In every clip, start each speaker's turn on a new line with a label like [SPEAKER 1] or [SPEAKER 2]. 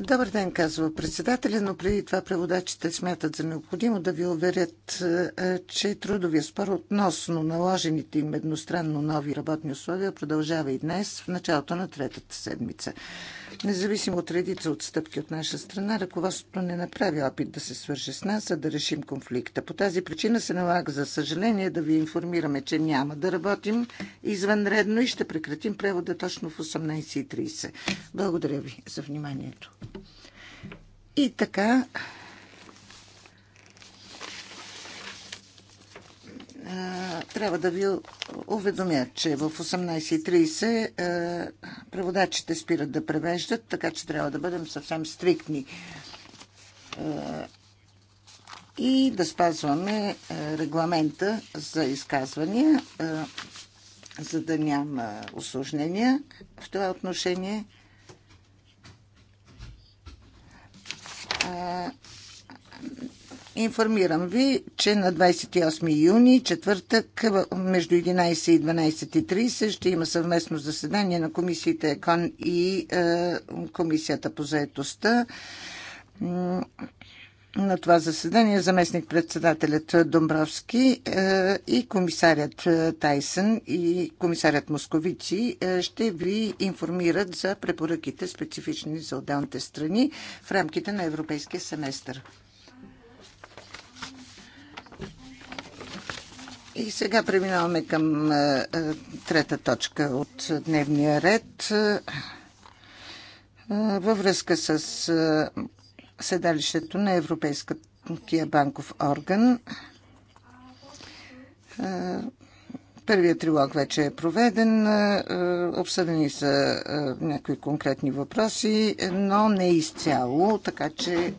[SPEAKER 1] Добър ден, казва председателя, но преди това преводачите смятат за необходимо да ви уверят, е, е, че трудовия спор относно наложените им едностранно нови работни условия продължава и днес в началото на третата седмица. Независимо от редица отстъпки от наша страна, ръководството не направи опит да се свърже с нас, за да решим конфликта. По тази причина се налага, за съжаление, да ви информираме, че няма да работим извънредно и ще прекратим превода точно в 18.30. Благодаря ви за вниманието. И така, трябва да ви уведомя, че в 18.30 преводачите спират да превеждат, така че трябва да бъдем съвсем стриктни и да спазваме регламента за изказвания, за да няма осложнения в това отношение. Информирам ви, че на 28 юни, четвъртък, между 11 и 12.30 ще има съвместно заседание на комисията ЕКОН и е, комисията по заедостта. На това заседание заместник-председателят Домбровски е, и комисарят е, Тайсън и комисарят Московици е, ще ви информират за препоръките специфични за отделните страни в рамките на европейския семестър. И сега преминаваме към е, е, трета точка от дневния ред. Е, във връзка с седалището на Европейския банков орган. Първият трилог вече е проведен. Обсъдени са някои конкретни въпроси, но не изцяло, така че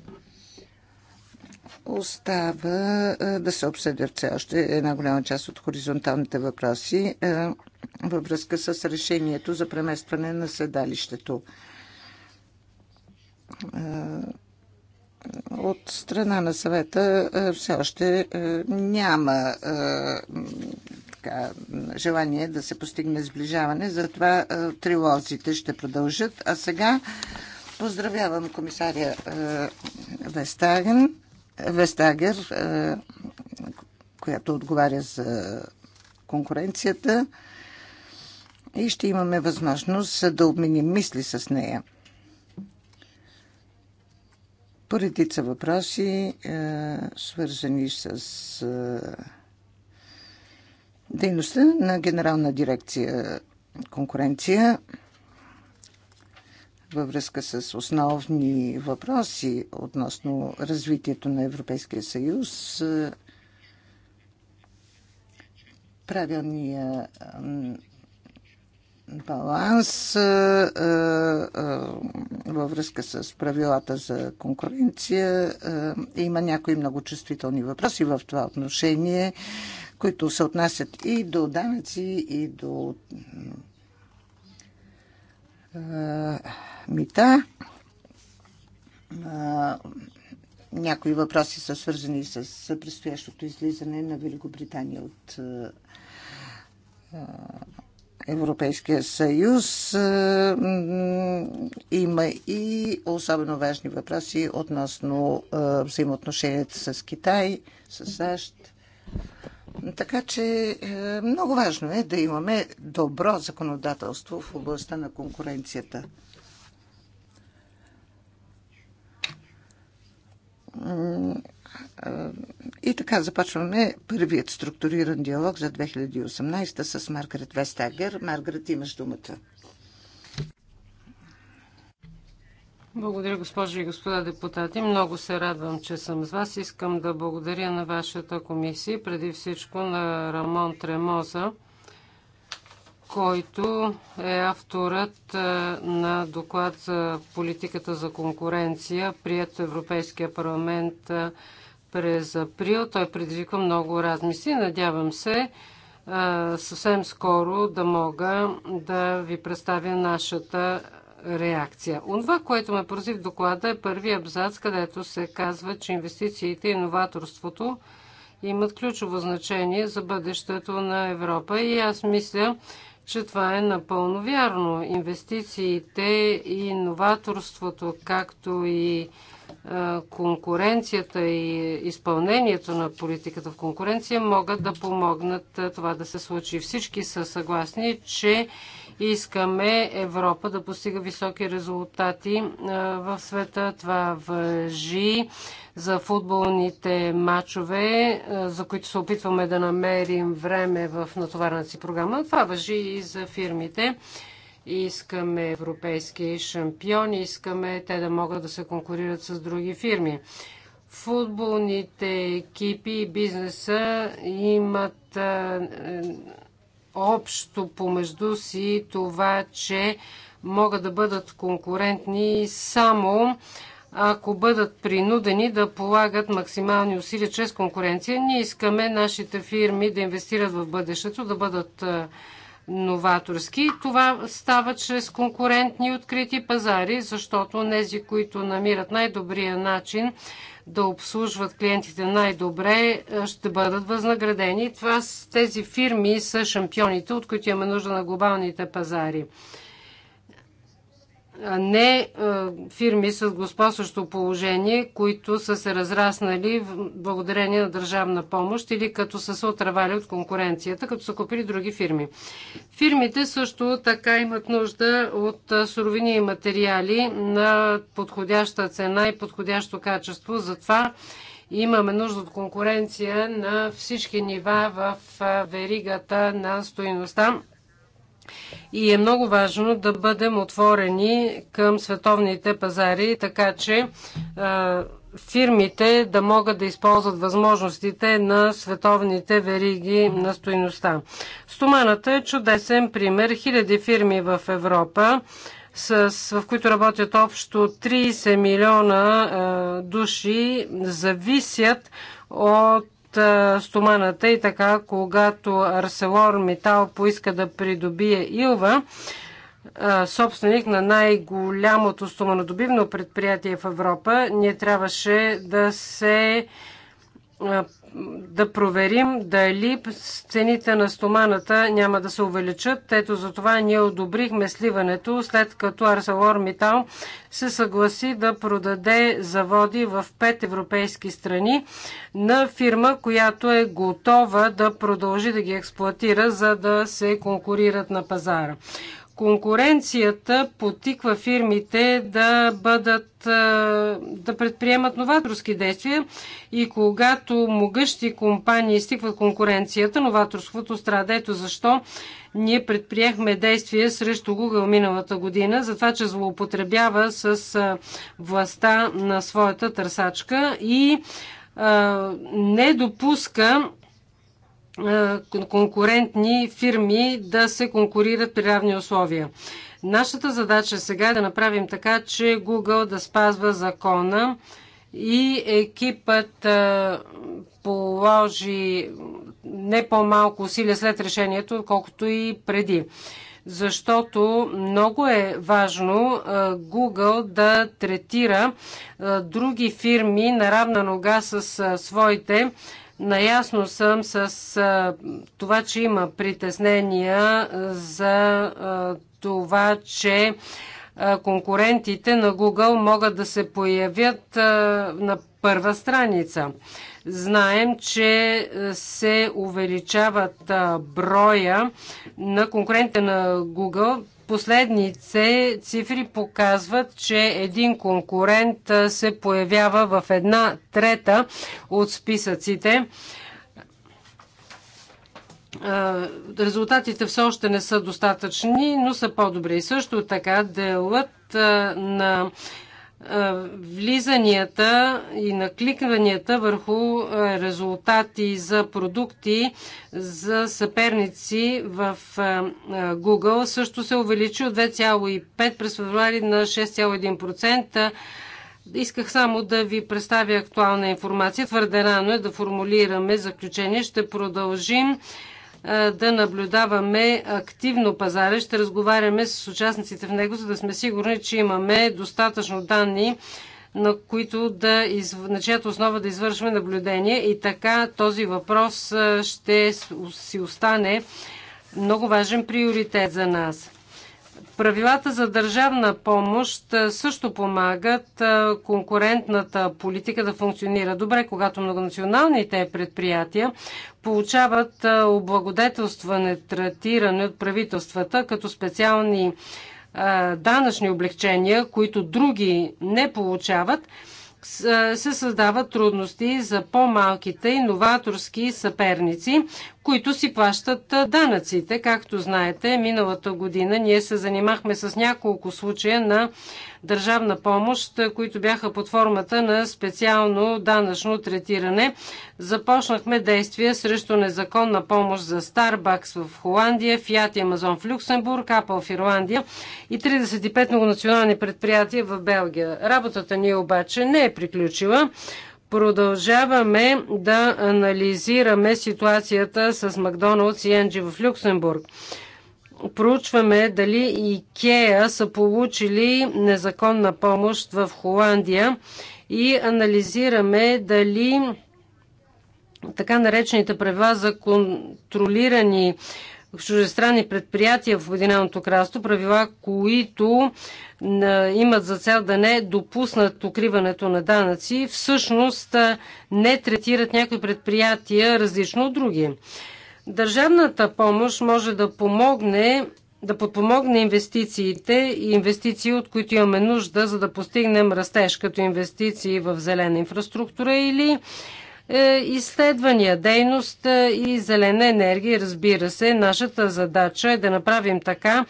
[SPEAKER 1] Остава да се обсъдят все още една голяма част от хоризонталните въпроси във връзка с решението за преместване на седалището. От страна на съвета все още няма така, желание да се постигне сближаване, затова трилозите ще продължат. А сега поздравявам комисаря Вестаген. Вестагер, е, която отговаря за конкуренцията и ще имаме възможност да обменим мисли с нея. Поредица въпроси, е, свързани с е, дейността на Генерална дирекция конкуренция, във връзка с основни въпроси относно развитието на Европейския съюз, е, правилния баланс е, е, във връзка с правилата за конкуренция. Има някои много чувствителни въпроси в това отношение, които се отнасят и до данъци, и до е, мита. Някои въпроси са свързани с предстоящото излизане на Великобритания от е, е, Европейския съюз. Има и особено важни въпроси относно взаимоотношенията с Китай, с САЩ. Така че е, много важно е да имаме добро законодателство в областта на конкуренцията. Е, и така започваме първият структуриран диалог за 2018 с Маргарет Вестагер. Маргарет, имаш думата.
[SPEAKER 2] Благодаря, госпожи и господа депутати. Много се радвам, че съм с вас. Искам да благодаря на вашата комисия, преди всичко на Рамон Тремоза, който е авторът е, на доклад за политиката за конкуренция, прият Европейския парламент е, през април. Той предизвиква много размисли. Надявам се е, съвсем скоро да мога да ви представя нашата реакция. Онова, което ме в доклада е първи абзац, където се казва, че инвестициите и новаторството имат ключово значение за бъдещето на Европа. И аз мисля, че това е напълно вярно. Инвестициите и новаторството, както и е, конкуренцията и изпълнението на политиката в конкуренция могат да помогнат е, това да се случи. Всички са съгласни, че Искаме Европа да постига високи резултати в света. Това въжи за футболните матчове, за които се опитваме да намерим време в натоварната си програма. Това въжи и за фирмите искаме европейски шампиони, искаме те да могат да се конкурират с други фирми. Футболните екипи и бизнеса имат общо помежду си това, че могат да бъдат конкурентни само ако бъдат принудени да полагат максимални усилия чрез конкуренция. Ние искаме нашите фирми да инвестират в бъдещето, да бъдат новаторски. Това става чрез конкурентни открити пазари, защото тези, които намират най-добрия начин да обслужват клиентите най-добре, е, ще бъдат възнаградени. Това, тези фирми са шампионите, от които имаме нужда на глобалните пазари не фирми с господстващо положение, които са се разраснали благодарение на държавна помощ или като са се отравали от конкуренцията, като са купили други фирми. Фирмите също така имат нужда от суровини и материали на подходяща цена и подходящо качество. Затова имаме нужда от конкуренция на всички нива в веригата на стоиността и е много важно да бъдем отворени към световните пазари, така че а, фирмите да могат да използват възможностите на световните вериги на стоиността. Стоманата е чудесен пример. Хиляди фирми в Европа с, в които работят общо 30 милиона а, души, зависят от стоманата и така, когато Арселор Метал поиска да придобие Илва, собственик на най-голямото стоманодобивно предприятие в Европа, ние трябваше да се да проверим дали цените на стоманата няма да се увеличат. Ето за това ние одобрихме сливането, след като ArcelorMittal се съгласи да продаде заводи в пет европейски страни на фирма, която е готова да продължи да ги експлуатира, за да се конкурират на пазара. Конкуренцията потиква фирмите да бъдат, да предприемат новаторски действия и когато могъщи компании стикват конкуренцията, новаторството страда. Ето защо ние предприехме действия срещу Google миналата година за това, че злоупотребява с властта на своята търсачка и не допуска конкурентни фирми да се конкурират при равни условия. Нашата задача сега е да направим така, че Google да спазва закона и екипът положи не по-малко усилия след решението, колкото и преди. Защото много е важно Google да третира други фирми на равна нога с своите, Наясно съм с това, че има притеснения за това, че конкурентите на Google могат да се появят на първа страница. Знаем, че се увеличават броя на конкурентите на Google Последните цифри показват, че един конкурент се появява в една трета от списъците. Резултатите все още не са достатъчни, но са по-добри. Също така делът на влизанията и накликванията върху резултати за продукти за съперници в Google също се увеличи от 2,5 през февруари на 6,1%. Исках само да ви представя актуална информация. Твърде рано е да формулираме заключение. Ще продължим да наблюдаваме активно пазара. Ще разговаряме с участниците в него, за да сме сигурни, че имаме достатъчно данни, на, които да, на чиято основа да извършваме наблюдение. И така този въпрос ще си остане много важен приоритет за нас. Правилата за държавна помощ е, също помагат е, конкурентната политика да функционира добре, когато многонационалните предприятия получават е, облагодетелстване, третиране от правителствата като специални данъчни облегчения, които други не получават се създават трудности за по-малките иноваторски съперници, които си плащат данъците. Както знаете, миналата година ние се занимахме с няколко случая на държавна помощ, които бяха под формата на специално данъчно третиране. Започнахме действия срещу незаконна помощ за Starbucks в Холандия, Fiat и Amazon в Люксембург, Apple в Ирландия и 35 многонационални предприятия в Белгия. Работата ни обаче не е приключила. Продължаваме да анализираме ситуацията с Макдоналдс и Енджи в Люксембург проучваме дали Икея са получили незаконна помощ в Холандия и анализираме дали така наречените правила за контролирани чужестранни предприятия в Обединеното кралство, правила, които имат за цел да не допуснат укриването на данъци, всъщност не третират някои предприятия различно от други. Държавната помощ може да помогне да подпомогне инвестициите и инвестиции, от които имаме нужда, за да постигнем растеж, като инвестиции в зелена инфраструктура или е, изследвания, дейност е, и зелена енергия. Разбира се, нашата задача е да направим така,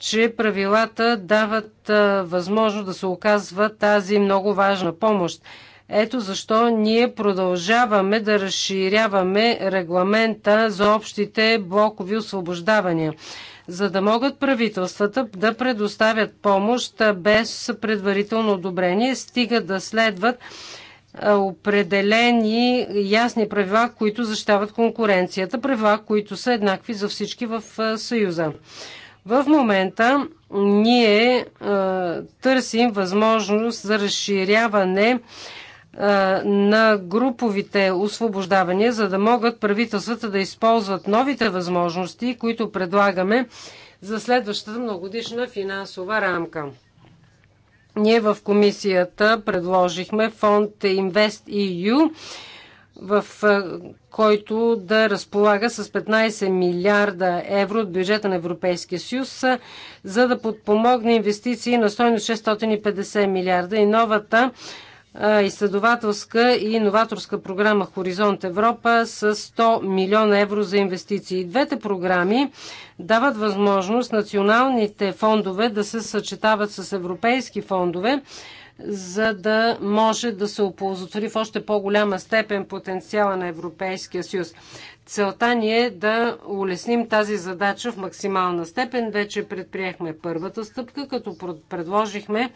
[SPEAKER 2] че правилата дават е, възможност да се оказва тази много важна помощ. Ето защо ние продължаваме да разширяваме регламента за общите блокови освобождавания, за да могат правителствата да предоставят помощ без предварително одобрение, стига да следват определени ясни правила, които защитават конкуренцията, правила, които са еднакви за всички в Съюза. В момента ние търсим възможност за разширяване на груповите освобождавания, за да могат правителствата да използват новите възможности, които предлагаме за следващата многодишна финансова рамка. Ние в комисията предложихме фонд Invest EU, в който да разполага с 15 милиарда евро от бюджета на Европейския съюз, за да подпомогне инвестиции на стойност 650 милиарда и новата изследователска и иноваторска програма Хоризонт Европа с 100 милиона евро за инвестиции. Двете програми дават възможност националните фондове да се съчетават с европейски фондове, за да може да се оползотвори в още по-голяма степен потенциала на Европейския съюз. Целта ни е да улесним тази задача в максимална степен. Вече предприехме първата стъпка, като предложихме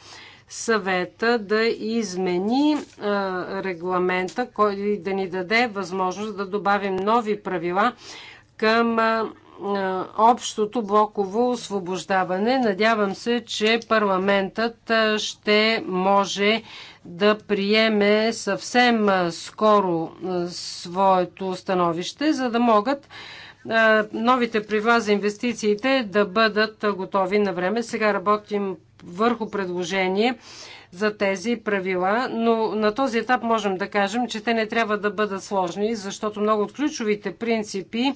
[SPEAKER 2] съвета да измени регламента, който да ни даде възможност да добавим нови правила към общото блоково освобождаване. Надявам се, че парламентът ще може да приеме съвсем скоро своето становище, за да могат е, новите правила за инвестициите да бъдат готови на време. Сега работим върху предложение за тези правила, но на този етап можем да кажем, че те не трябва да бъдат сложни, защото много от ключовите принципи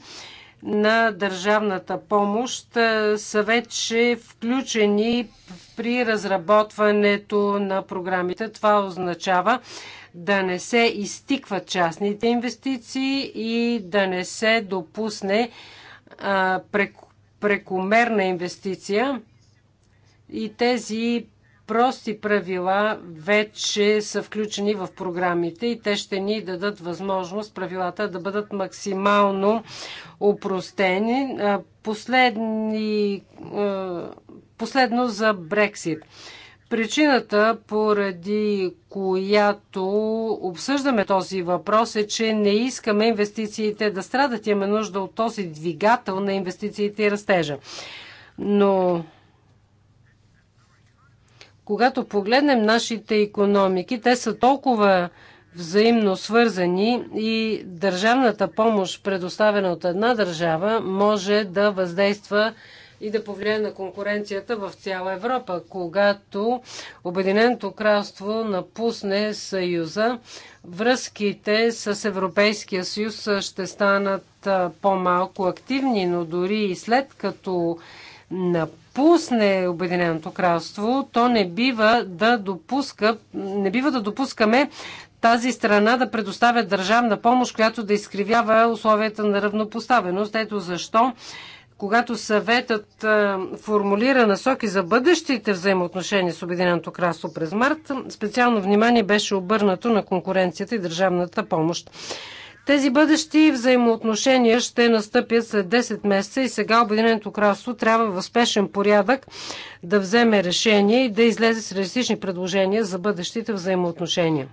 [SPEAKER 2] на държавната помощ е, са вече включени при разработването на програмите. Това означава да не се изтикват частните инвестиции и да не се допусне е, прекомерна инвестиция. И тези прости правила вече са включени в програмите и те ще ни дадат възможност правилата да бъдат максимално упростени. Последни, последно за Брексит. Причината, поради която обсъждаме този въпрос е, че не искаме инвестициите да страдат. Имаме нужда от този двигател на инвестициите и растежа. Но когато погледнем нашите економики, те са толкова взаимно свързани и държавната помощ, предоставена от една държава, може да въздейства и да повлияе на конкуренцията в цяла Европа. Когато Обединеното кралство напусне Съюза, връзките с Европейския съюз ще станат по-малко активни, но дори и след като напусне, напусне Обединеното кралство, то не бива да допуска, не бива да допускаме тази страна да предоставя държавна помощ, която да изкривява условията на равнопоставеност. Ето защо когато съветът е, формулира насоки за бъдещите взаимоотношения с Обединеното кралство през март, специално внимание беше обърнато на конкуренцията и държавната помощ. Тези бъдещи взаимоотношения ще настъпят след 10 месеца и сега Обединеното кралство трябва в спешен порядък да вземе решение и да излезе с реалистични предложения за бъдещите взаимоотношения.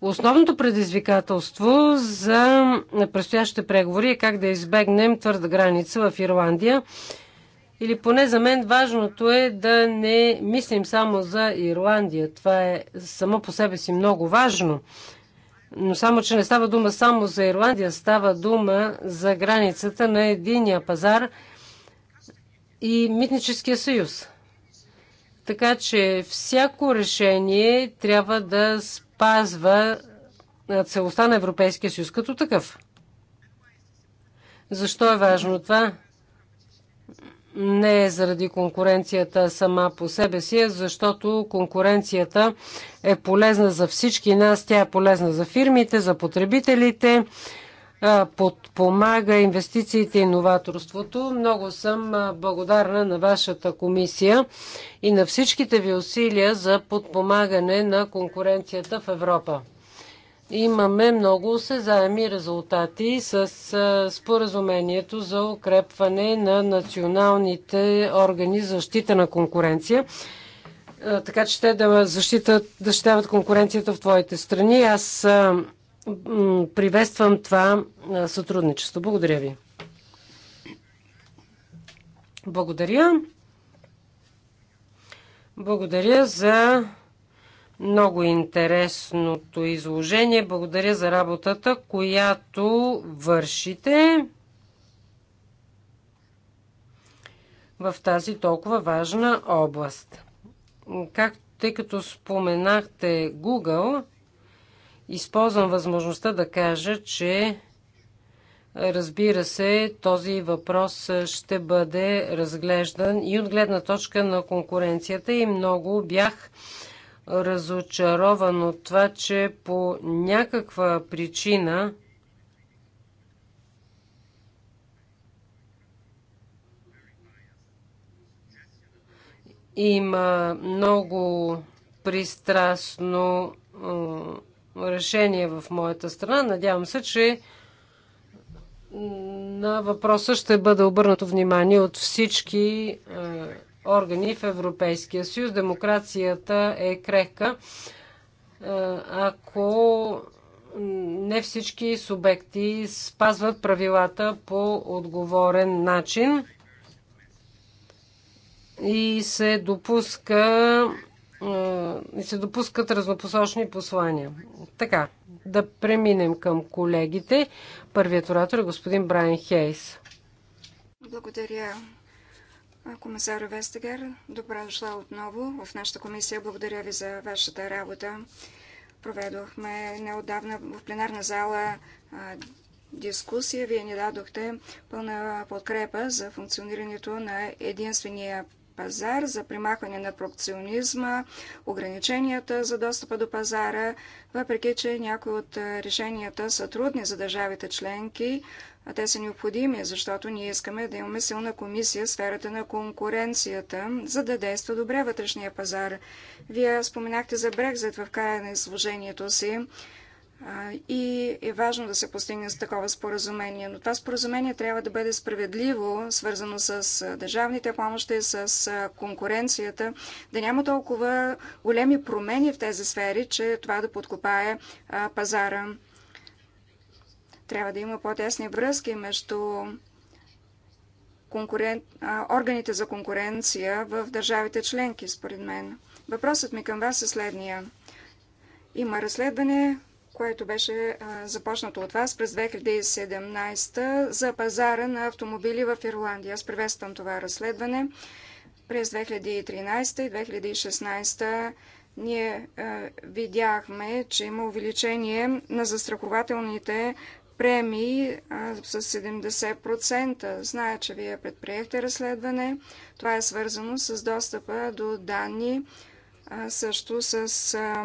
[SPEAKER 2] Основното предизвикателство за предстоящите преговори е как да избегнем твърда граница в Ирландия. Или поне за мен важното е да не мислим само за Ирландия. Това е само по себе си много важно. Но само, че не става дума само за Ирландия, става дума за границата на единия пазар и Митническия съюз. Така че всяко решение трябва да спазва целостта на Европейския съюз като такъв. Защо е важно това? не е заради конкуренцията сама по себе си, а защото конкуренцията е полезна за всички нас. Тя е полезна за фирмите, за потребителите, подпомага инвестициите и новаторството. Много съм благодарна на вашата комисия и на всичките ви усилия за подпомагане на конкуренцията в Европа имаме много осезаеми резултати с споразумението за укрепване на националните органи за защита на конкуренция. Така че те да защитат, защитават конкуренцията в твоите страни. Аз приветствам това сътрудничество. Благодаря ви. Благодаря. Благодаря за много интересното изложение. Благодаря за работата, която вършите в тази толкова важна област. Как тъй като споменахте Google, използвам възможността да кажа, че разбира се, този въпрос ще бъде разглеждан и от гледна точка на конкуренцията и много бях разочарован от това, че по някаква причина има много пристрастно решение в моята страна. Надявам се, че на въпроса ще бъде обърнато внимание от всички органи в Европейския съюз. Демокрацията е крехка. Е, ако не всички субекти спазват правилата по отговорен начин и се допуска е, и се допускат разнопосочни послания. Така, да преминем към колегите. Първият оратор е господин Брайан Хейс.
[SPEAKER 3] Благодаря, Комисар Вестегер, добре дошла отново в нашата комисия. Благодаря ви за вашата работа. Проведохме неодавна в пленарна зала дискусия. Вие ни дадохте пълна подкрепа за функционирането на единствения пазар, за примахване на прокционизма, ограниченията за достъпа до пазара, въпреки че някои от решенията са трудни за държавите членки, а те са необходими, защото ние искаме да имаме силна комисия в сферата на конкуренцията, за да действа добре вътрешния пазар. Вие споменахте за Брекзит в края на изложението си и е важно да се постигне с такова споразумение. Но това споразумение трябва да бъде справедливо, свързано с държавните помощи, с конкуренцията, да няма толкова големи промени в тези сфери, че това да подкопае пазара. Трябва да има по-тесни връзки между конкурен... органите за конкуренция в държавите членки, според мен. Въпросът ми към вас е следния. Има разследване, което беше започнато от вас през 2017 за пазара на автомобили в Ирландия. Аз приветствам това разследване. През 2013 и 2016 ние видяхме, че има увеличение на застрахователните премии а, с 70%. Зная, че вие предприехте разследване. Това е свързано с достъпа до данни, а, също с а,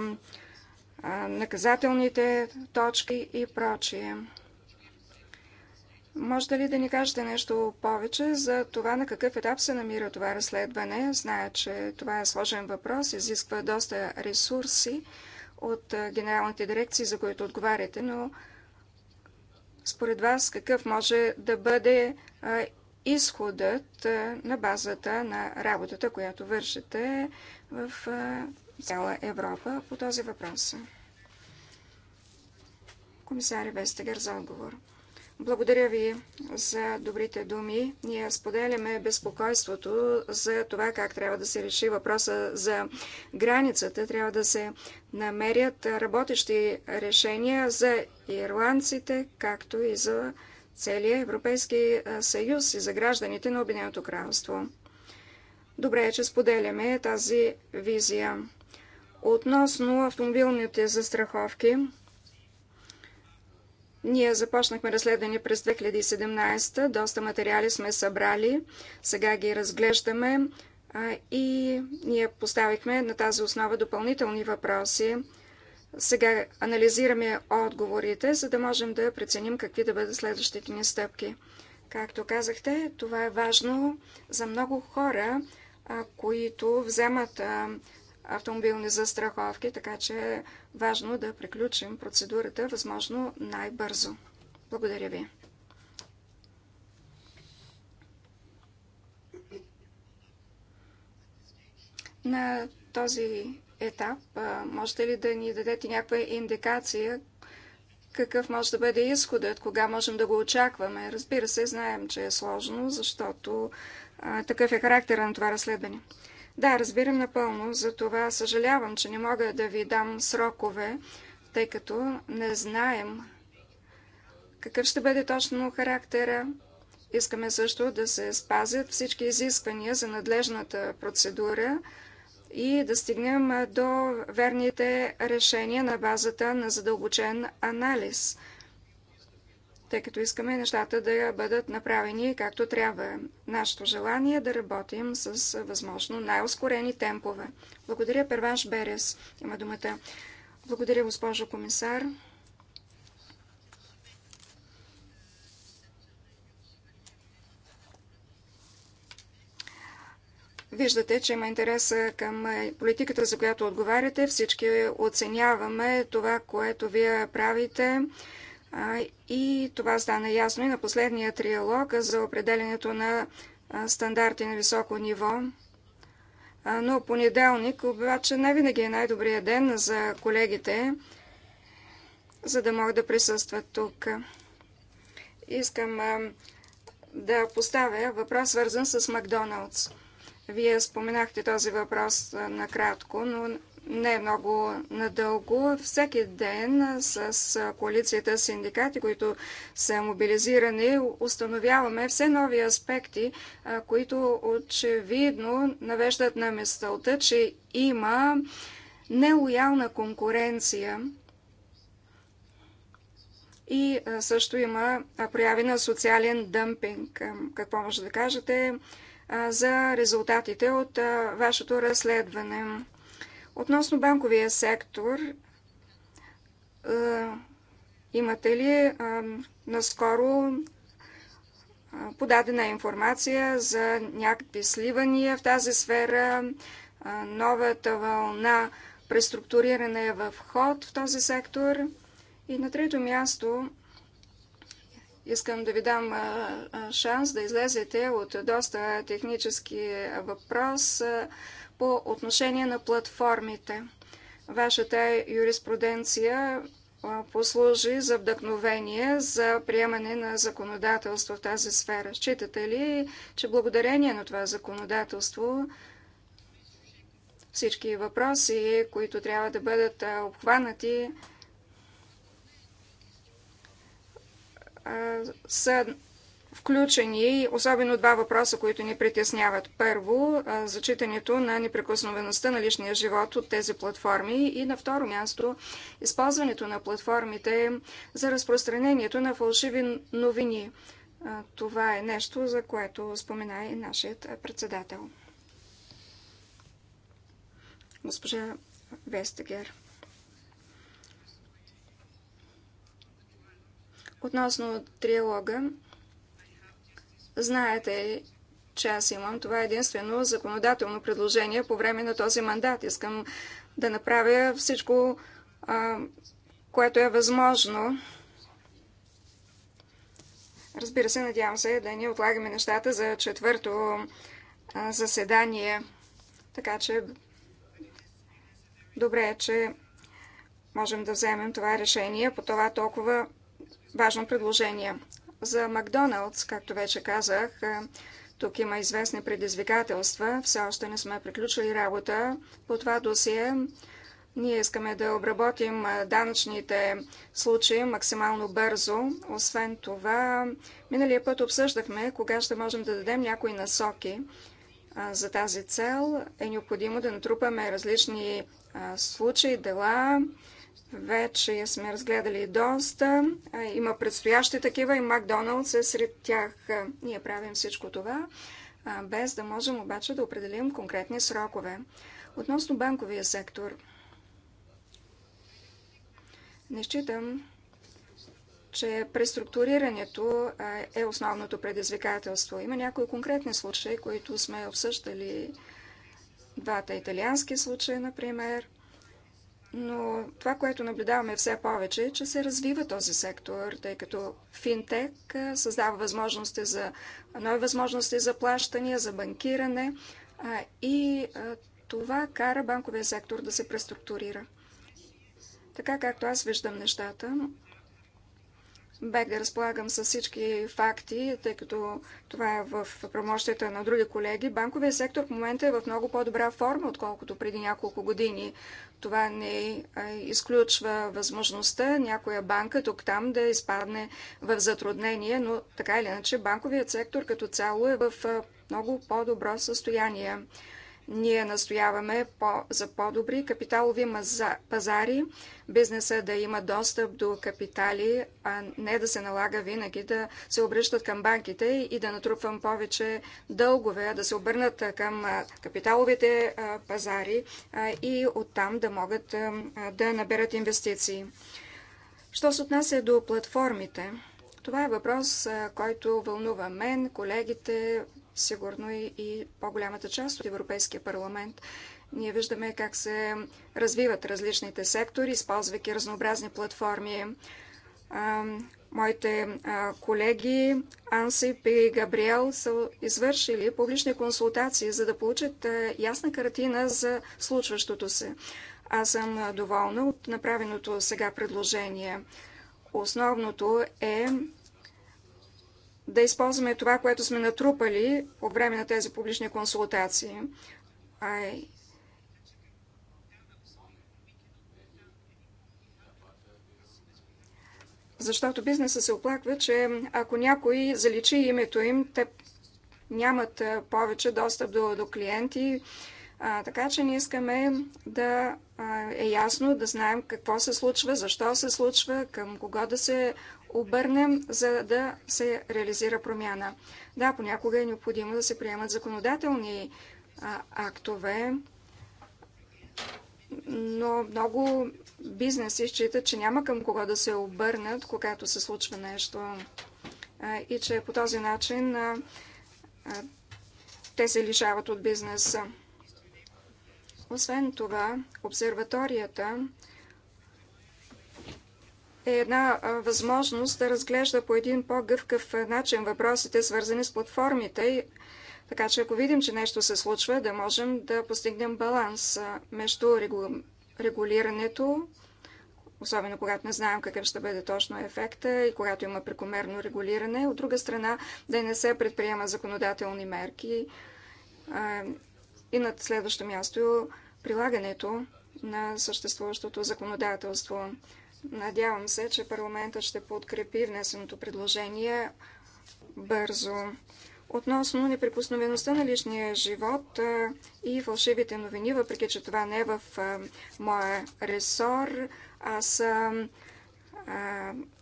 [SPEAKER 3] а, наказателните точки и прочие. Можете ли да ни кажете нещо повече за това на какъв етап се намира това разследване? Зная, че това е сложен въпрос, изисква доста ресурси от генералните дирекции, за които отговаряте, но според вас какъв може да бъде изходът на базата на работата, която вършите в цяла Европа по този въпрос? Комисаря Вестегер за отговор. Благодаря ви за добрите думи. Ние споделяме безпокойството за това как трябва да се реши въпроса за границата. Трябва да се намерят работещи решения за ирландците, както и за целия Европейски съюз и за гражданите на Обединеното кралство. Добре е, че споделяме тази визия. Относно автомобилните застраховки, ние започнахме разследване през 2017. Доста материали сме събрали. Сега ги разглеждаме и ние поставихме на тази основа допълнителни въпроси. Сега анализираме отговорите, за да можем да преценим какви да бъдат следващите ни стъпки. Както казахте, това е важно за много хора, които вземат автомобилни застраховки, така че е важно да приключим процедурата възможно най-бързо. Благодаря ви. На този етап можете ли да ни дадете някаква индикация какъв може да бъде изходът, кога можем да го очакваме. Разбира се, знаем, че е сложно, защото а, такъв е характер на това разследване. Да, разбирам напълно, за това съжалявам, че не мога да ви дам срокове, тъй като не знаем какъв ще бъде точно характера. Искаме също да се спазят всички изисквания за надлежната процедура и да стигнем до верните решения на базата на задълбочен анализ – тъй като искаме нещата да бъдат направени както трябва. Нашето желание е да работим с възможно най-ускорени темпове. Благодаря, Перванш Берес. Има думата. Благодаря, госпожо комисар. Виждате, че има интерес към политиката, за която отговаряте. Всички оценяваме това, което вие правите и това стана ясно и на последния триалог за определенето на стандарти на високо ниво. Но понеделник обаче не винаги е най-добрият ден за колегите, за да могат да присъстват тук. Искам да поставя въпрос, свързан с Макдоналдс. Вие споменахте този въпрос накратко, но не е много надълго. Всеки ден с коалицията синдикати, които са мобилизирани, установяваме все нови аспекти, които очевидно навеждат на мисълта, че има нелоялна конкуренция и също има прояви на социален дъмпинг. Какво може да кажете за резултатите от вашето разследване? Относно банковия сектор, имате ли наскоро подадена информация за някакви сливания в тази сфера, новата вълна, преструктуриране е в ход в този сектор. И на трето място искам да ви дам шанс да излезете от доста технически въпрос по отношение на платформите. Вашата юриспруденция послужи за вдъхновение за приемане на законодателство в тази сфера. Считате ли, че благодарение на това законодателство всички въпроси, които трябва да бъдат обхванати, са включени особено два въпроса, които ни притесняват. Първо, зачитането на неприкосновеността на личния живот от тези платформи и на второ място, използването на платформите за разпространението на фалшиви новини. Това е нещо, за което спомена и нашият председател. Госпожа Вестегер. Относно триалога, Знаете, че аз имам това единствено законодателно предложение по време на този мандат. Искам да направя всичко, което е възможно. Разбира се, надявам се да ни отлагаме нещата за четвърто заседание. Така че добре е, че можем да вземем това решение по това толкова важно предложение за Макдоналдс, както вече казах, е, тук има известни предизвикателства. Все още не сме приключили работа по това досие. Ние искаме да обработим е, данъчните случаи максимално бързо. Освен това, миналия път обсъждахме кога ще можем да дадем някои насоки. Е, за тази цел е необходимо да натрупаме различни случаи, дела, вече сме разгледали доста. Има предстоящи такива и Макдоналдс е сред тях. Ние правим всичко това, без да можем обаче да определим конкретни срокове. Относно банковия сектор, не считам, че преструктурирането е основното предизвикателство. Има някои конкретни случаи, които сме обсъждали. Двата италиански случая, например, но това, което наблюдаваме все повече е, че се развива този сектор, тъй като финтек създава възможности за нови възможности за плащания, за банкиране и това кара банковия сектор да се преструктурира. Така както аз виждам нещата, без да разполагам с всички факти, тъй като това е в промощията на други колеги, банковия сектор в момента е в много по-добра форма, отколкото преди няколко години. Това не е, изключва възможността някоя банка тук-там да изпадне в затруднение, но така или иначе банковият сектор като цяло е в много по-добро състояние. Ние настояваме по, за по-добри капиталови маза, пазари, бизнеса да има достъп до капитали, а не да се налага винаги да се обръщат към банките и да натрупвам повече дългове, да се обърнат към капиталовите пазари и оттам да могат да наберат инвестиции. Що се отнася до платформите? Това е въпрос, който вълнува мен, колегите, сигурно и, и по-голямата част от Европейския парламент. Ние виждаме как се развиват различните сектори, използвайки разнообразни платформи. моите колеги Ансип и Габриел са извършили публични консултации, за да получат ясна картина за случващото се. Аз съм доволна от направеното сега предложение. Основното е да използваме това, което сме натрупали по време на тези публични консултации. Защото бизнеса се оплаква, че ако някой заличи името им, те нямат повече достъп до, до клиенти. А, така че ние искаме да а, е ясно, да знаем какво се случва, защо се случва, към кого да се обърнем, за да се реализира промяна. Да, понякога е необходимо да се приемат законодателни а, актове, но много бизнеси считат, че няма към кого да се обърнат, когато се случва нещо а, и че по този начин а, а, те се лишават от бизнеса. Освен това, обсерваторията е една възможност да разглежда по един по-гъвкав начин въпросите, свързани с платформите. Така че ако видим, че нещо се случва, да можем да постигнем баланс между регулирането, особено когато не знаем какъв ще бъде точно ефекта и когато има прекомерно регулиране. От друга страна, да не се предприема законодателни мерки. И на следващо място прилагането на съществуващото законодателство. Надявам се, че парламентът ще подкрепи внесеното предложение бързо. Относно неприкосновеността на личния живот и фалшивите новини, въпреки че това не е в моя ресор, аз а,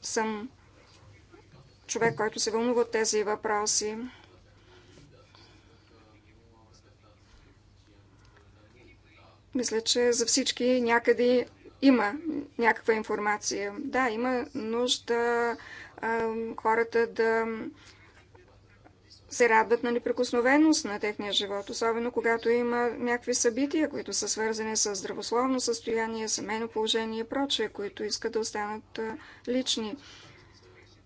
[SPEAKER 3] съм човек, който се вълнува от тези въпроси. Мисля, че за всички някъде има някаква информация. Да, има нужда а, хората да се радват на неприкосновеност на техния живот, особено когато има някакви събития, които са свързани с здравословно състояние, семейно положение и прочее, които искат да останат лични.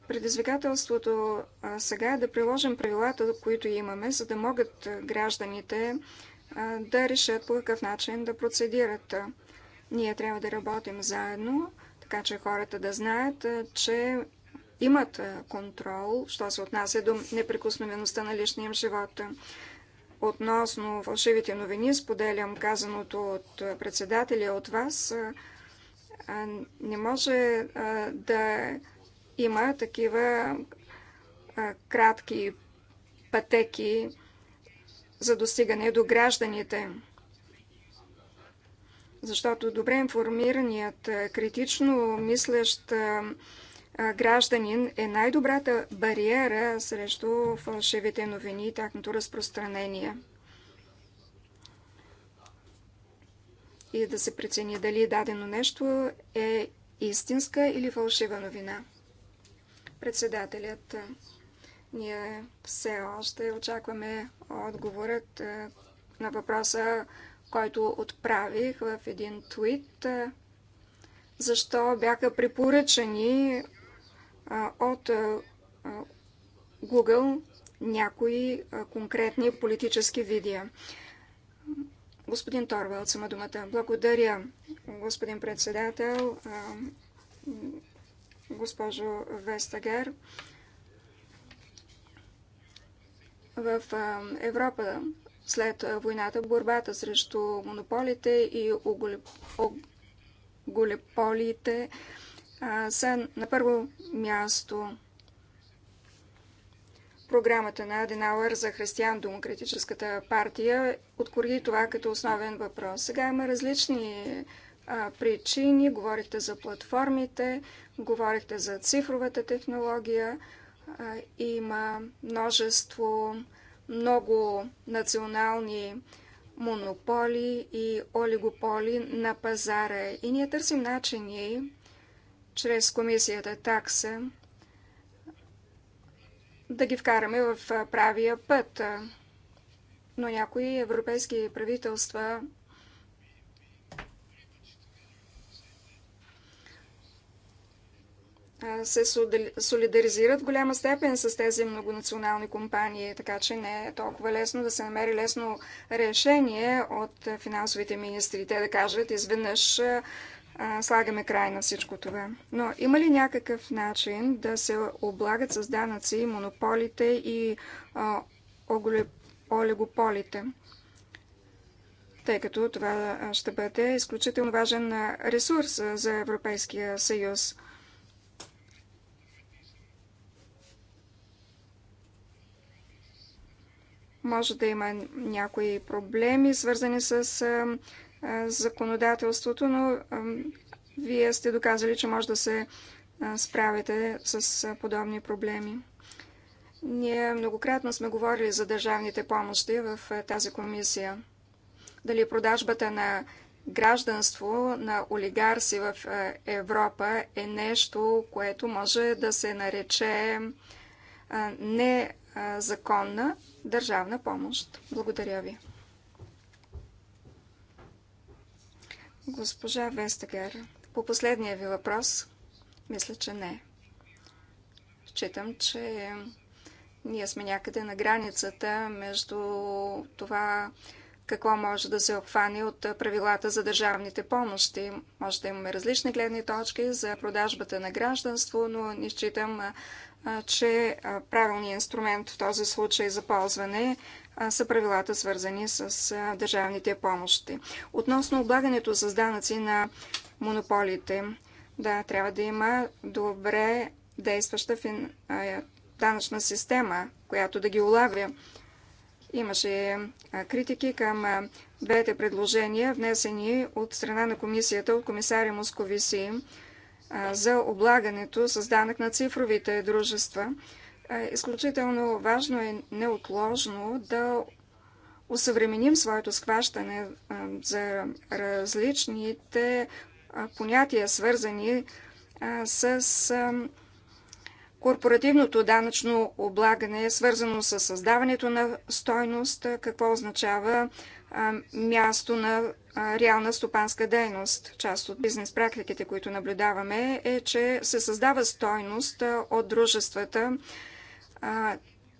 [SPEAKER 3] Предизвикателството сега е да приложим правилата, които имаме, за да могат гражданите да решат по какъв начин да процедират. Ние трябва да работим заедно, така че хората да знаят, че имат контрол, що се отнася до неприкосновеността на личния им живот. Относно фалшивите новини, споделям казаното от председателя от вас. Не може да има такива кратки пътеки за достигане до гражданите защото добре информираният, е, критично мислещ е, е, гражданин е най-добрата бариера срещу фалшивите новини и тяхното разпространение. И да се прецени дали дадено нещо е истинска или фалшива новина. Председателят, ние все още очакваме отговорът на въпроса който отправих в един твит, защо бяха препоръчани от Google някои конкретни политически видеа. Господин Торвалд, сама думата. Благодаря, господин председател, госпожо Вестагер. В Европа след войната, борбата срещу монополите и оголеполите са на първо място програмата на Аденауър за християн-демократическата партия откори това като основен въпрос. Сега има различни причини. Говорихте за платформите, говорихте за цифровата технология. има множество много национални монополи и олигополи на пазара. И ние търсим начини, чрез комисията такса, да ги вкараме в правия път. Но някои европейски правителства се солидаризират в голяма степен с тези многонационални компании, така че не е толкова лесно да се намери лесно решение от финансовите министри. Те да кажат изведнъж слагаме край на всичко това. Но има ли някакъв начин да се облагат с данъци монополите и олигополите? тъй като това ще бъде изключително важен ресурс за Европейския съюз. Може да има някои проблеми, свързани с законодателството, но вие сте доказали, че може да се справите с подобни проблеми. Ние многократно сме говорили за държавните помощи в тази комисия. Дали продажбата на гражданство на олигарси в Европа е нещо, което може да се нарече незаконна държавна помощ. Благодаря ви. Госпожа Вестегер, по последния ви въпрос, мисля, че не. Считам, че ние сме някъде на границата между това, какво може да се обхване от правилата за държавните помощи. Може да имаме различни гледни точки за продажбата на гражданство, но не считам, че правилният инструмент в този случай за ползване са правилата свързани с държавните помощи. Относно облагането с данъци на монополите, да, трябва да има добре действаща фин... данъчна система, която да ги улавя. Имаше критики към двете предложения, внесени от страна на комисията от комисаря Московиси за облагането с данък на цифровите дружества. Изключително важно е неотложно да усъвременим своето схващане за различните понятия, свързани с корпоративното данъчно облагане, свързано с създаването на стойност, какво означава място на реална стопанска дейност. Част от бизнес практиките, които наблюдаваме, е, че се създава стойност от дружествата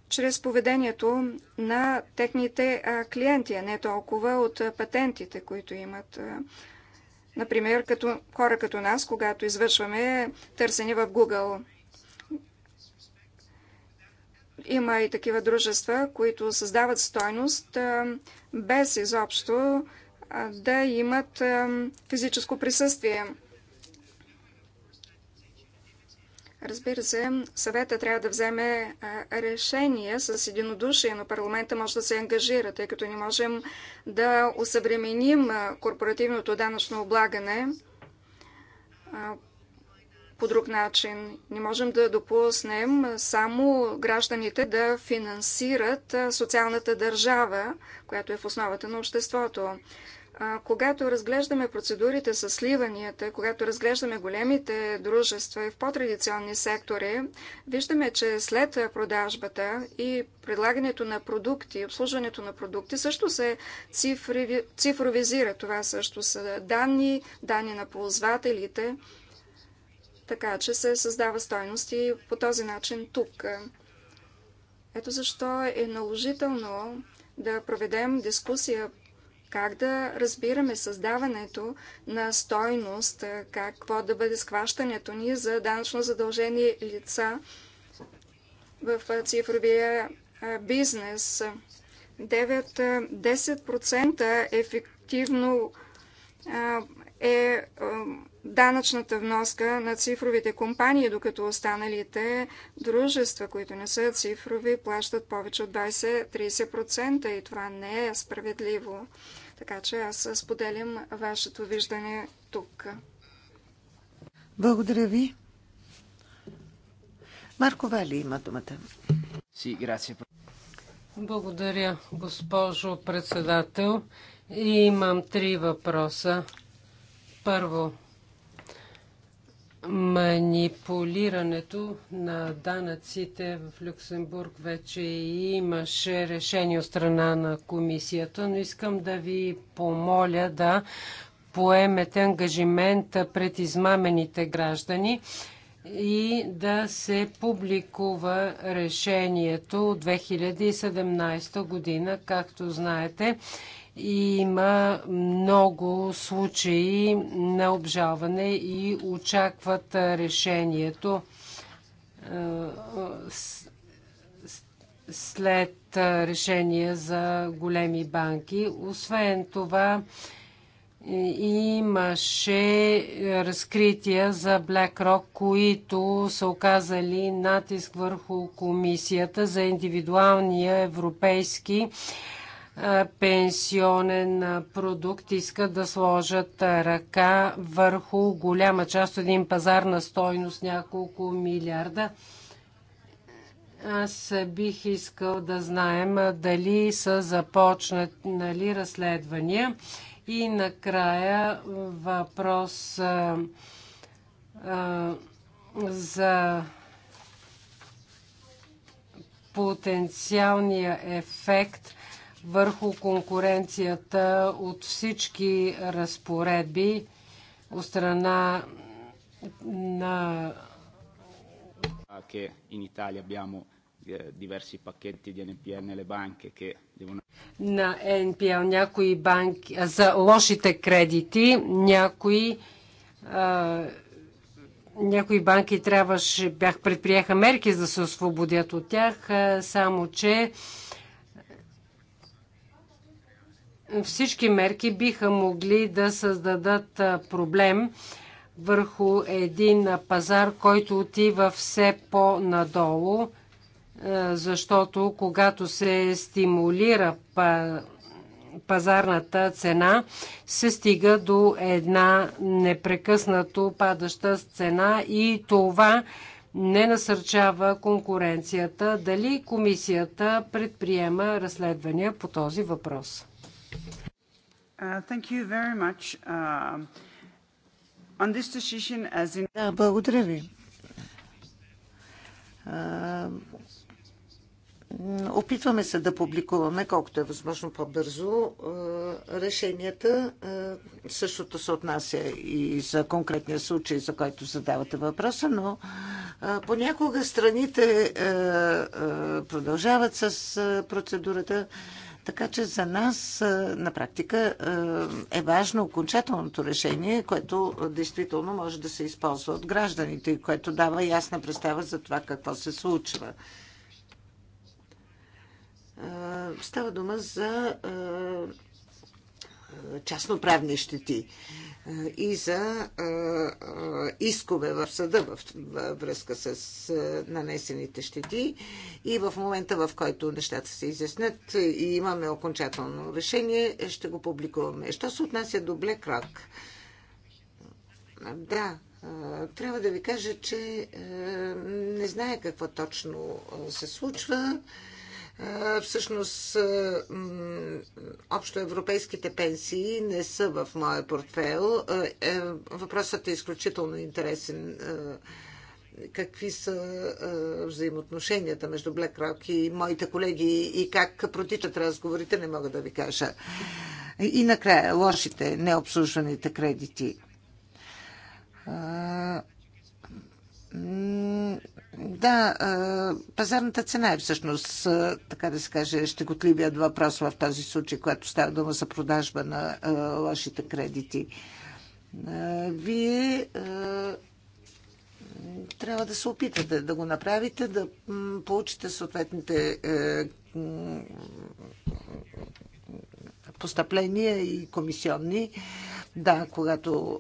[SPEAKER 3] чрез поведението на техните клиенти, а не толкова от патентите, които имат. Например, като хора като нас, когато извършваме търсене в Google – има и такива дружества, които създават стойност без изобщо да имат физическо присъствие. Разбира се, съвета трябва да вземе решение с единодушие, но парламента може да се ангажира, тъй като не можем да усъвременим корпоративното данъчно облагане по друг начин. Не можем да допуснем само гражданите да финансират социалната държава, която е в основата на обществото. Когато разглеждаме процедурите с сливанията, когато разглеждаме големите дружества и в по-традиционни сектори, виждаме, че след продажбата и предлагането на продукти, обслужването на продукти също се цифрови, цифровизира. Това също са данни, данни на ползвателите така че се създава стойност и по този начин тук. Ето защо е наложително да проведем дискусия как да разбираме създаването на стойност, какво да бъде схващането ни за данъчно задължени лица в цифровия бизнес. 9-10% ефективно е данъчната вноска на цифровите компании, докато останалите дружества, които не са цифрови, плащат повече от 20-30% и това не е справедливо. Така че аз споделям вашето виждане тук.
[SPEAKER 1] Благодаря ви. Марко Вали има думата.
[SPEAKER 2] Си, грация. Благодаря, госпожо председател. И имам три въпроса. Първо, манипулирането на данъците в Люксембург вече имаше решение от страна на комисията, но искам да ви помоля да поемете ангажимент пред измамените граждани и да се публикува решението от 2017 година. Както знаете, има много случаи на обжалване и очакват решението е, след решение за големи банки. Освен това, имаше разкрития за BlackRock, които са оказали натиск върху комисията за индивидуалния европейски пенсионен продукт искат да сложат ръка върху голяма част от един пазар на стойност няколко милиарда. Аз бих искал да знаем дали са започнати нали, разследвания. И накрая въпрос а, а, за потенциалния ефект върху конкуренцията от всички разпоредби от страна на
[SPEAKER 3] че в Италия имаме
[SPEAKER 1] diversi pacchetti di NPL nelle banche che devono...
[SPEAKER 2] На NPL някои банки, за лошите кредити, някои, а, някои банки трябваше, бях предприеха мерки за да се освободят от тях, само че всички мерки биха могли да създадат проблем върху един пазар, който отива все по-надолу, защото когато се стимулира пазарната цена, се стига до една непрекъснато падаща цена и това не насърчава конкуренцията. Дали комисията предприема разследвания по този въпрос?
[SPEAKER 1] Uh, uh, да, благодаря ви. опитваме се да публикуваме колкото е възможно по-бързо решенията. Същото се отнася и за конкретния случай, за който задавате въпроса, но понякога страните продължават с процедурата така че за нас на практика е важно окончателното решение, което действително може да се използва от гражданите и което дава ясна представа за това какво се случва. Става дума за частноправни щети и за искове в съда във връзка с нанесените щети. И в момента, в който нещата се изяснят и имаме окончателно решение, ще го публикуваме. Що се отнася до BlackRock? Да, трябва да ви кажа, че не знае какво точно се случва. Всъщност, общоевропейските пенсии не са в моя портфел. Е, въпросът е изключително интересен. Какви са взаимоотношенията между BlackRock и моите колеги и как протичат разговорите, не мога да ви кажа. И накрая, лошите, необслужваните кредити да, пазарната цена е всъщност, така да се каже, щекотливият въпрос в този случай, когато става дума за продажба на лошите кредити. Вие трябва да се опитате да го направите, да получите съответните постъпления и комисионни. Да, когато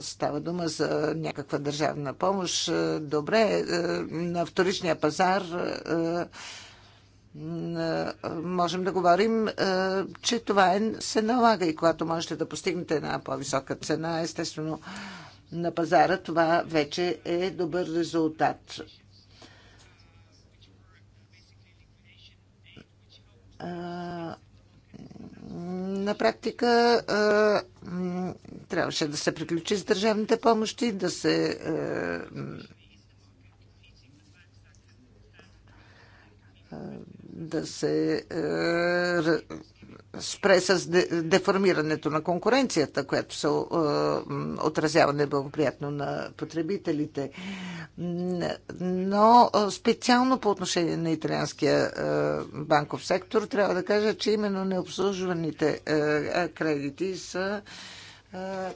[SPEAKER 1] става дума за някаква държавна помощ. Е, добре, е, на вторичния пазар е, можем да говорим, че това е, се налага и когато можете да постигнете една по-висока цена, естествено на пазара, това вече е добър резултат. А, на практика трябваше да се приключи с държавните помощи, да се да се спре с деформирането на конкуренцията, която се е, отразява неблагоприятно на потребителите. Но е, специално по отношение на италианския е, банков сектор, трябва да кажа, че именно необслужваните кредити са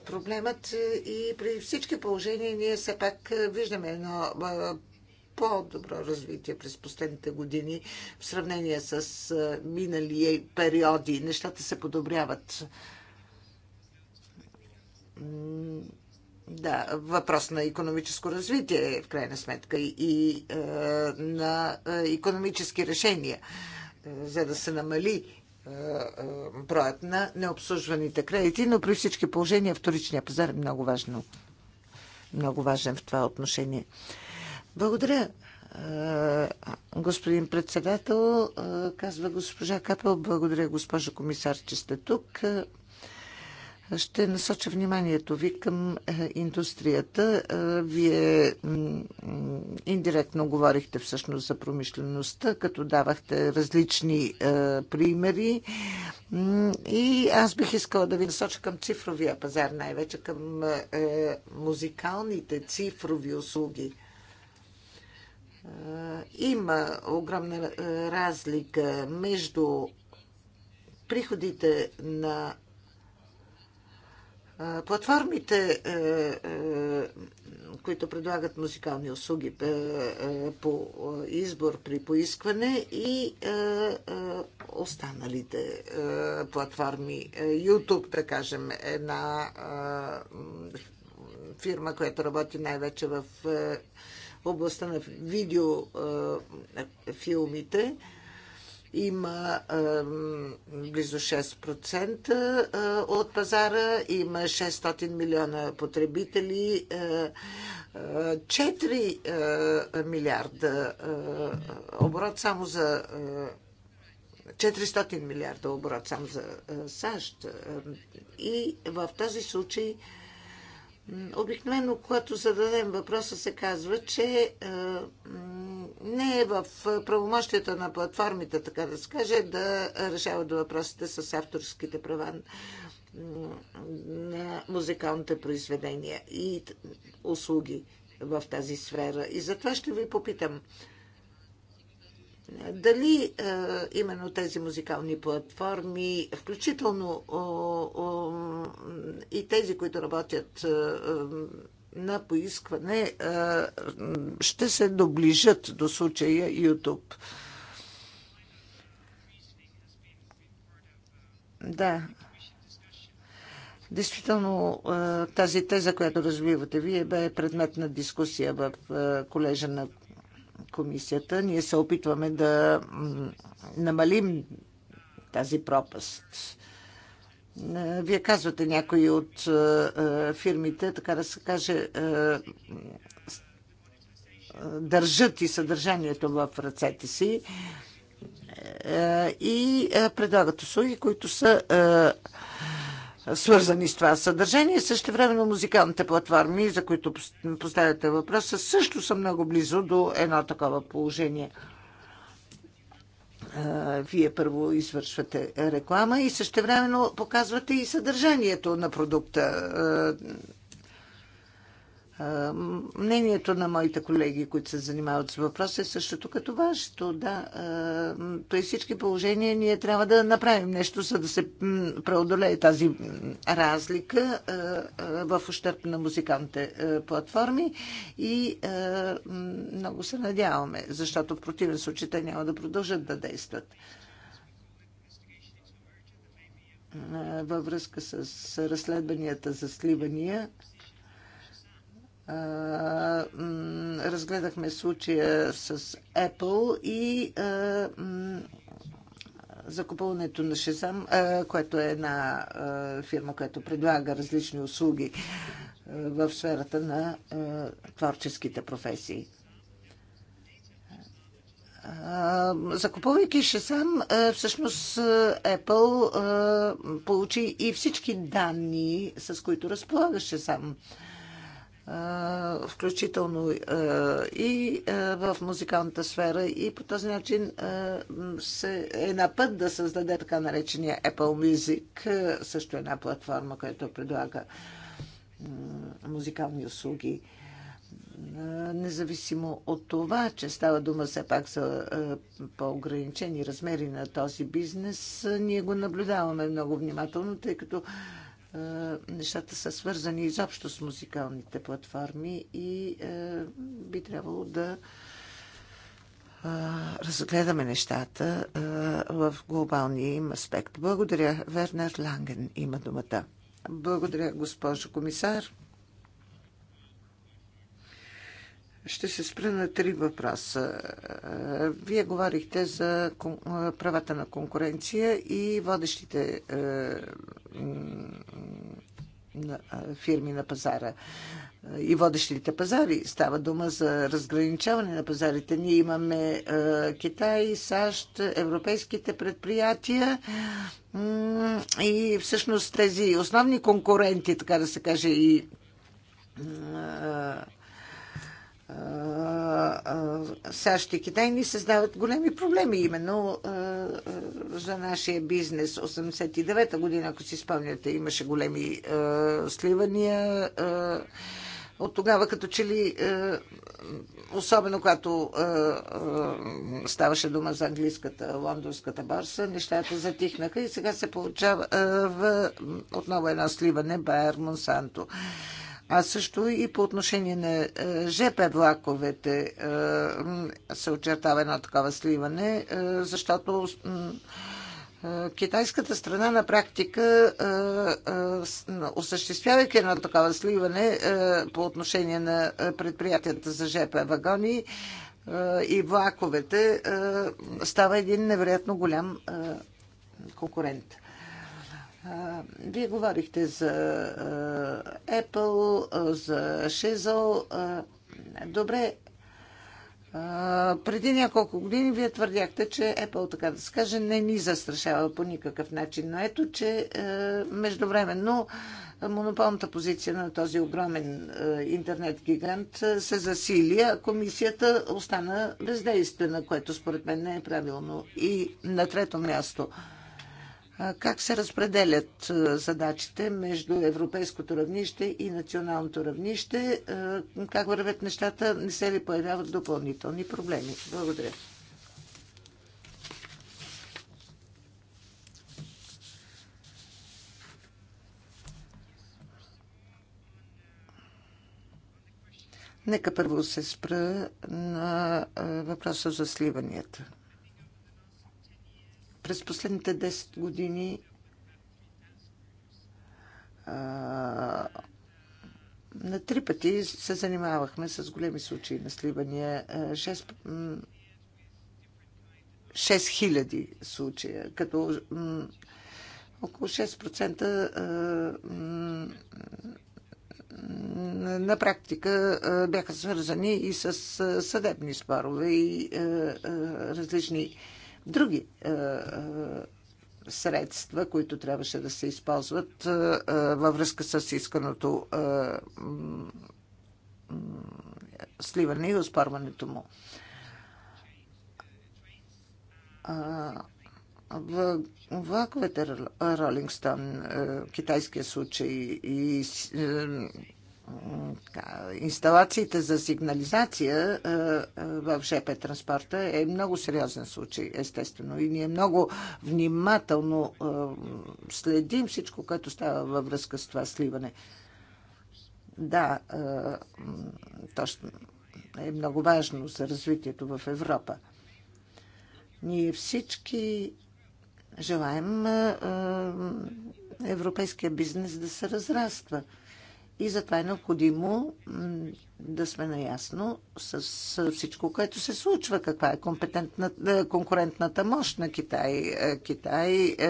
[SPEAKER 1] проблемът и при всички положения ние все пак виждаме едно по-добро развитие през последните години в сравнение с минали периоди. Нещата се подобряват. Да, въпрос на економическо развитие, в крайна сметка, и е, на економически решения, за да се намали е, броят на необслужваните кредити, но при всички положения вторичния пазар е много важно. Много важен в това отношение. Благодаря, господин председател, казва госпожа Капел. Благодаря, госпожа комисар, че сте тук. Ще насоча вниманието ви към индустрията. Вие индиректно говорихте всъщност за промишлеността, като давахте различни примери. И аз бих искала да ви насоча към цифровия пазар, най-вече към музикалните цифрови услуги. Има огромна разлика между приходите на платформите, които предлагат музикални услуги по избор при поискване и останалите платформи. YouTube, да кажем, една фирма, която работи най-вече в областта на видеофилмите има близо 6% от пазара, има 600 милиона потребители, 4 милиарда оборот само за 400 милиарда оборот само за САЩ. И в този случай Обикновено, когато зададем въпроса, се казва, че е, не е в правомощията на платформите, така да се каже, да решават въпросите с авторските права на музикалните произведения и услуги в тази сфера. И затова ще ви попитам. Дали е, именно тези музикални платформи, включително о, о, и тези, които работят е, на поискване, е, ще се доближат до случая YouTube? Да. Действително, е, тази теза, която развивате вие, бе предмет на дискусия в е, колежа на комисията, ние се опитваме да намалим тази пропаст. Вие казвате някои от фирмите, така да се каже, държат и съдържанието в ръцете си и предлагат услуги, които са свързани с това съдържание. Също времено музикалните платформи, за които поставяте въпроса, също са много близо до едно такова положение. Вие първо извършвате реклама и също времено показвате и съдържанието на продукта мнението на моите колеги, които се занимават с въпроса, е същото като вашето. Да, при всички положения ние трябва да направим нещо, за да се преодолее тази разлика в ущърп на музикалните платформи и много се надяваме, защото в противен случай те няма да продължат да действат във връзка с разследванията за сливания разгледахме случая с Apple и закупуването на Шезам, което е една фирма, която предлага различни услуги в сферата на творческите професии. Закупувайки Шесам, всъщност Apple получи и всички данни, с които разполага Шесам. сам включително и в музикалната сфера и по този начин се е на път да създаде така наречения Apple Music, също една платформа, която предлага музикални услуги. Независимо от това, че става дума все пак за по-ограничени размери на този бизнес, ние го наблюдаваме много внимателно, тъй като е, нещата са свързани изобщо с музикалните платформи и е, би трябвало да е, разгледаме нещата в глобалния им аспект. Благодаря. Вернер Ланген има думата. Благодаря, госпожо комисар. Ще се спра на три въпроса. Вие говорихте за правата на конкуренция и водещите е, фирми на пазара и водещите пазари. Става дума за разграничаване на пазарите. Ние имаме е, Китай, САЩ, европейските предприятия и всъщност тези основни конкуренти, така да се каже, и САЩ и Китай ни създават големи проблеми именно за нашия бизнес. 89-та година, ако си спомняте, имаше големи сливания. От тогава, като че ли, особено когато ставаше дума за английската, лондонската борса, нещата затихнаха и сега се получава отново едно сливане Байер Монсанто. Монсанто а също и по отношение на е, ЖП влаковете е, се очертава едно такова сливане, е, защото китайската страна на практика, осъществявайки едно такова сливане по отношение на предприятията за ЖП вагони и влаковете, става един невероятно голям конкурент. Вие говорихте за Apple, за Shizzle. Добре, преди няколко години вие твърдяхте, че Apple, така да се каже, не ни застрашава по никакъв начин. Но ето, че междувременно монополната позиция на този огромен интернет гигант се засили, а комисията остана бездействена, което според мен не е правилно. И на трето място – как се разпределят задачите между европейското равнище и националното равнище? Как вървят нещата? Не се ли появяват допълнителни проблеми? Благодаря. Нека първо се спра на въпроса за сливанията. През последните 10 години на три пъти се занимавахме с големи случаи на сливания. 6, 6000 случая, като около 6% на практика бяха свързани и с съдебни спорове и различни други е, е, средства, които трябваше да се използват е, във връзка с исканото сливане и оспорването му. В влаковете Ролингстон, китайския случай и инсталациите за сигнализация в ЖП транспорта е много сериозен случай, естествено. И ние много внимателно следим всичко, което става във връзка с това сливане. Да, точно е много важно за развитието в Европа. Ние всички желаем европейския бизнес да се разраства – и затова е необходимо да сме наясно с, всичко, което се случва. Каква е, е конкурентната мощ на Китай? Е, Китай е,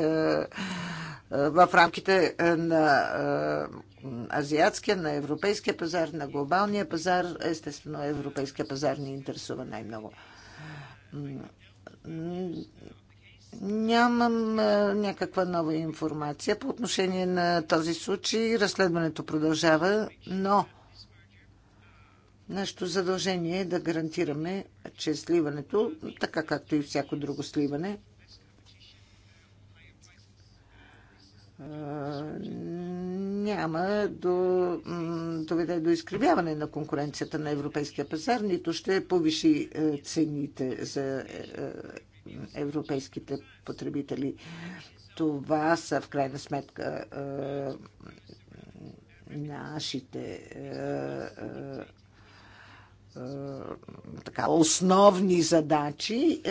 [SPEAKER 1] в рамките на азиатския, на европейския пазар, на глобалния пазар, естествено европейския пазар ни интересува най-много Нямам а, някаква нова информация по отношение на този случай. Разследването продължава, но нашето задължение е да гарантираме, че сливането, така както и всяко друго сливане, няма да доведе до изкривяване на конкуренцията на европейския пазар, нито ще повиши цените за европейските потребители. Това са в крайна сметка е, нашите е, е, така, основни задачи.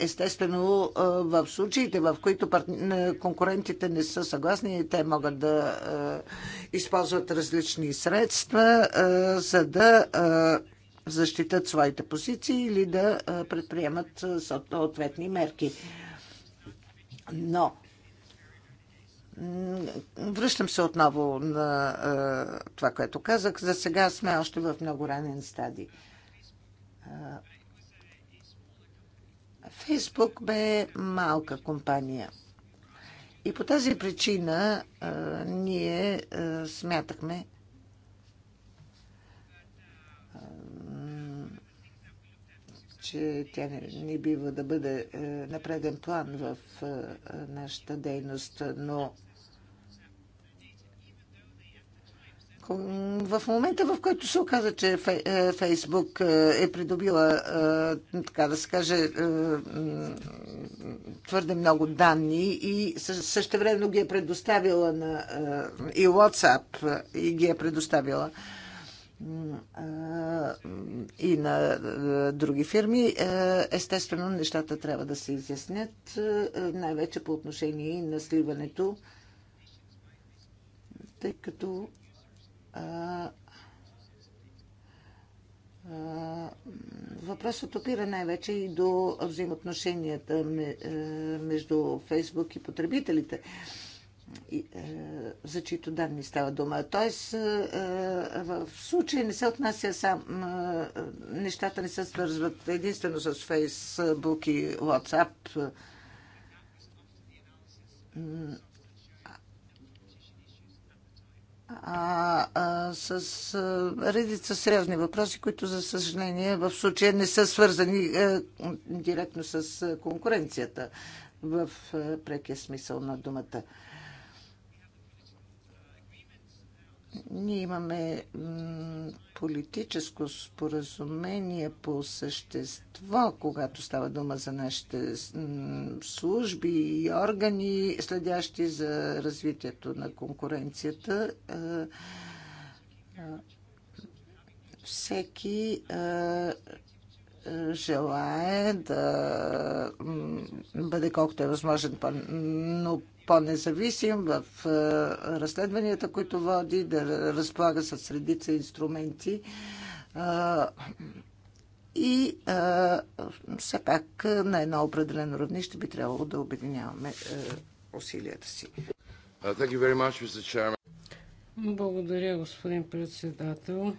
[SPEAKER 1] Естествено, в случаите, в които конкурентите не са съгласни, те могат да използват различни средства, за да защитат своите позиции или да предприемат съответни мерки. Но връщам се отново на това, което казах. За сега сме още в много ранен стадий. Фейсбук бе малка компания. И по тази причина ние смятахме, че тя не, не бива да бъде е, напреден план в е, нашата дейност, но в момента, в който се оказа, че е, Фейсбук е, е придобила, е, така да се каже, твърде много данни и същевременно ги е предоставила на и WhatsApp и ги е предоставила и на други фирми. Естествено, нещата трябва да се изяснят, най-вече по отношение на сливането, тъй като Въпросът опира най-вече и до взаимоотношенията между Фейсбук и потребителите. Е, за чието данни става дума. Тоест, е, е, в случай не се отнася сам, нещата не се свързват единствено с Facebook, и WhatsApp. А, а с а, редица сериозни въпроси, които за съжаление в случая не са свързани а, директно с конкуренцията в а, прекия смисъл на думата. А, Ние имаме политическо споразумение по същество, когато става дума за нашите служби и органи, следящи за развитието на конкуренцията. Всеки желае да бъде колкото е възможен, но по-независим в е, разследванията, които води, да разполага с редица инструменти. И все пак е, на едно определено равнище би трябвало да обединяваме е, усилията си.
[SPEAKER 3] Uh,
[SPEAKER 1] Благодаря, господин председател.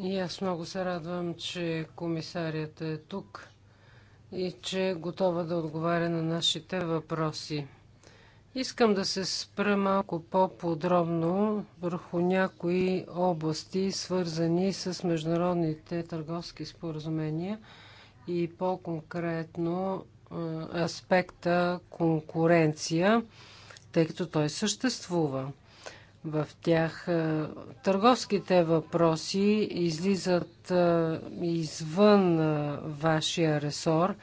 [SPEAKER 2] И аз много се радвам, че комисарията е тук и че е готова да отговаря на нашите въпроси. Искам да се спра малко по-подробно върху някои области, свързани с международните търговски споразумения и по-конкретно аспекта конкуренция, тъй като той съществува в тях. Е, търговските въпроси излизат е, извън е, вашия ресор,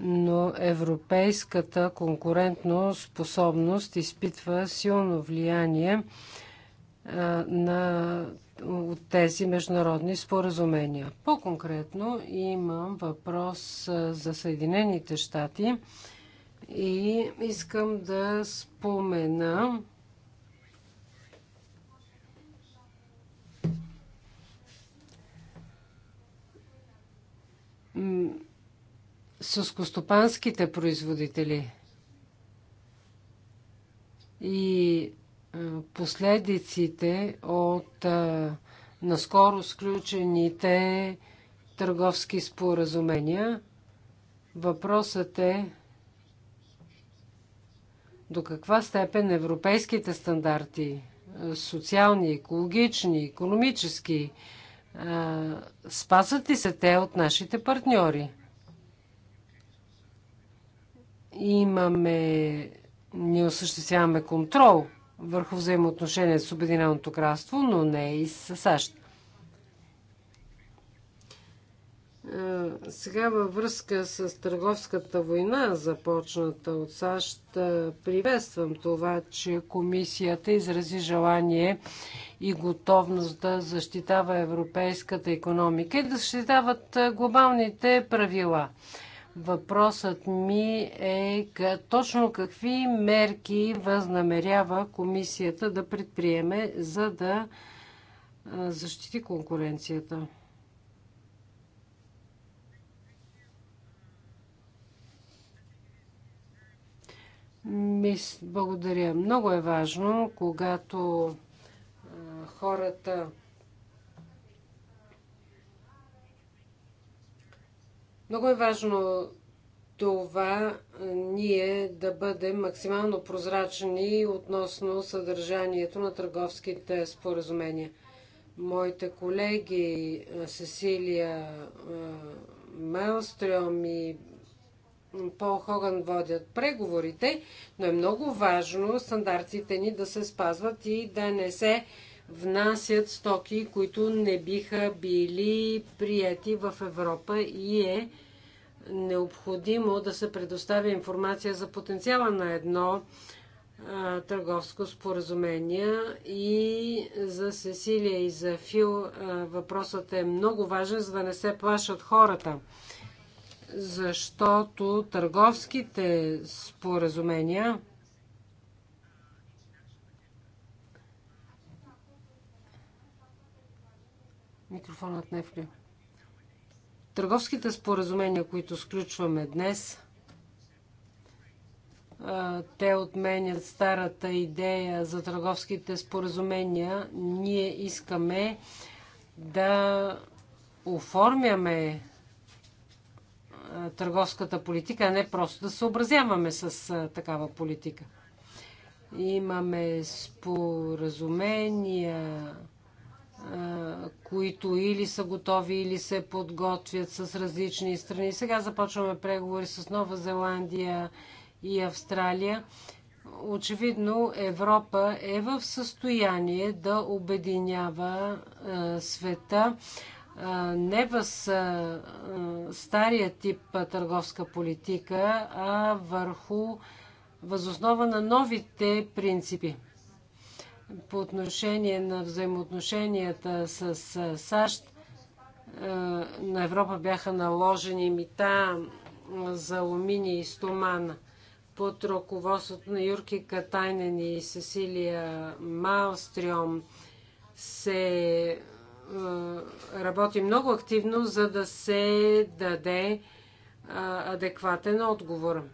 [SPEAKER 2] но европейската конкурентно способност изпитва силно влияние на от тези международни споразумения. По-конкретно имам въпрос за Съединените щати и искам да спомена съскостопанските производители и последиците от наскоро сключените търговски споразумения. Въпросът е до каква степен европейските стандарти, социални, екологични, економически, спазват ли се те от нашите партньори? Имаме, ние осъществяваме контрол върху взаимоотношения с Обединеното кралство, но не и с САЩ. Сега във връзка с търговската война, започната от САЩ, приветствам това, че комисията изрази желание и готовност да защитава европейската економика и да защитават глобалните правила. Въпросът ми е точно какви мерки възнамерява комисията да предприеме, за да защити конкуренцията. Благодаря. Много е важно, когато хората. Много е важно това ние да бъдем максимално прозрачни относно съдържанието на търговските споразумения. Моите колеги Сесилия Майлстрем и Пол Хоган водят преговорите, но е много важно стандартите ни да се спазват и да не се внасят стоки, които не биха били прияти в Европа и е необходимо да се предоставя информация за потенциала на едно а, търговско споразумение. И за Сесилия и за Фил а, въпросът е много важен, за да не се плашат хората. Защото търговските споразумения Микрофонът не е Търговските споразумения, които сключваме днес, те отменят старата идея за търговските споразумения. Ние искаме да оформяме търговската политика, а не просто да съобразяваме с такава политика. Имаме споразумения които или са готови, или се подготвят с различни страни. Сега започваме преговори с Нова Зеландия и Австралия. Очевидно Европа е в състояние да обединява света не в стария тип търговска политика, а върху възоснова на новите принципи по отношение на взаимоотношенията с САЩ. На Европа бяха наложени мита за алуминий и стомана под ръководството на Юрки Катайнен и Сесилия Малстрём се работи много активно, за да се даде адекватен отговор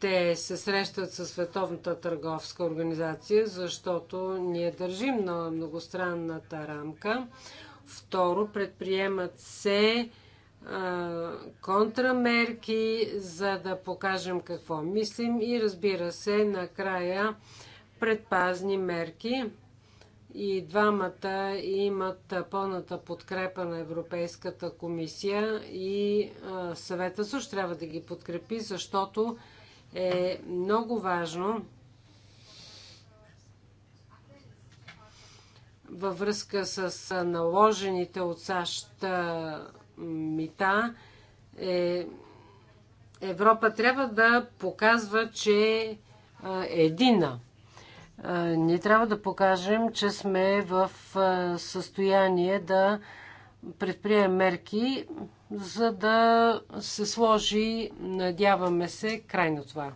[SPEAKER 2] те се срещат със Световната търговска организация, защото ние държим на многостранната рамка. Второ, предприемат се контрамерки, за да покажем какво мислим и разбира се, накрая предпазни мерки. И двамата имат пълната подкрепа на Европейската комисия и съвета също трябва да ги подкрепи, защото е много важно във връзка с наложените от САЩ мита, е, Европа трябва да показва, че е едина. Ние трябва да покажем, че сме в състояние да предприемем мерки, за да се сложи, надяваме се, край на това.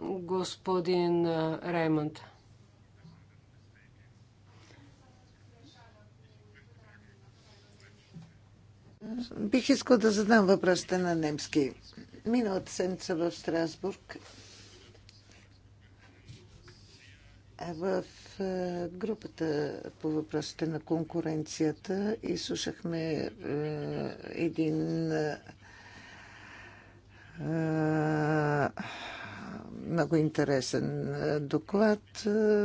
[SPEAKER 2] Господин Раймонд.
[SPEAKER 1] Бих искал да задам въпросите на немски. Миналата седмица в Страсбург В групата по въпросите на конкуренцията изслушахме е, един е, много интересен е, доклад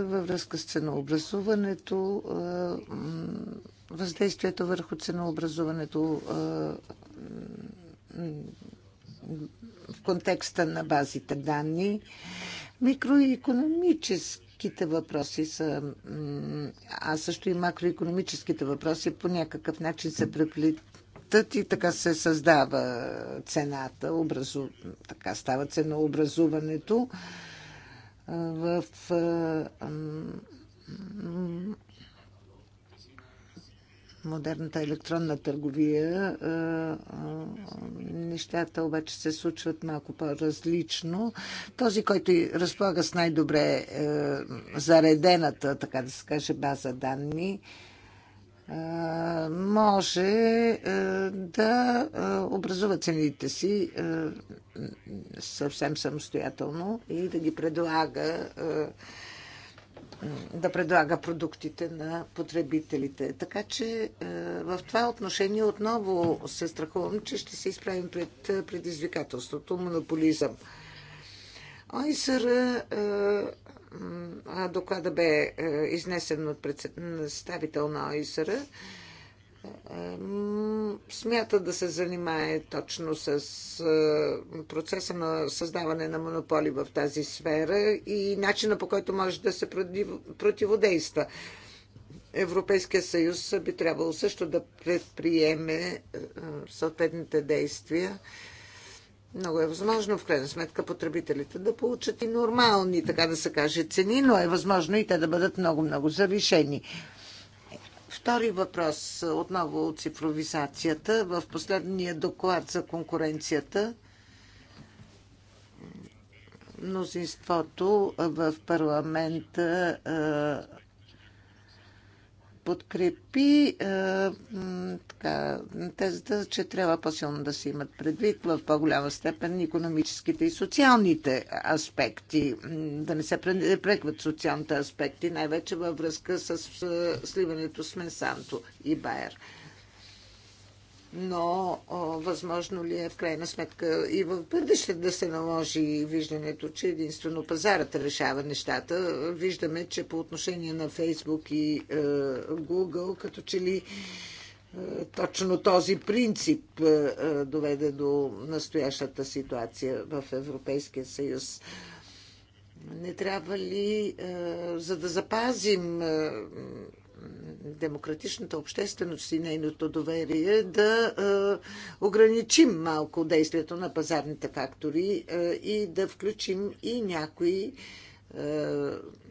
[SPEAKER 1] във връзка с ценообразуването, въздействието върху ценообразуването в контекста на базите данни, микроекономически търговските въпроси са, а също и макроекономическите въпроси по някакъв начин се преплитат и така се създава цената, образу... така става ценообразуването в модерната електронна търговия нещата обаче се случват малко по-различно. Този, който разполага с най-добре е, заредената, така да се каже, база данни, е, може е, да образува цените си съвсем самостоятелно и да ги предлага да предлага продуктите на потребителите. Така че е, в това отношение отново се страхувам, че ще се изправим пред предизвикателството монополизъм. ОИСР е, доклада бе е, изнесен от представител на ОИСР смята да се занимае точно с процеса на създаване на монополи в тази сфера и начина по който може да се противодейства. Европейския съюз би трябвало също да предприеме съответните действия. Много е възможно, в крайна сметка, потребителите да получат и нормални, така да се каже, цени, но е възможно и те да бъдат много-много завишени. Втори въпрос е, отново от цифровизацията. В последния доклад за конкуренцията мнозинството в парламента е, подкрепи е, така, тезата, че трябва по-силно да се имат предвид в по-голяма степен економическите и социалните аспекти, да не се прекват социалните аспекти, най-вече във връзка с е, сливането с Менсанто и Байер но а, възможно ли е в крайна сметка и в бъдеще да се наложи виждането, че единствено пазарът решава нещата. Виждаме, че по отношение на Фейсбук и е, Google, като че ли е, точно този принцип е, е, доведе до настоящата ситуация в Европейския съюз. Не трябва ли, е, за да запазим е, демократичната общественост и нейното доверие да е, ограничим малко действието на пазарните фактори е, и да включим и някои е,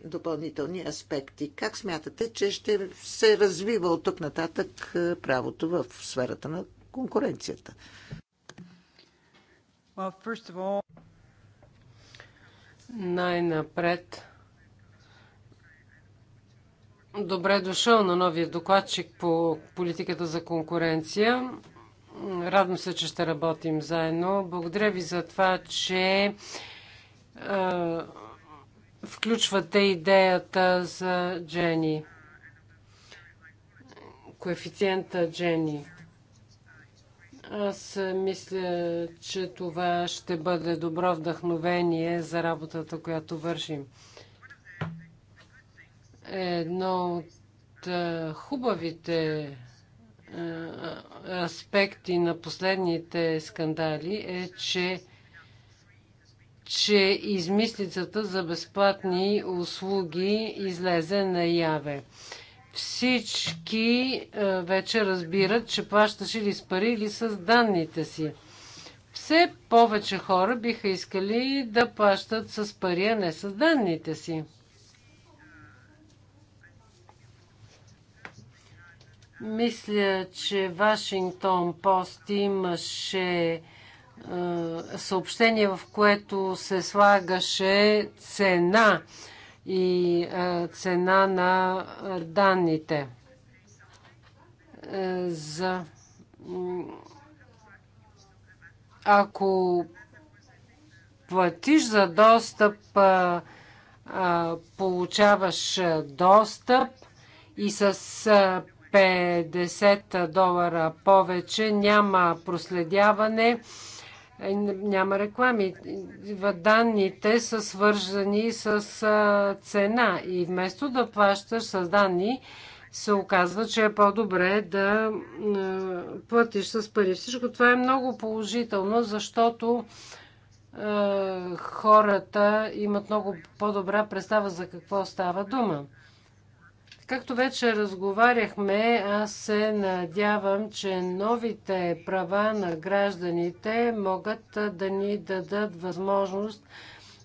[SPEAKER 1] допълнителни аспекти. Как смятате, че ще се развива от тук нататък е, правото в сферата на конкуренцията?
[SPEAKER 2] Well, all...
[SPEAKER 1] Най-напред
[SPEAKER 2] Добре дошъл на новия докладчик по политиката за конкуренция. Радвам се, че ще работим заедно. Благодаря ви за това, че включвате идеята за Джени. Коефициента Джени. Аз мисля, че това ще бъде добро вдъхновение за работата, която вършим. Едно от е, хубавите е, аспекти на последните скандали е, че че измислицата за безплатни услуги излезе наяве. Всички е, вече разбират, че плащаш или с пари, или с данните си. Все повече хора биха искали да плащат с пари, а не с данните си. Мисля, че Вашингтон Пост имаше е, съобщение, в което се слагаше цена и е, цена на данните е, за ако платиш за достъп, получаваш достъп и с 50 долара повече, няма проследяване, няма реклами. Данните са свързани с цена и вместо да плащаш с данни, се оказва, че е по-добре да платиш с пари. Всичко това е много положително, защото хората имат много по-добра представа за какво става дума. Както вече разговаряхме, аз се надявам, че новите права на гражданите могат да ни дадат възможност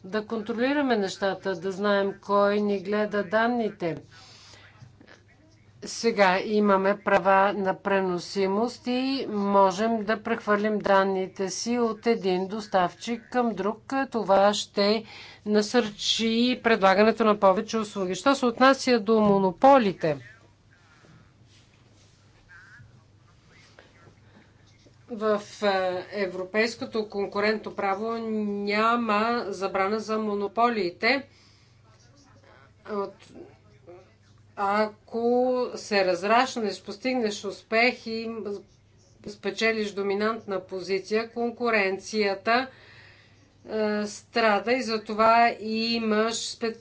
[SPEAKER 2] да контролираме нещата, да знаем кой ни гледа данните сега имаме права на преносимост и можем да прехвърлим данните си от един доставчик към друг. Това ще насърчи предлагането на повече услуги. Що се отнася до монополите? В е, европейското конкурентно право няма забрана за монополите ако се разрашнеш, постигнеш успех и спечелиш доминантна позиция, конкуренцията е, страда и затова имаш е,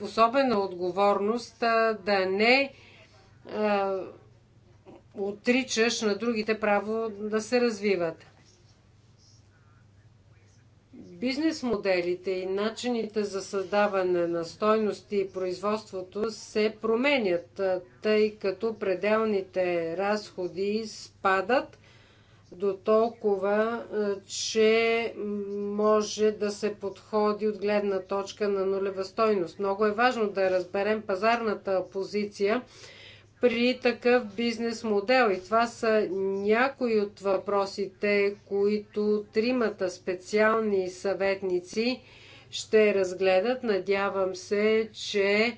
[SPEAKER 2] особена отговорност е, да не отричаш на другите право да се развиват. Бизнес моделите и начините за създаване на стойности и производството се променят, тъй като пределните разходи спадат до толкова, че може да се подходи от гледна точка на нулева стойност. Много е важно да разберем пазарната позиция при такъв бизнес модел. И това са някои от въпросите, които тримата специални съветници ще разгледат. Надявам се, че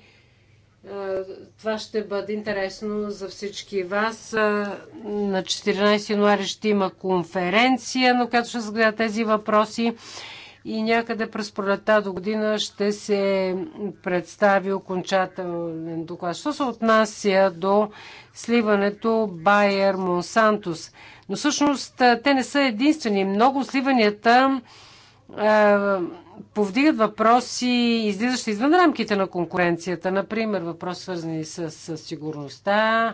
[SPEAKER 2] това ще бъде интересно за всички вас. На 14 януари ще има конференция, на която ще разгледат тези въпроси и някъде през пролета до година ще се представи окончателен доклад. Що се отнася до сливането Байер Монсантос? Но всъщност те не са единствени. Много сливанията повдигат въпроси, излизащи извън рамките на конкуренцията. Например, въпрос свързани с сигурността,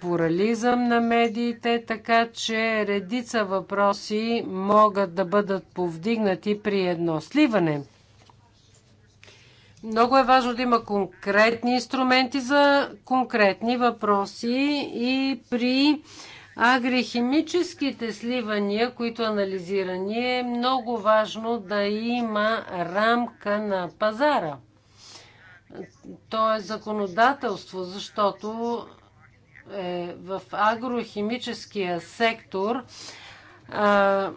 [SPEAKER 2] плурализъм на медиите, така че редица въпроси могат да бъдат повдигнати при едно сливане. Много е важно да има конкретни инструменти за конкретни въпроси и при агрохимическите сливания, които анализирани, е много важно да има рамка на пазара. То е законодателство, защото е, в агрохимическия сектор а,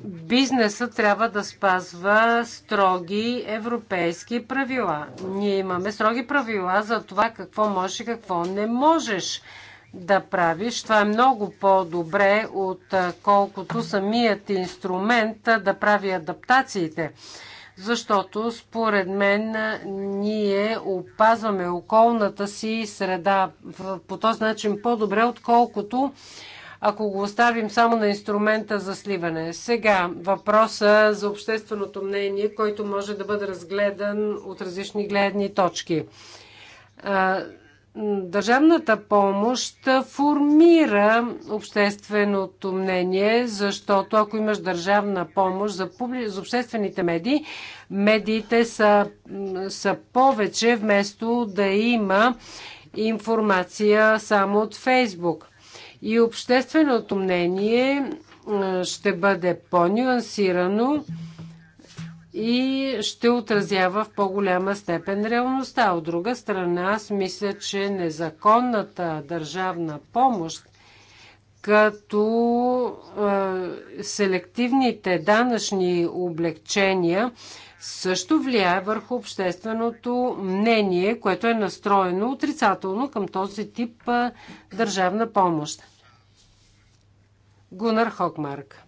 [SPEAKER 2] бизнеса трябва да спазва строги европейски правила. Ние имаме строги правила за това какво можеш и какво не можеш да правиш. Това е много по-добре, отколкото самият инструмент да прави адаптациите защото според мен ние опазваме околната си среда по този начин по-добре, отколкото ако го оставим само на инструмента за сливане. Сега въпроса за общественото мнение, който може да бъде разгледан от различни гледни точки. Държавната помощ формира общественото мнение, защото ако имаш държавна помощ за, публи... за обществените медии, медиите са, са повече, вместо да има информация само от Фейсбук. И общественото мнение ще бъде по-нюансирано и ще отразява в по-голяма степен реалността. От друга страна, аз мисля, че незаконната държавна помощ като е, селективните данъчни облегчения също влияе върху общественото мнение, което е настроено отрицателно към този тип е, държавна помощ. Гунар Хокмарк.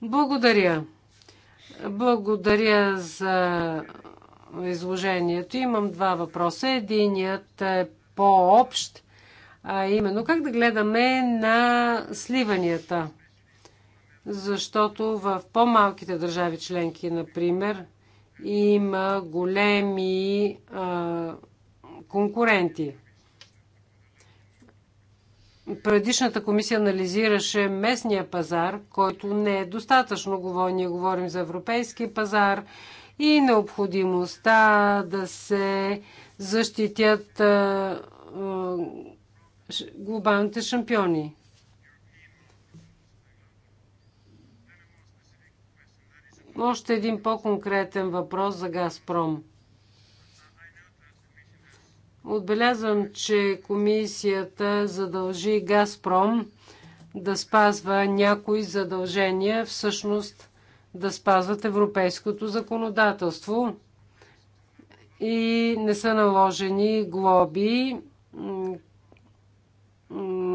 [SPEAKER 2] Благодаря. Благодаря за изложението. Имам два въпроса. Единият е по-общ, а именно как да гледаме на сливанията. Защото в по-малките държави членки, например, има големи а, конкуренти. Предишната комисия анализираше местния пазар, който не е достатъчно. Ние говорим за европейски пазар и необходимостта да се защитят глобалните шампиони. Още един по-конкретен въпрос за Газпром – Отбелязвам, че комисията задължи Газпром да спазва някои задължения, всъщност да спазват европейското законодателство и не са наложени глоби.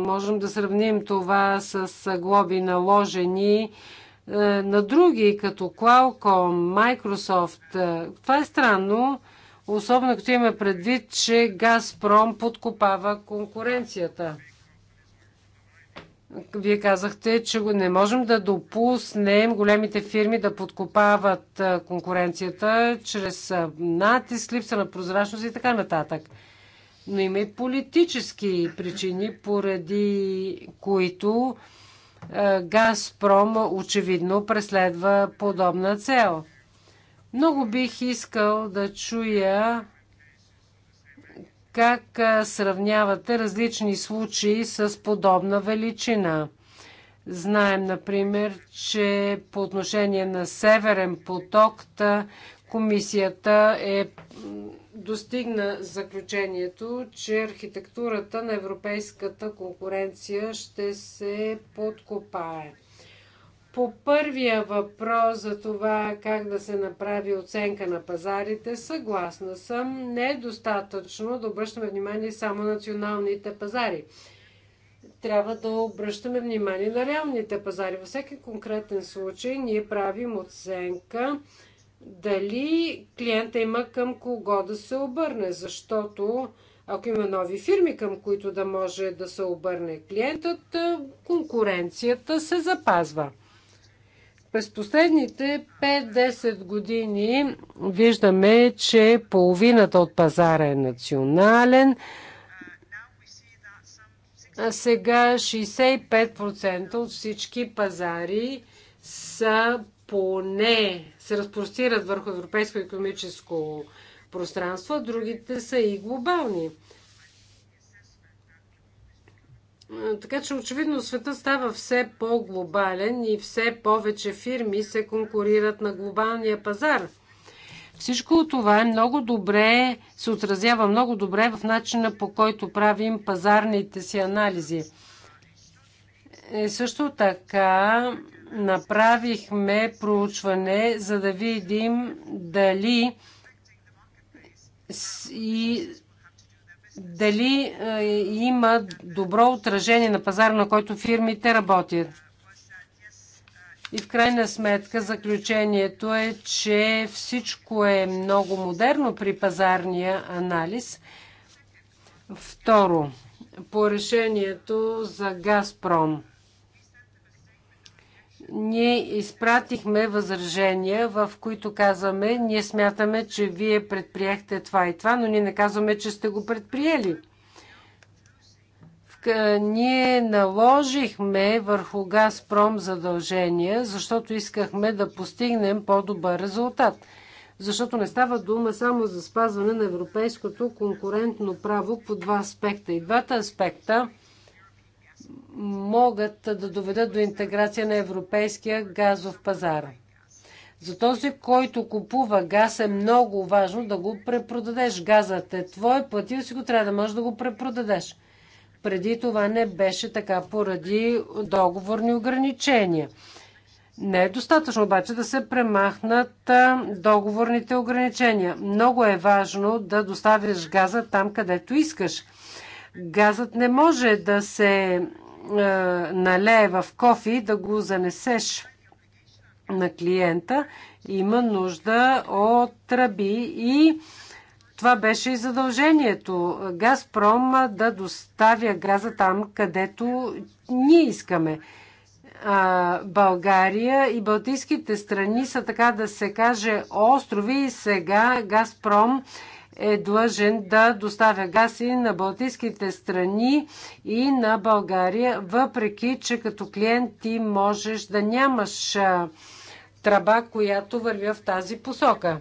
[SPEAKER 2] Можем да сравним това с глоби наложени е, на други, като Qualcomm, Microsoft. Е, това е странно. Особено като има предвид, че Газпром подкопава конкуренцията. Вие казахте, че не можем да допуснем големите фирми да подкопават конкуренцията чрез натиск, липса на прозрачност и така нататък. Но има и политически причини, поради които Газпром очевидно преследва подобна цел. Много бих искал да чуя как сравнявате различни случаи с подобна величина. Знаем, например, че по отношение на Северен поток комисията е достигна заключението, че архитектурата на европейската конкуренция ще се подкопае. По първия въпрос за това как да се направи оценка на пазарите, съгласна съм. Не е достатъчно да обръщаме внимание само на националните пазари. Трябва да обръщаме внимание на реалните пазари. Във всеки конкретен случай ние правим оценка дали клиента има към кого да се обърне, защото ако има нови фирми, към които да може да се обърне клиентът, конкуренцията се запазва. През последните 5-10 години виждаме, че половината от пазара е национален, а сега 65% от всички пазари са поне се разпростират върху европейско економическо пространство, другите са и глобални. Е, така че очевидно света става все по-глобален и все повече фирми се конкурират на глобалния пазар. Всичко това е много добре, се отразява много добре в начина по който правим пазарните си анализи. И е, също така направихме проучване, за да видим дали и дали е, има добро отражение на пазара, на който фирмите работят. И в крайна сметка заключението е, че всичко е много модерно при пазарния анализ. Второ, по решението за Газпром ние изпратихме възражения, в които казваме, ние смятаме, че вие предприехте това и това, но ние не казваме, че сте го предприели. Ние наложихме върху Газпром задължения, защото искахме да постигнем по-добър резултат. Защото не става дума само за спазване на европейското конкурентно право по два аспекта. И двата аспекта – могат да доведат до интеграция на европейския газов пазар. За този, който купува газ, е много важно да го препродадеш. Газът е твой, платил си го, трябва да можеш да го препродадеш. Преди това не беше така поради договорни ограничения. Не е достатъчно обаче да се премахнат договорните ограничения. Много е важно да доставиш газа там, където искаш. Газът не може да се е, налее в кофи, да го занесеш на клиента, има нужда от тръби и това беше и задължението Газпром да доставя газа там, където ние искаме. България и Балтийските страни са така да се каже острови и сега Газпром е длъжен да доставя газ и на Балтийските страни и на България, въпреки че като клиент ти можеш да нямаш тръба, която вървя в тази посока.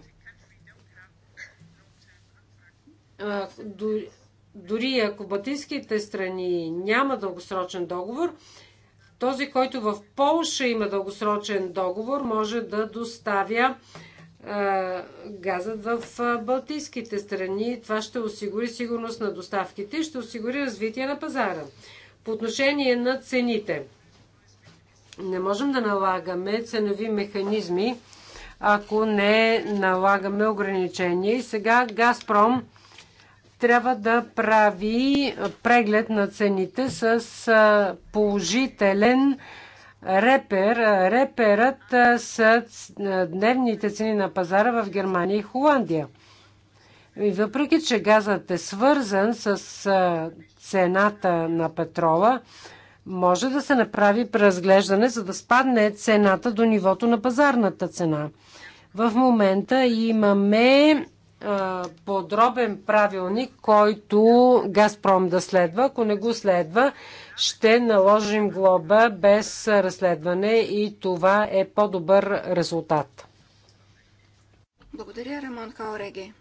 [SPEAKER 2] Дори ако Балтийските страни няма дългосрочен договор, този, който в Полша има дългосрочен договор, може да доставя газът в Балтийските страни. Това ще осигури сигурност на доставките и ще осигури развитие на пазара. По отношение на цените. Не можем да налагаме ценови механизми, ако не налагаме ограничения. И сега Газпром трябва да прави преглед на цените с положителен репер. Реперът с дневните цени на пазара в Германия и Холандия. И въпреки, че газът е свързан с цената на петрола, може да се направи преразглеждане, за да спадне цената до нивото на пазарната цена. В момента имаме е, подробен правилник, който Газпром да следва. Ако не го следва, ще наложим глоба без разследване и това е по-добър резултат.
[SPEAKER 3] Благодаря, Рамон Хаореги.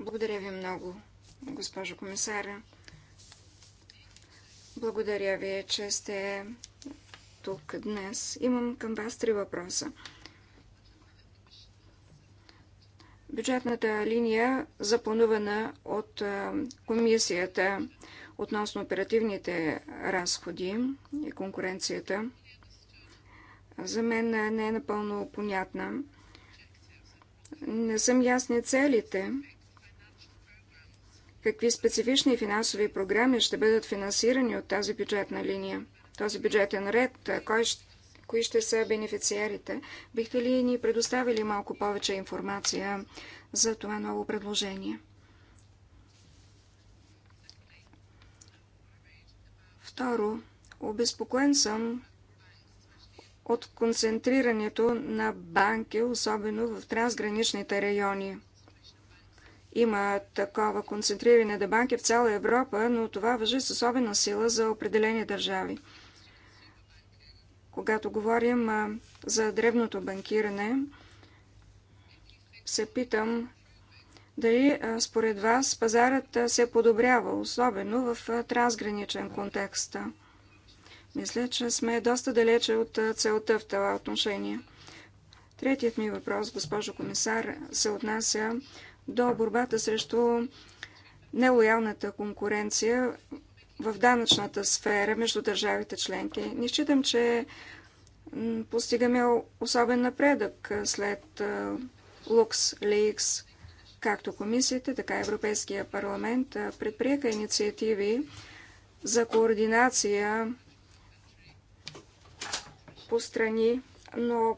[SPEAKER 3] Благодаря ви много, госпожо комисаря. Благодаря ви, че сте тук днес. Имам към вас три въпроса. Бюджетната линия, запланувана от комисията относно оперативните разходи и конкуренцията, за мен не е напълно понятна. Не съм ясни целите, какви специфични финансови програми ще бъдат финансирани от тази бюджетна линия, този бюджетен ред, кой ще кои ще са бенефициерите. Бихте ли ни предоставили малко повече информация за това ново предложение? Второ, обезпокоен съм от концентрирането на банки, особено в трансграничните райони. Има такова концентриране на банки в цяла Европа, но това въжи с особена сила за определени държави. Когато говорим за древното банкиране, се питам дали според вас пазарът се подобрява, особено в трансграничен контекст. Мисля, че сме доста далече от целта в това отношение. Третият ми въпрос, госпожо комисар, се отнася до борбата срещу нелоялната конкуренция в данъчната сфера между държавите членки. Не считам, че постигаме особен напредък след Лукс Лейкс, Както комисията, така и Европейския парламент предприеха инициативи за координация по страни, но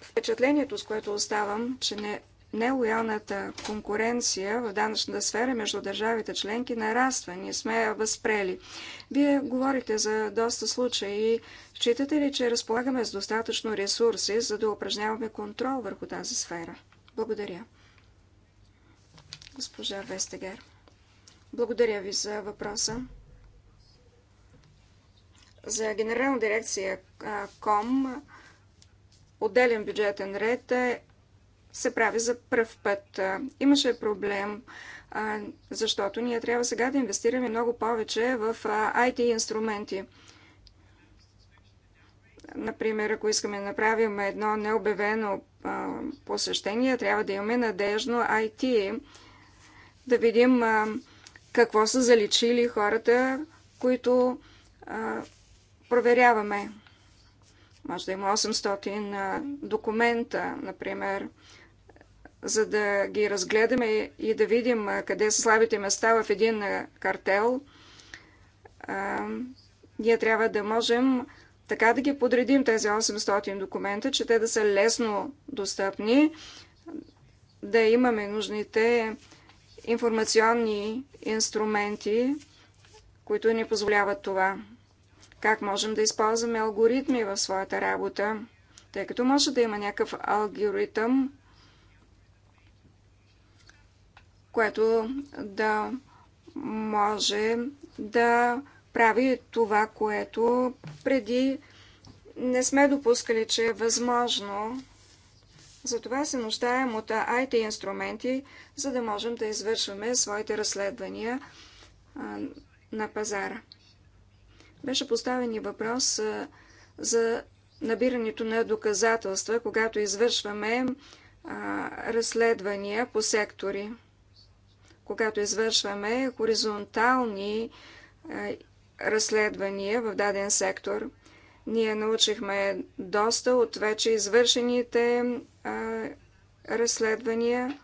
[SPEAKER 3] впечатлението, с което оставам, че не нелоялната конкуренция в данъчната сфера между държавите членки нараства. Ние сме я възпрели. Вие говорите за доста случаи. Считате ли, че разполагаме с достатъчно ресурси, за да упражняваме контрол върху тази сфера? Благодаря. Госпожа Вестегер. Благодаря ви за въпроса. За генерална дирекция КОМ отделен бюджетен ред е се прави за пръв път. Имаше проблем, защото ние трябва сега да инвестираме много повече в IT инструменти. Например, ако искаме да направим едно необявено посещение, трябва да имаме надежно IT, да видим какво са заличили хората, които проверяваме. Може да има 800 документа, например за да ги разгледаме и да видим къде са слабите места в един картел, ние трябва да можем така да ги подредим тези 800 документа, че те да са лесно достъпни, да имаме нужните информационни инструменти, които ни позволяват това. Как можем да използваме алгоритми в своята работа, тъй като може да има някакъв алгоритъм, което да може да прави това, което преди не сме допускали, че е възможно. Затова се нуждаем от IT инструменти, за да можем да извършваме своите разследвания на пазара. Беше поставен и въпрос за набирането на доказателства, когато извършваме разследвания по сектори когато извършваме хоризонтални е, разследвания в даден сектор. Ние научихме доста от вече извършените е, разследвания.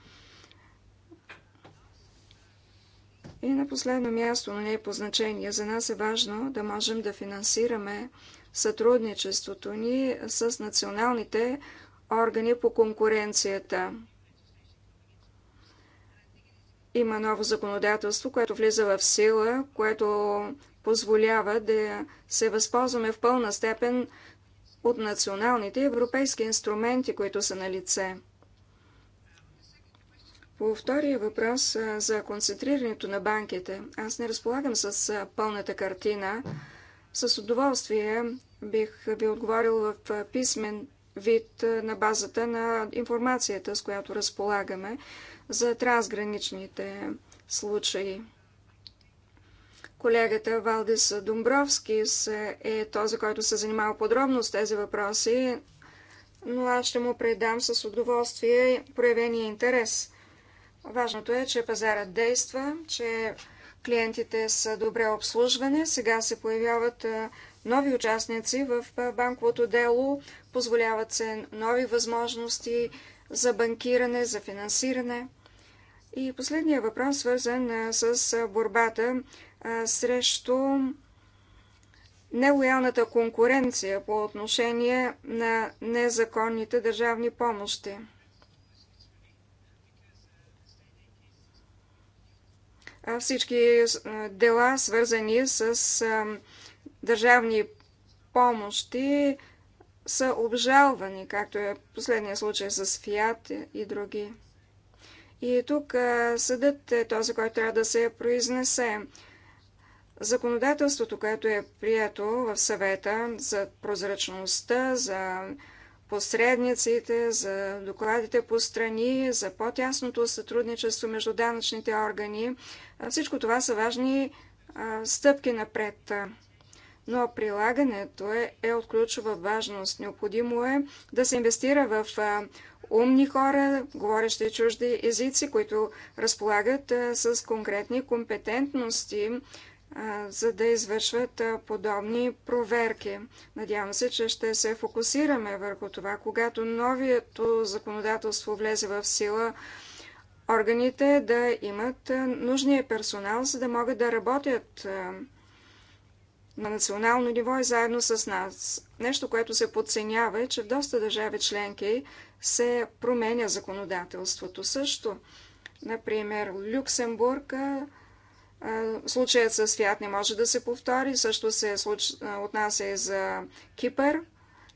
[SPEAKER 3] И на последно място, но не е по значение, за нас е важно да можем да финансираме сътрудничеството ни с националните органи по конкуренцията. Има ново законодателство, което влиза в сила, което позволява да се възползваме в пълна степен от националните европейски инструменти, които са на лице. По втория въпрос за концентрирането на банките, аз не разполагам с пълната картина. С удоволствие бих ви отговорил в писмен вид на базата на информацията, с която разполагаме за трансграничните случаи. Колегата Валдис Думбровски е този, който се занимава подробно с тези въпроси, но аз ще му предам с удоволствие проявения интерес. Важното е, че пазарът действа, че клиентите са добре обслужване. Сега се появяват нови участници в банковото дело, позволяват се нови възможности за банкиране, за финансиране. И последният въпрос, свързан с борбата срещу нелоялната конкуренция по отношение на незаконните държавни помощи. Всички дела, свързани с държавни помощи, са обжалвани, както е последния случай с Фиат и други. И тук съдът е този, който трябва да се произнесе. Законодателството, което е прието в съвета за прозрачността, за посредниците, за докладите по страни, за по-тясното сътрудничество между данъчните органи, всичко това са важни стъпки напред но прилагането е, е от ключова важност. Необходимо е да се инвестира в умни хора, говорещи чужди езици, които разполагат с конкретни компетентности, за да извършват подобни проверки. Надявам се, че ще се фокусираме върху това. Когато новието законодателство влезе в сила, органите да имат нужния персонал, за да могат да работят на национално ниво и заедно с нас. Нещо, което се подценява е, че в доста държави членки се променя законодателството също. Например, Люксембург, случаят с Фиат не може да се повтори, също се отнася и за Кипър.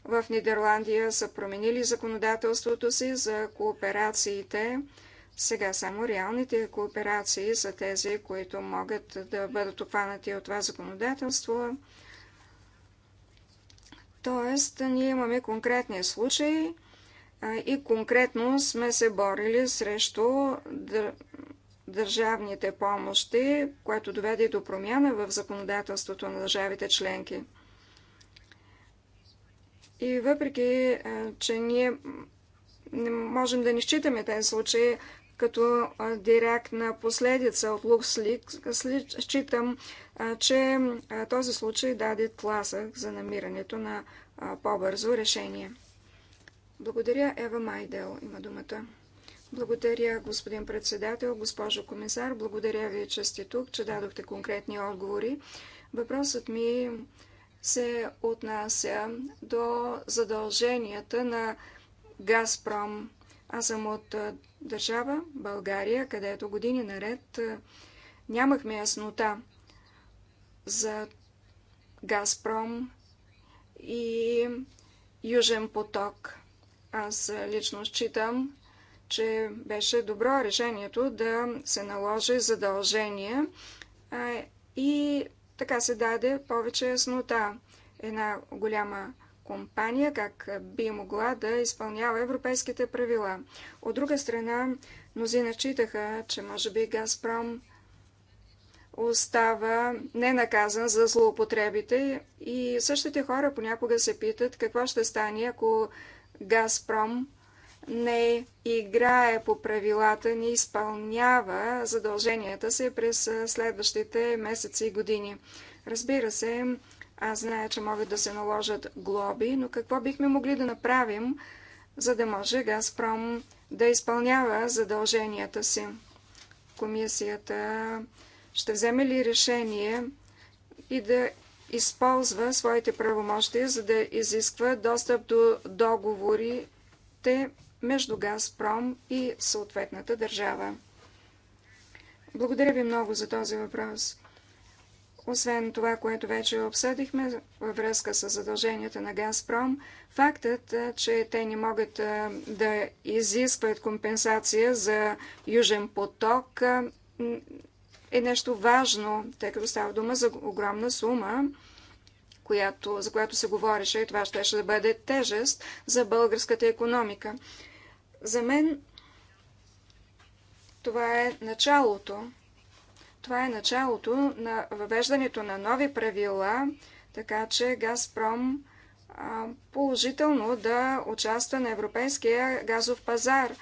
[SPEAKER 3] В Нидерландия са променили законодателството си за кооперациите сега само реалните кооперации са тези, които могат да бъдат обхванати от това законодателство. Тоест, ние имаме конкретни случаи и конкретно сме се борили срещу държавните помощи, което доведе до промяна в законодателството на държавите членки. И въпреки, че ние не можем да не считаме тези случаи като директна последица от Лукслик, считам, че този случай даде тласък за намирането на по-бързо решение. Благодаря, Ева Майдел има думата. Благодаря, господин председател, госпожо комисар. Благодаря ви, че сте тук, че дадохте конкретни отговори. Въпросът ми се отнася до задълженията на Газпром аз съм от държава, България, където години наред нямахме яснота за Газпром и Южен поток. Аз лично считам, че беше добро решението да се наложи задължение и така се даде повече яснота. Една голяма компания как би могла да изпълнява европейските правила. От друга страна, мнозина читаха, че може би Газпром остава ненаказан за злоупотребите и същите хора понякога се питат какво ще стане, ако Газпром не играе по правилата, не изпълнява задълженията си през следващите месеци и години. Разбира се, аз зная, че могат да се наложат глоби, но какво бихме могли да направим, за да може Газпром да изпълнява задълженията си? Комисията ще вземе ли решение и да използва своите правомощия, за да изисква достъп до договорите между Газпром и съответната държава? Благодаря ви много за този въпрос. Освен това, което вече обсъдихме във връзка с задълженията на Газпром, фактът, че те не могат да изискват компенсация за Южен поток е нещо важно, тъй като става дума за огромна сума, която, за която се говореше и това ще да бъде тежест за българската економика. За мен това е началото това е началото на въвеждането на нови правила, така че Газпром положително да участва на европейския газов пазар.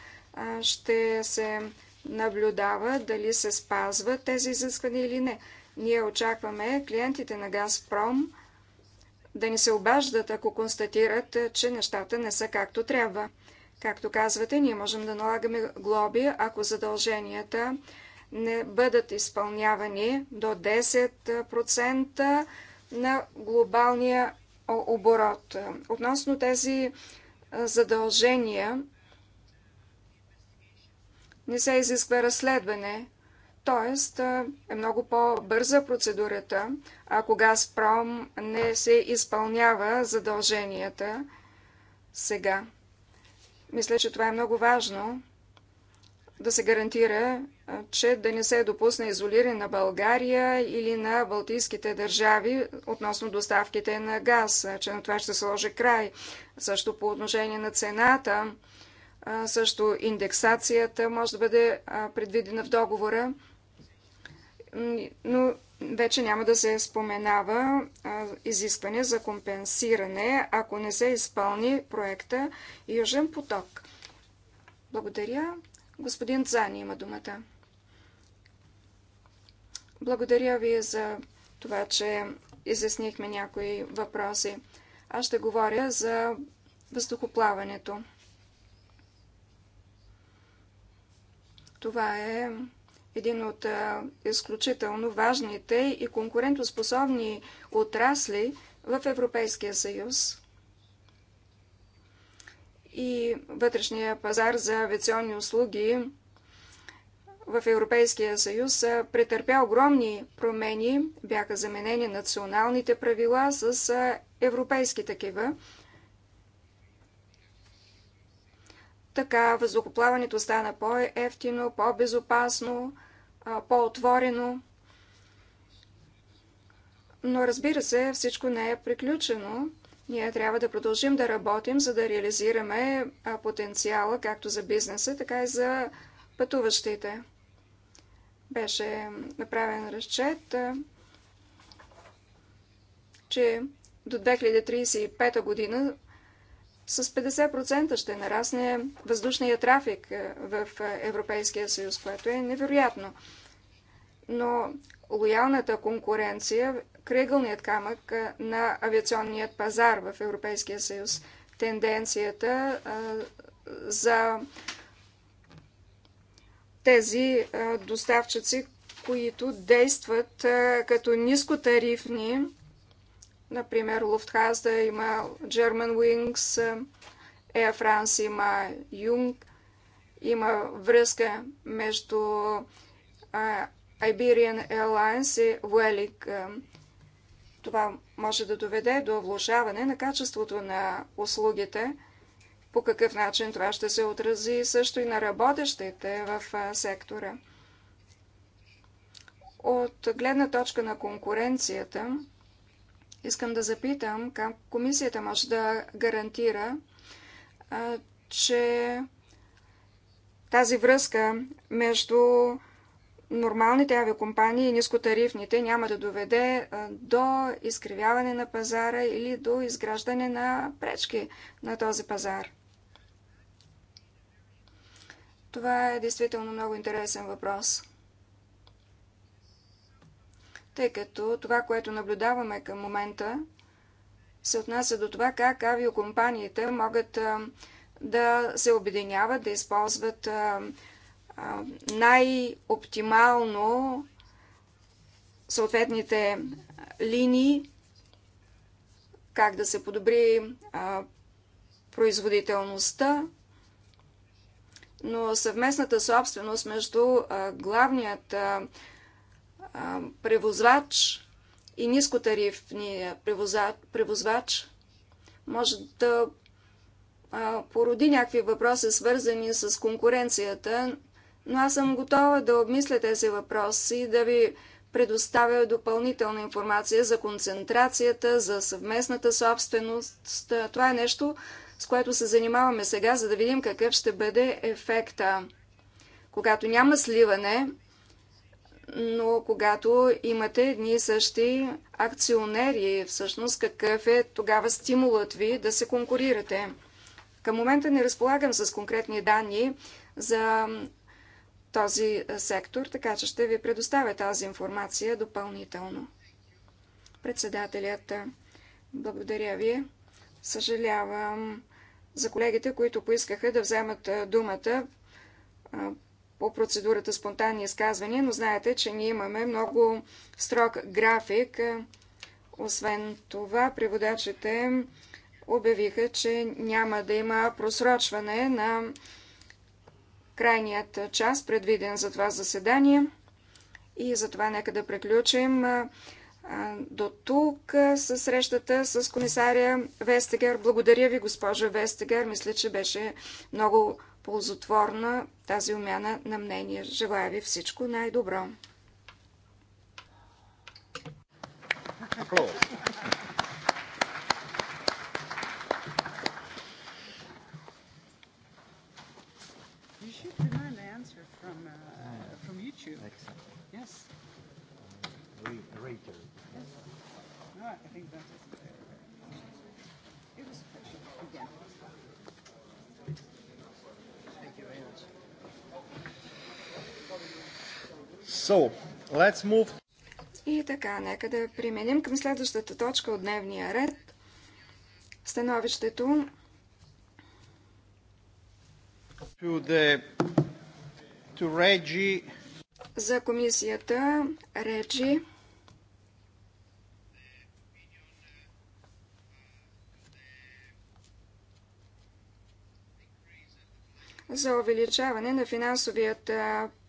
[SPEAKER 3] Ще се наблюдава дали се спазват тези изисквания или не. Ние очакваме клиентите на Газпром да ни се обаждат, ако констатират, че нещата не са както трябва. Както казвате, ние можем да налагаме глоби, ако задълженията не бъдат изпълнявани до 10% на глобалния оборот. Относно тези задължения, не се изисква разследване, т.е. е много по-бърза процедурата, ако Газпром не се изпълнява задълженията сега. Мисля, че това е много важно да се гарантира, че да не се допусне изолиране на България или на Балтийските държави относно доставките на газ, че на това ще сложи край. Също по отношение на цената, също индексацията може да бъде предвидена в договора, но вече няма да се споменава изискване за компенсиране, ако не се изпълни проекта Южен поток. Благодаря. Господин Цани има думата. Благодаря ви за това, че изяснихме някои въпроси. Аз ще говоря за въздухоплаването. Това е един от изключително важните и конкурентоспособни отрасли в Европейския съюз. И вътрешния пазар за авиационни услуги в Европейския съюз претърпя огромни промени. Бяха заменени националните правила с европейски такива. Така въздухоплаването стана по-ефтино, по-безопасно, по-отворено. Но разбира се, всичко не е приключено. Ние трябва да продължим да работим, за да реализираме потенциала както за бизнеса, така и за пътуващите беше направен разчет, че до 2035 година с 50% ще нарасне въздушния трафик в Европейския съюз, което е невероятно. Но лоялната конкуренция, кръгълният камък на авиационният пазар в Европейския съюз, тенденцията за тези доставчици, които действат като нискотарифни, например Lufthansa има German Wings, Air France има Jung, има връзка между Iberian Airlines и Vueling. Това може да доведе до влушаване на качеството на услугите – по какъв начин това ще се отрази също и на работещите в сектора. От гледна точка на конкуренцията, искам да запитам как комисията може да гарантира, че тази връзка между нормалните авиокомпании и нискотарифните няма да доведе до изкривяване на пазара или до изграждане на пречки на този пазар. Това е действително много интересен въпрос. Тъй като това, което наблюдаваме към момента, се отнася до това как авиокомпаниите могат да се обединяват, да използват най-оптимално съответните линии, как да се подобри производителността но съвместната собственост между главният превозвач и нискотарифния превозвач може да породи някакви въпроси, свързани с конкуренцията, но аз съм готова да обмисля тези въпроси и да ви предоставя допълнителна информация за концентрацията, за съвместната собственост. Това е нещо, с което се занимаваме сега, за да видим какъв ще бъде ефекта. Когато няма сливане, но когато имате едни и същи акционери, всъщност какъв е тогава стимулът ви да се конкурирате? Към момента не разполагам с конкретни данни за този сектор, така че ще ви предоставя тази информация допълнително. Председателят, благодаря ви. Съжалявам, за колегите, които поискаха да вземат думата по процедурата спонтанни изказвания, но знаете, че ние имаме много строг график. Освен това, преводачите обявиха, че няма да има просрочване на крайният час, предвиден за това заседание. И затова нека да приключим до тук с срещата с комисаря Вестегер. Благодаря ви, госпожа Вестегер. Мисля, че беше много ползотворна тази умяна на мнение. Желая ви всичко най-добро.
[SPEAKER 2] Thank
[SPEAKER 1] you.
[SPEAKER 3] So, let's move. И така, нека да применим към следващата точка от дневния ред. Становището to the, to за комисията Реджи за увеличаване на финансовият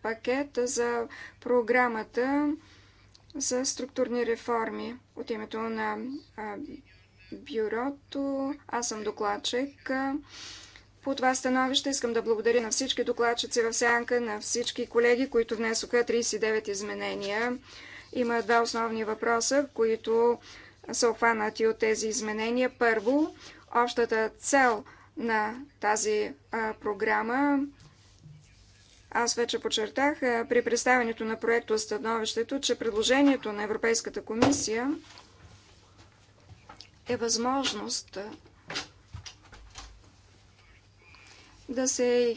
[SPEAKER 3] пакет за програмата за структурни реформи. От името на бюрото аз съм докладчик. По това становище искам да благодаря на всички докладчици в сянка, на всички колеги, които внесоха 39 изменения. Има два основни въпроса, които са обхванати от тези изменения. Първо, общата цел – на тази програма. Аз вече подчертах при представянето на проекта становището, че предложението на Европейската комисия е възможност да се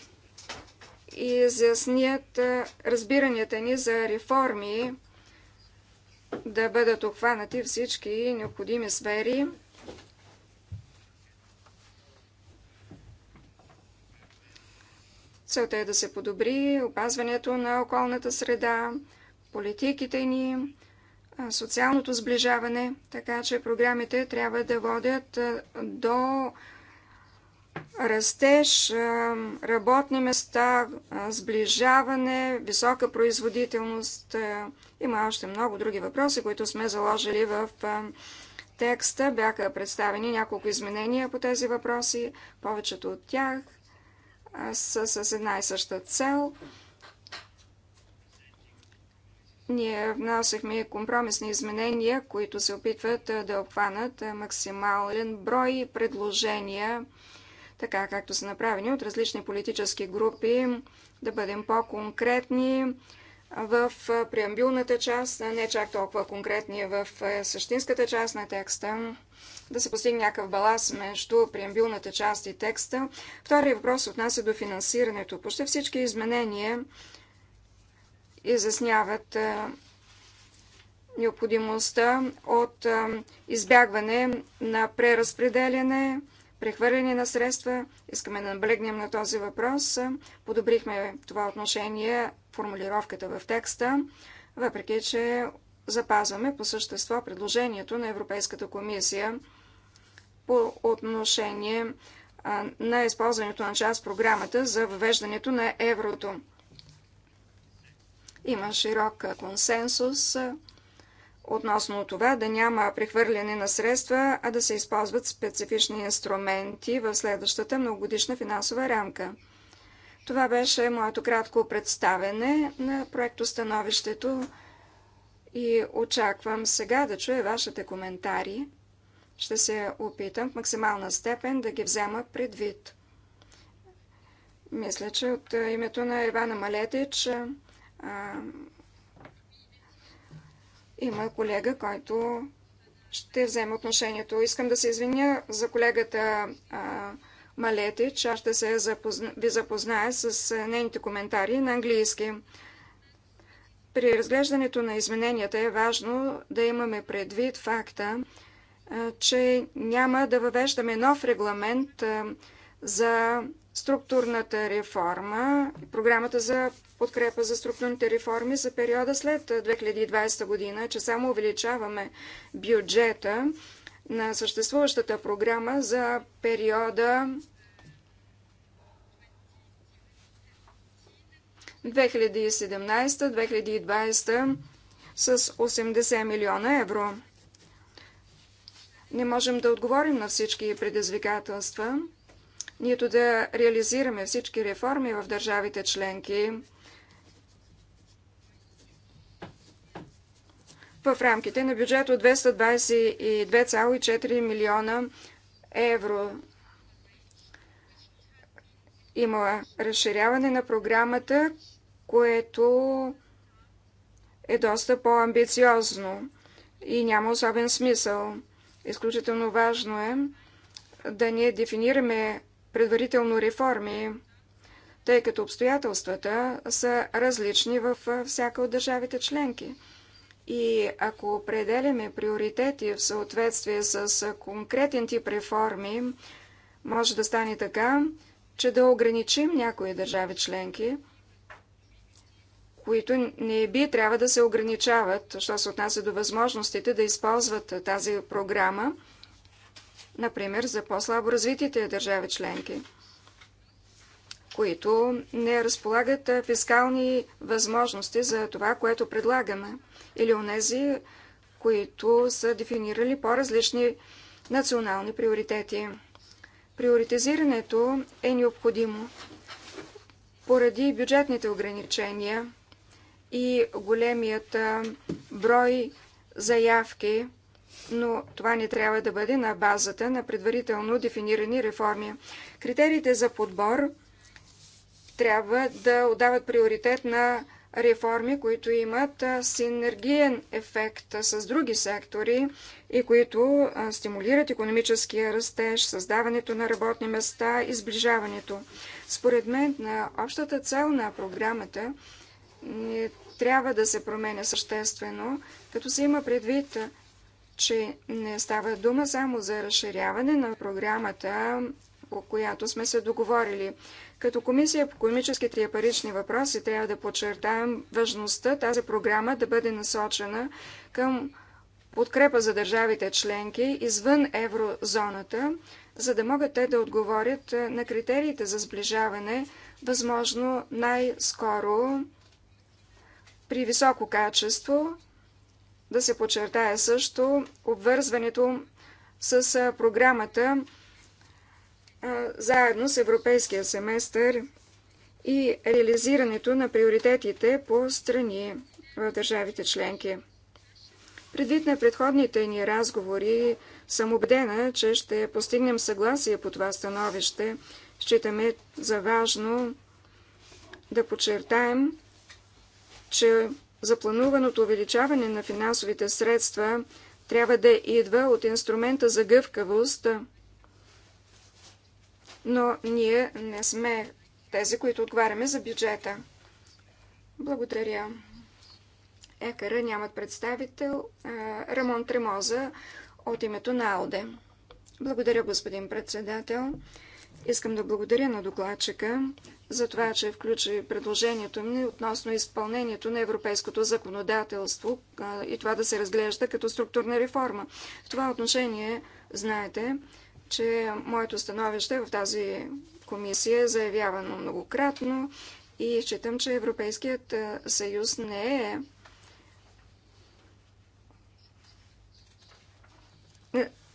[SPEAKER 3] изяснят разбиранията ни за реформи, да бъдат обхванати всички необходими сфери – Целта е да се подобри опазването на околната среда, политиките ни, социалното сближаване, така че програмите трябва да водят до растеж, работни места, сближаване, висока производителност. Има още много други въпроси, които сме заложили в текста. Бяха представени няколко изменения по тези въпроси. Повечето от тях с, с една и съща цел. Ние внасяхме компромисни изменения, които се опитват да обхванат максимален брой предложения, така както са направени от различни политически групи, да бъдем по-конкретни в преамбилната част, не чак толкова конкретни в същинската част на текста да се постигне някакъв баланс между преамбилната част и текста. Втория въпрос отнася до финансирането. Почти всички изменения изясняват необходимостта от избягване на преразпределяне, прехвърляне на средства. Искаме да наблегнем на този въпрос. Подобрихме това отношение, формулировката в текста, въпреки че запазваме по същество предложението на Европейската комисия – по отношение на използването на част в програмата за въвеждането на еврото. Има широк консенсус относно това да няма прехвърляне на средства, а да се използват специфични инструменти в следващата многогодишна финансова рамка. Това беше моето кратко представене на проектостановището и очаквам сега да чуя вашите коментари ще се опитам в максимална степен да ги взема предвид. Мисля, че от името на Ивана Малетич а, има колега, който ще вземе отношението. Искам да се извиня за колегата а, Малетич. Аз ще се запозна... ви запозная с нейните коментари на английски. При разглеждането на измененията е важно да имаме предвид факта, че няма да въвеждаме нов регламент за структурната реформа, програмата за подкрепа за структурните реформи за периода след 2020 година, че само увеличаваме бюджета на съществуващата програма за периода 2017-2020 с 80 милиона евро не можем да отговорим на всички предизвикателства, нито да реализираме всички реформи в държавите членки в рамките на бюджет от 222,4 милиона евро. Има разширяване на програмата, което е доста по-амбициозно и няма особен смисъл. Изключително важно е да ние дефинираме предварително реформи, тъй като обстоятелствата са различни във всяка от държавите членки. И ако определяме приоритети в съответствие с конкретен тип реформи, може да стане така, че да ограничим някои държави членки – които не би трябва да се ограничават, що се отнася до възможностите да използват тази програма, например за по-слабо развитите държави членки, които не разполагат фискални възможности за това, което предлагаме, или онези, които са дефинирали по-различни национални приоритети. Приоритизирането е необходимо поради бюджетните ограничения – и големият брой заявки, но това не трябва да бъде на базата на предварително дефинирани реформи. Критериите за подбор трябва да отдават приоритет на реформи, които имат синергиен ефект с други сектори и които стимулират економическия растеж, създаването на работни места и сближаването. Според мен на общата цел на програмата не трябва да се променя съществено, като се има предвид, че не става дума само за разширяване на програмата, по която сме се договорили. Като Комисия по комическите и парични въпроси трябва да подчертаем важността тази програма да бъде насочена към подкрепа за държавите членки извън еврозоната, за да могат те да отговорят на критериите за сближаване, възможно най-скоро при високо качество. Да се подчертае също обвързването с програмата заедно с Европейския семестър и реализирането на приоритетите по страни в държавите членки. Предвид на предходните ни разговори, съм убедена, че ще постигнем съгласие по това становище. Считаме за важно да подчертаем, че заплануваното увеличаване на финансовите средства трябва да идва от инструмента за гъвкавост, но ние не сме тези, които отговаряме за бюджета. Благодаря. Екара нямат представител. Рамон Тремоза от името на Алде. Благодаря, господин председател. Искам да благодаря на докладчика за това, че включи предложението ми относно изпълнението на европейското законодателство и това да се разглежда като структурна реформа. В това отношение знаете, че моето становище в тази комисия е заявявано многократно и считам, че Европейският съюз не е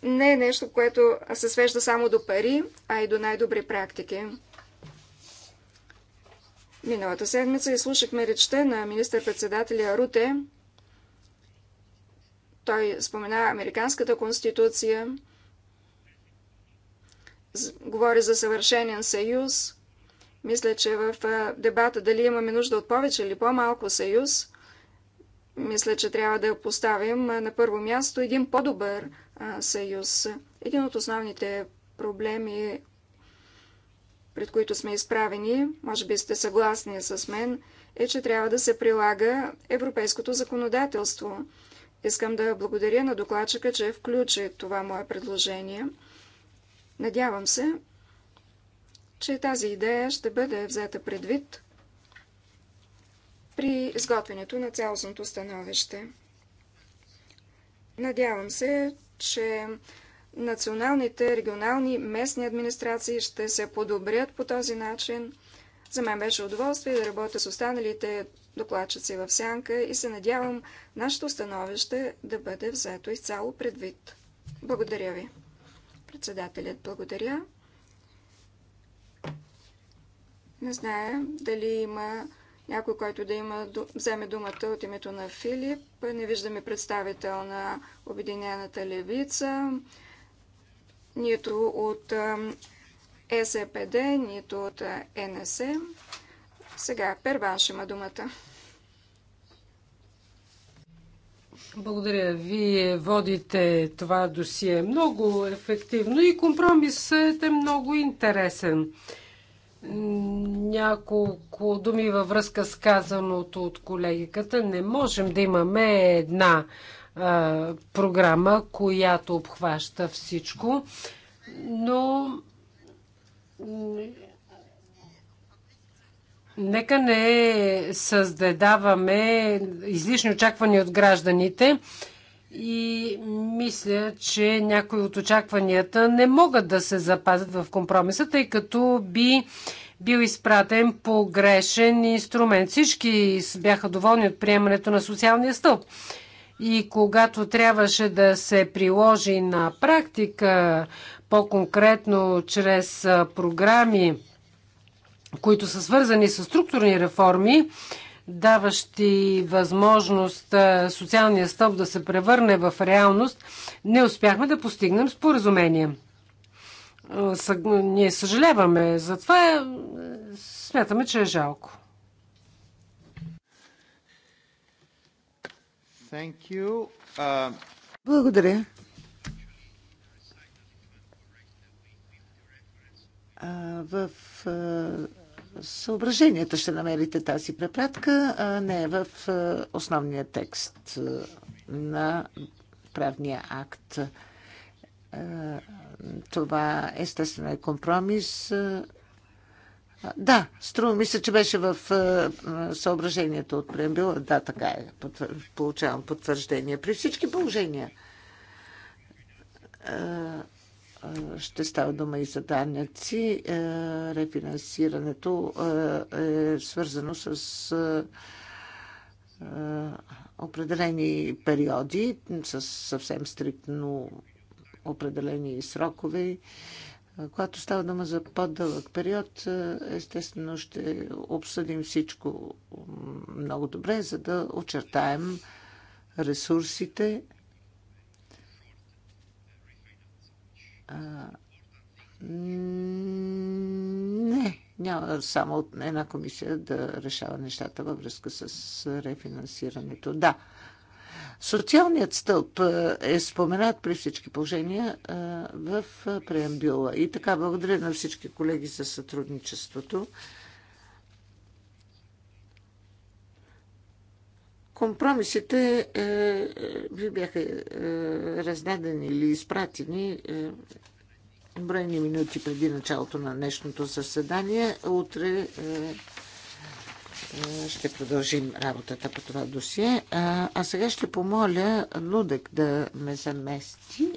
[SPEAKER 3] не е нещо, което се свежда само до пари, а и до най-добри практики. Миналата седмица изслушахме речта на министър-председателя Руте. Той спомена Американската конституция, говори за съвършенен съюз. Мисля, че в дебата дали имаме нужда от повече или по-малко съюз, мисля, че трябва да поставим на първо място един по-добър съюз. Един от основните проблеми пред които сме изправени, може би сте съгласни с мен, е, че трябва да се прилага европейското законодателство. Искам да благодаря на докладчика, че включи това мое предложение. Надявам се, че тази идея ще бъде взета предвид при изготвянето на цялостното становище. Надявам се, че националните, регионални, местни администрации ще се подобрят по този начин. За мен беше удоволствие да работя с останалите докладчици в сянка и се надявам нашето становище да бъде взето изцяло предвид. Благодаря ви. Председателят благодаря. Не знае дали има някой, който да има, вземе думата от името на Филип. Не виждаме представител на Обединената левица нито от СПД, е нито от НС. Сега ще има думата.
[SPEAKER 2] Благодаря. Вие водите това досие много ефективно и компромисът е много интересен. Няколко думи във връзка с казаното от колегиката. Не можем да имаме една програма, която обхваща всичко, но нека не създадаваме излишни очаквания от гражданите и мисля, че някои от очакванията не могат да се запазят в компромиса, тъй като би бил изпратен погрешен инструмент. Всички бяха доволни от приемането на социалния стълб и когато трябваше да се приложи на практика, по-конкретно чрез програми, които са свързани с структурни реформи, даващи възможност социалния стълб да се превърне в реалност, не успяхме да постигнем споразумение. Ние съжаляваме, затова смятаме, че е жалко.
[SPEAKER 3] Uh,
[SPEAKER 1] Благодаря. в съображенията ще намерите тази препратка, а не в основния текст на правния акт. Това естествено е компромис да, струва ми се, че беше в е, е, съображението от преембила. Да, така е. получавам потвърждение. При всички положения е, ще става дума и за данъци. Рефинансирането е свързано с определени периоди, с съвсем стриктно определени срокове когато става дума за по-дълъг период, е, естествено ще обсъдим всичко много добре, за да очертаем ресурсите, не, няма само една комисия да решава нещата във връзка с рефинансирането. Да, Социалният стълб е, е споменат при всички положения е, в е, преамбюла. И така, благодаря на всички колеги за сътрудничеството. Компромисите ви бяха раздадени или изпратени бройни минути преди началото на днешното заседание. Утре ще продължим работата по това досие. А, а сега ще помоля Лудък да ме замести.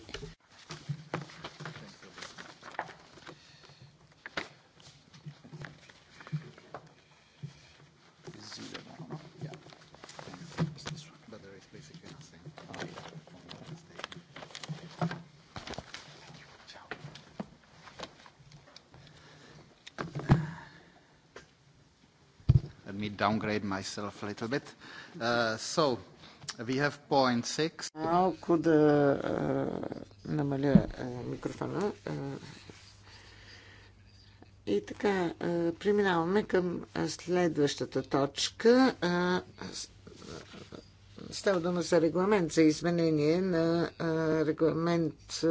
[SPEAKER 3] downgrade myself a little bit. Uh, so, we have point six.
[SPEAKER 1] Малко намаля микрофона. и така, преминаваме към следващата точка. Става дума за регламент за изменение на регламент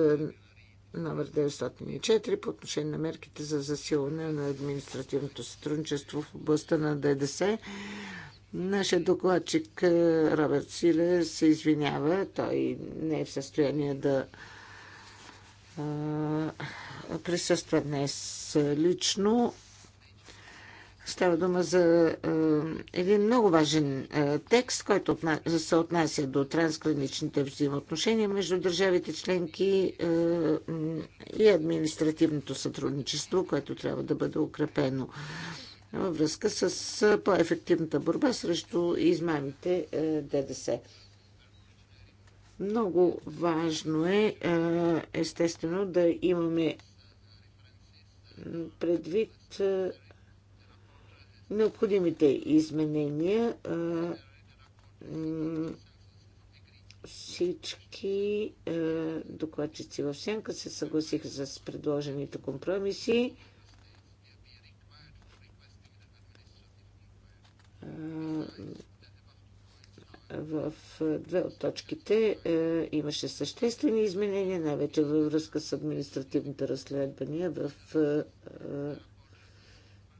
[SPEAKER 1] номер 904 по отношение на мерките за засилване на административното сътрудничество в областта на ДДС. Нашия докладчик е, Роберт Силе се извинява. Той не е в състояние да е, присъства днес лично. Става дума за е, един много важен е, текст, който се отнася до трансграничните взаимоотношения между държавите членки е, и административното сътрудничество, което трябва да бъде укрепено във връзка с по-ефективната борба срещу измамите ДДС. Много важно е, естествено, да имаме предвид Необходимите изменения всички докладчици в сянка се съгласиха с предложените компромиси. в две от точките е, имаше съществени изменения, най-вече във връзка с административните разследвания в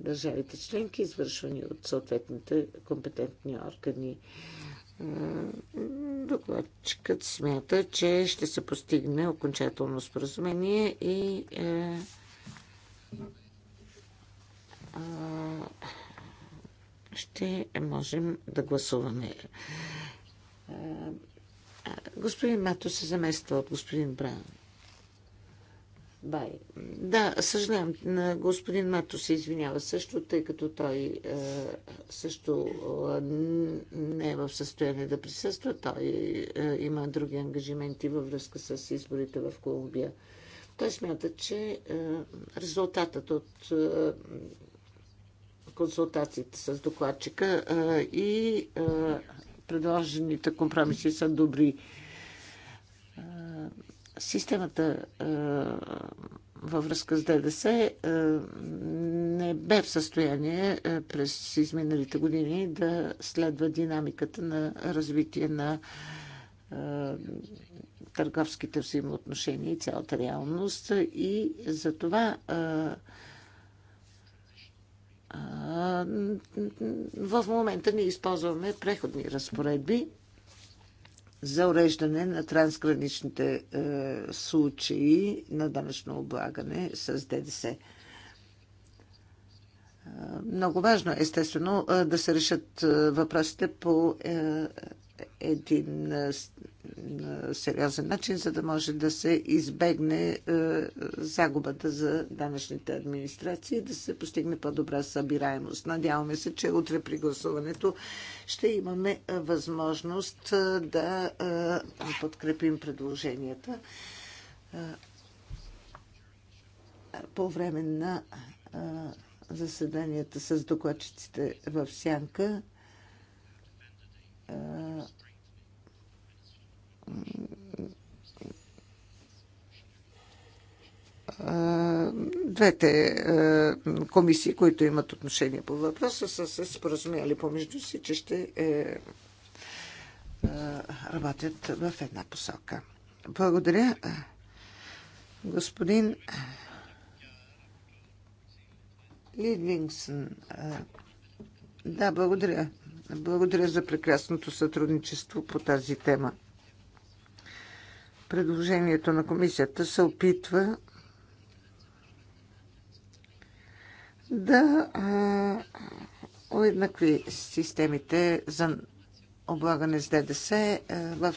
[SPEAKER 1] държавите членки, извършвани от съответните компетентни органи. Докладчикът смята, че ще се постигне окончателно споразумение и е, ще можем да гласуваме. Е, господин Мато се замества от господин Браун. Бай. Да, съжалявам. Господин Мато се извинява също, тъй като той е, също е, не е в състояние да присъства. Той е, има други ангажименти във връзка с изборите в Колумбия. Той смята, че е, резултатът от е, консултациите с докладчика е, и е, предложените компромиси са добри. Е, Системата е, във връзка с ДДС е, не бе в състояние е, през изминалите години да следва динамиката на развитие на търговските взаимоотношения и цялата реалност. И за това в момента ние използваме преходни разпоредби за уреждане на трансграничните е, случаи на данъчно облагане с ДДС. Е, много важно, е, естествено, е, да се решат въпросите по един сериозен начин, за да може да се избегне загубата за данъчните администрации и да се постигне по-добра събираемост. Надяваме се, че утре при гласуването ще имаме възможност да подкрепим предложенията по време на заседанията с докладчиците в Сянка двете е, комисии, които имат отношение по въпроса, са се споразумяли помежду си, че ще е, е работят в една посока. Благодаря. Господин Лидвингсън. Е, да, благодаря. Благодаря за прекрасното сътрудничество по тази тема. Предложението на комисията се опитва да уеднакви системите за облагане с ДДС в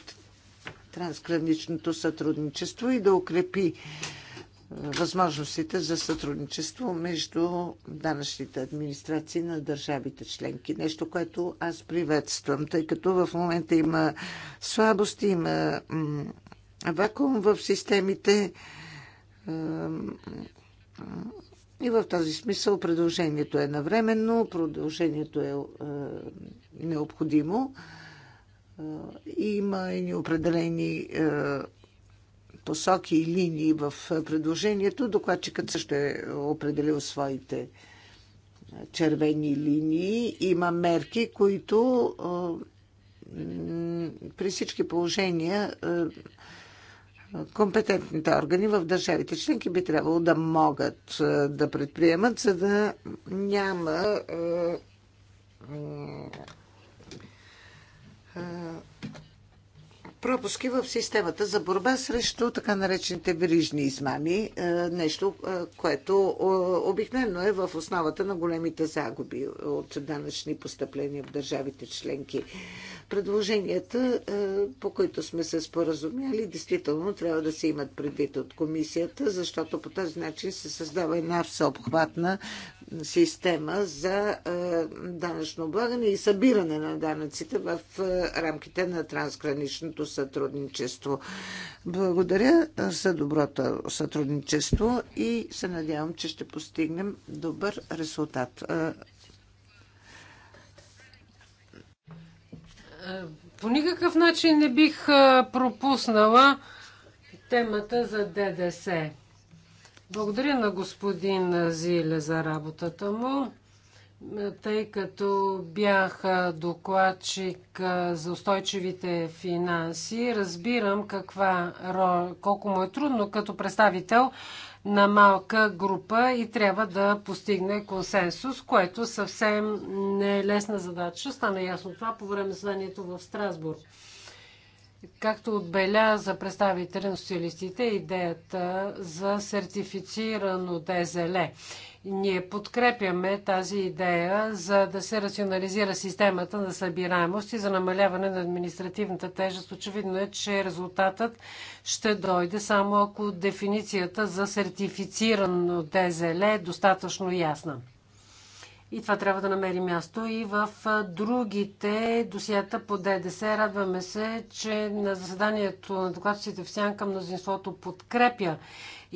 [SPEAKER 1] трансграничното сътрудничество и да укрепи възможностите за сътрудничество между данъчните администрации на държавите членки. Нещо, което аз приветствам, тъй като в момента има слабости, има вакуум в системите. И в този смисъл предложението е навременно, продължението е, е, необходимо. и е, Има и неопределени е, посоки и линии в предложението. Докладчикът също е определил своите червени линии. Има мерки, които при всички положения компетентните органи в държавите членки би трябвало да могат е, да предприемат, за да няма е, е, пропуски в системата за борба срещу така наречените верижни измами. Нещо, което обикновено е в основата на големите загуби от данъчни постъпления в държавите членки. Предложенията, е, по които сме се споразумяли, действително трябва да се имат предвид от комисията, защото по този начин се създава една всеобхватна система за е, данъчно облагане и събиране на данъците в е, рамките на трансграничното сътрудничество. Благодаря за доброто сътрудничество и се надявам, че ще постигнем добър резултат. Е, по никакъв начин не бих
[SPEAKER 2] е, пропуснала темата за ДДС. Благодаря на господин Зиле за работата му, е, тъй като бях докладчик за устойчивите финанси. Разбирам каква, колко му е трудно като представител на малка група и трябва да постигне консенсус, което съвсем не е лесна задача. Стана ясно това по време на заданието в Страсбург. Както отбеляза представителя на социалистите, идеята за сертифицирано ДЗЛ ние подкрепяме тази идея за да се рационализира системата на събираемост и за намаляване на административната тежест. Очевидно е, че резултатът ще дойде само ако дефиницията за сертифицирано ДЗЛ е достатъчно ясна. И това трябва да намери място и в другите досията по ДДС. Радваме се, че на заседанието на докладците в Сянка мнозинството подкрепя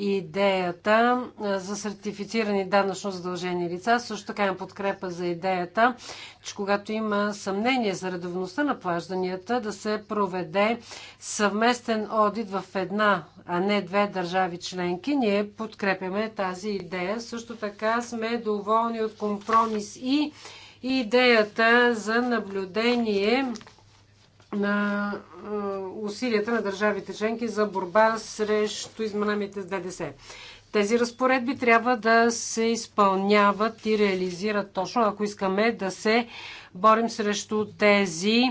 [SPEAKER 2] идеята за сертифицирани данъчно задължени лица. Също така има подкрепа за идеята, че когато има съмнение за редовността на плажданията, да се проведе съвместен одит в една, а не две държави членки. Ние подкрепяме тази идея. Също така сме доволни от компромис и идеята за наблюдение на усилията на държавите членки за борба срещу изменамите с ДДС. Тези разпоредби трябва да се изпълняват и реализират точно, ако искаме да се борим срещу тези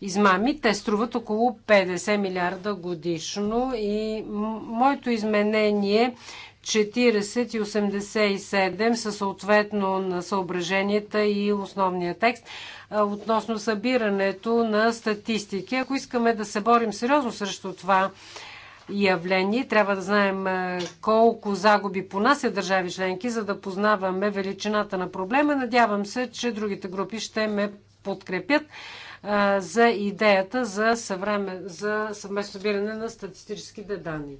[SPEAKER 2] измами. Те струват около 50 милиарда годишно и моето изменение 40 и 87 са съответно на съображенията и основния текст относно събирането на статистики. Ако искаме да се борим сериозно срещу това явление, трябва да знаем колко загуби понася държави членки, за да познаваме величината на проблема. Надявам се, че другите групи ще ме подкрепят за идеята за, съвремен... за съвместно събиране на статистическите данни.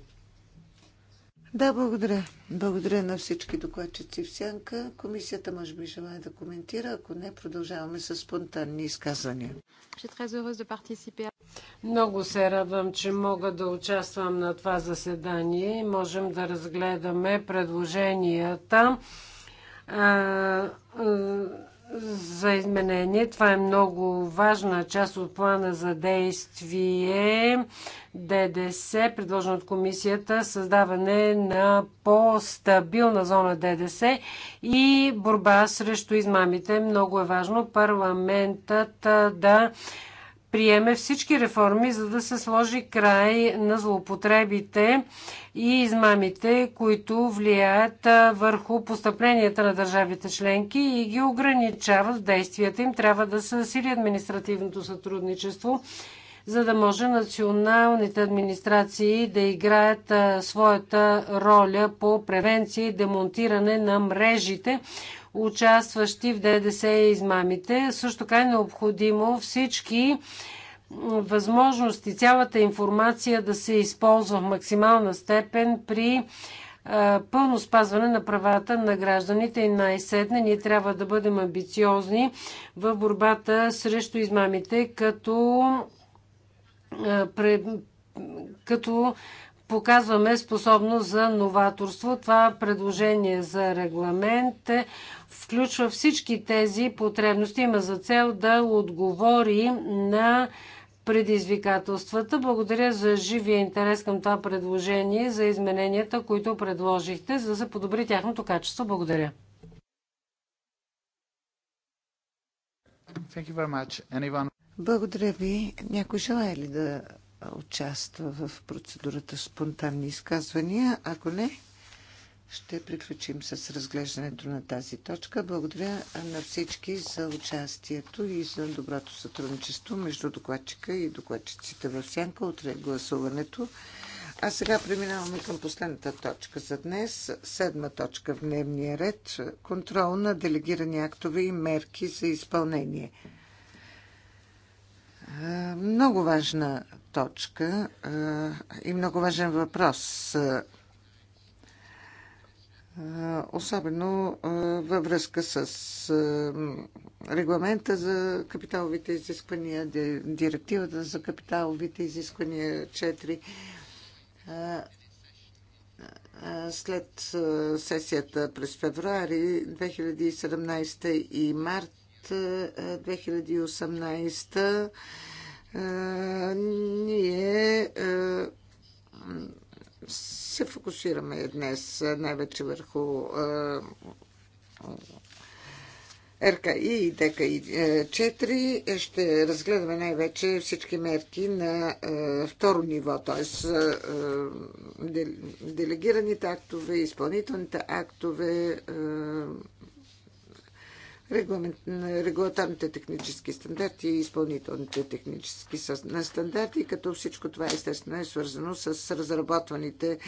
[SPEAKER 1] Да, благодаря. Благодаря на всички докладчици в сянка. Комисията може би желая да коментира. Ако не, продължаваме с спонтанни изказвания. Много се
[SPEAKER 2] радвам, че мога да участвам на това заседание и можем да разгледаме предложенията за изменение. Това е много важна част от плана за действие ДДС, предложен от комисията, създаване на по-стабилна зона ДДС и борба срещу измамите. Много е важно парламентът да приеме всички реформи, за да се сложи край на злоупотребите и измамите, които влияят върху постъпленията на държавите членки и ги ограничават в действията им. Трябва да се засили административното сътрудничество, за да може националните администрации да играят своята роля по превенция и демонтиране на мрежите участващи в ДДС и измамите. Също така е необходимо всички възможности, цялата информация да се използва в максимална степен при пълно спазване на правата на гражданите и най седне ние трябва да бъдем амбициозни в борбата срещу измамите, като, като показваме способност за новаторство. Това предложение за регламент е включва всички тези потребности, има за цел да отговори на предизвикателствата. Благодаря за живия интерес към това предложение, за измененията, които предложихте, за да се
[SPEAKER 1] подобри тяхното качество. Благодаря. Anyone... Благодаря ви. Някой желая ли да участва в процедурата спонтанни изказвания? Ако не, ще приключим с разглеждането на тази точка. Благодаря на всички за участието и за доброто сътрудничество между докладчика и докладчиците в сянка от е гласуването. А сега преминаваме към последната точка за днес. Седма точка в дневния ред. Контрол на делегирани актове и мерки за изпълнение. Много важна точка и много важен въпрос особено във връзка с регламента за капиталовите изисквания, директивата за капиталовите изисквания 4. След сесията през февруари 2017 и март 2018 ние се фокусираме днес най-вече върху е, РКИ и ДКИ 4 е, е, ще разгледаме най-вече всички мерки на второ ниво, т.е. делегираните актове, изпълнителните актове, регулаторните технически стандарти и изпълнителните технически стандарти, като всичко това естествено е свързано с разработваните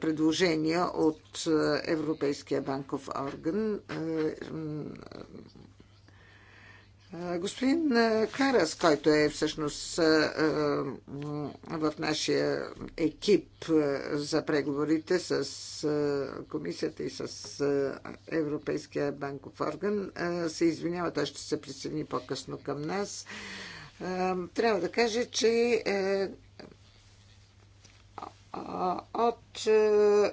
[SPEAKER 1] предложения от е, Европейския банков орган е, Господин Карас, който е всъщност в нашия екип за преговорите с комисията и с Европейския банков орган, се извинява, той ще се присъедини по-късно към нас. Трябва да кажа, че е, от е, е,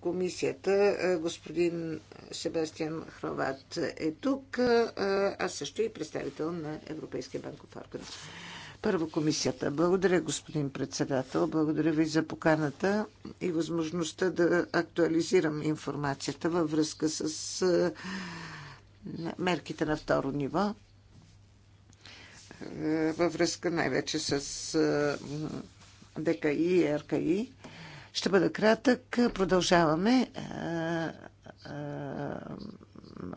[SPEAKER 1] комисията е, господин Себастиан Хроват е тук, а също и представител на Европейския банков орган. Първо комисията. Благодаря, господин председател. Благодаря ви за поканата и възможността да актуализирам информацията във връзка с мерките на второ ниво. Във връзка най-вече с ДКИ и РКИ. Ще бъда кратък. Продължаваме е, е,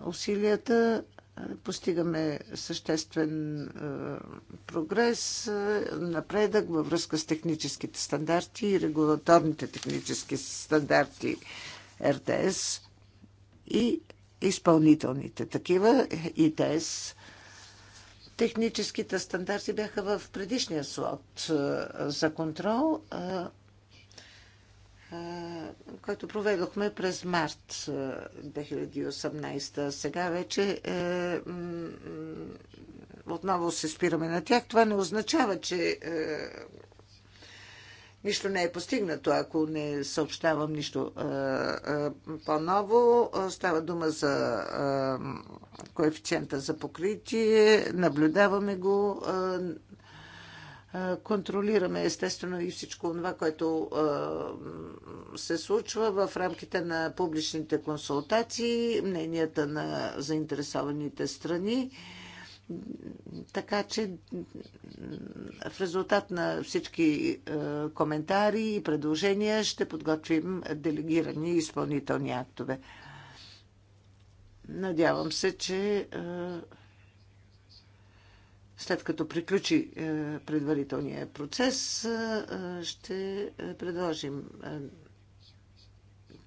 [SPEAKER 1] усилията. Постигаме съществен е, прогрес, напредък във връзка с техническите стандарти и регулаторните технически стандарти РТС и изпълнителните такива ИТС Техническите стандарти бяха в предишния слот е, за контрол, е, е, който проведохме през март 2018. Сега вече е, отново се спираме на тях. Това не означава, че е, Нищо не е постигнато, ако не съобщавам нищо по-ново. Става дума за коефициента за покритие, наблюдаваме го, контролираме естествено и всичко това, което се случва в рамките на публичните консултации, мненията на заинтересованите страни така че в резултат на всички е, коментари и предложения ще подготвим делегирани изпълнителни актове. Надявам се, че е, след като приключи е, предварителния процес, ще предложим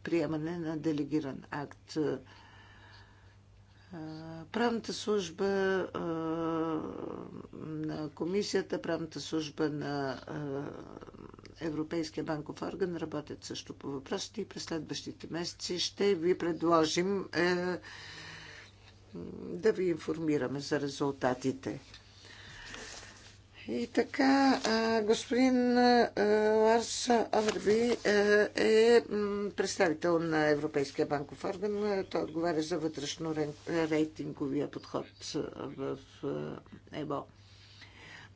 [SPEAKER 1] приемане на делегиран акт. Правната служба на комисията, правната служба на Европейския банков орган работят също по въпросите и през следващите месеци ще ви предложим е, да ви информираме за резултатите. И така, господин Ларс Овърби е представител на Европейския банков орган. Той отговаря за вътрешно рейтинговия подход в ЕБО.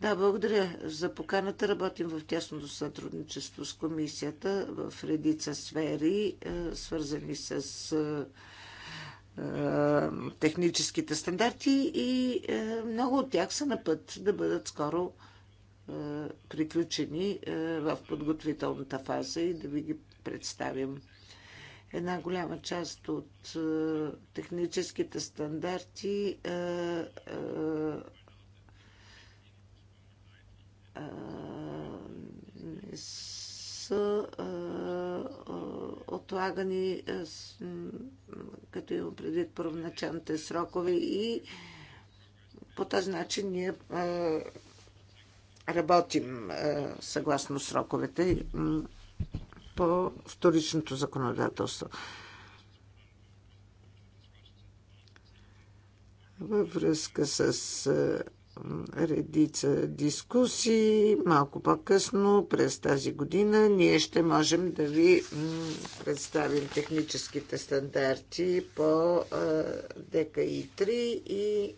[SPEAKER 1] Да, благодаря за поканата. Работим в тясното сътрудничество с комисията в редица сфери, свързани с е, техническите стандарти и е, много от тях са на път да бъдат скоро е, приключени в подготвителната фаза и да ви ги представим. Една голяма част от техническите стандарти са а, отлагани, е, като имам предвид първоначалните срокове и по този начин ние е, работим е, съгласно сроковете по вторичното законодателство. Във връзка с редица дискусии. Малко по-късно през тази година ние ще можем да ви представим техническите стандарти по ДКИ-3 и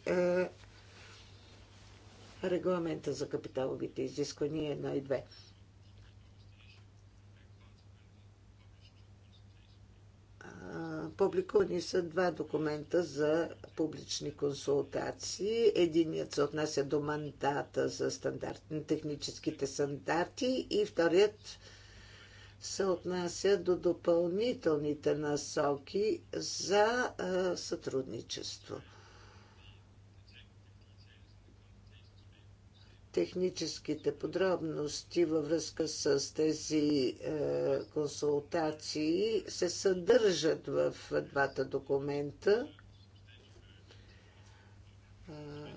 [SPEAKER 1] регламента за капиталовите изисквания 1 и 2. Публикувани са два документа за публични консултации. Единият се отнася до мандата за стандарт, техническите стандарти и вторият се отнася до допълнителните насоки за сътрудничество. техническите подробности във връзка с тези е, консултации се съдържат в двата документа. Е,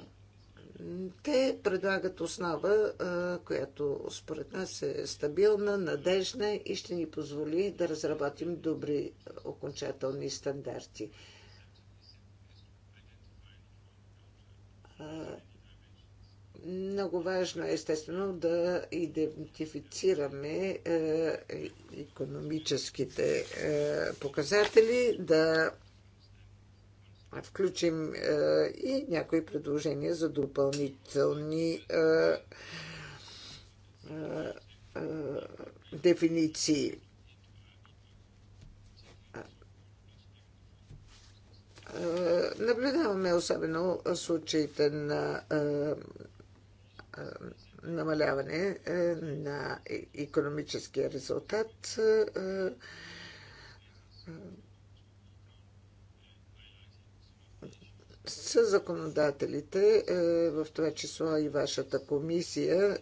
[SPEAKER 1] те предлагат основа, е, която според нас е стабилна, надежна и ще ни позволи да разработим добри окончателни стандарти е, много важно е, естествено, да идентифицираме е, економическите е, показатели, да включим е, и някои предложения за допълнителни е, е, е, дефиниции. Е, наблюдаваме особено случаите на е, е, намаляване е, на економическия резултат. Е, С законодателите, в това число и вашата комисия,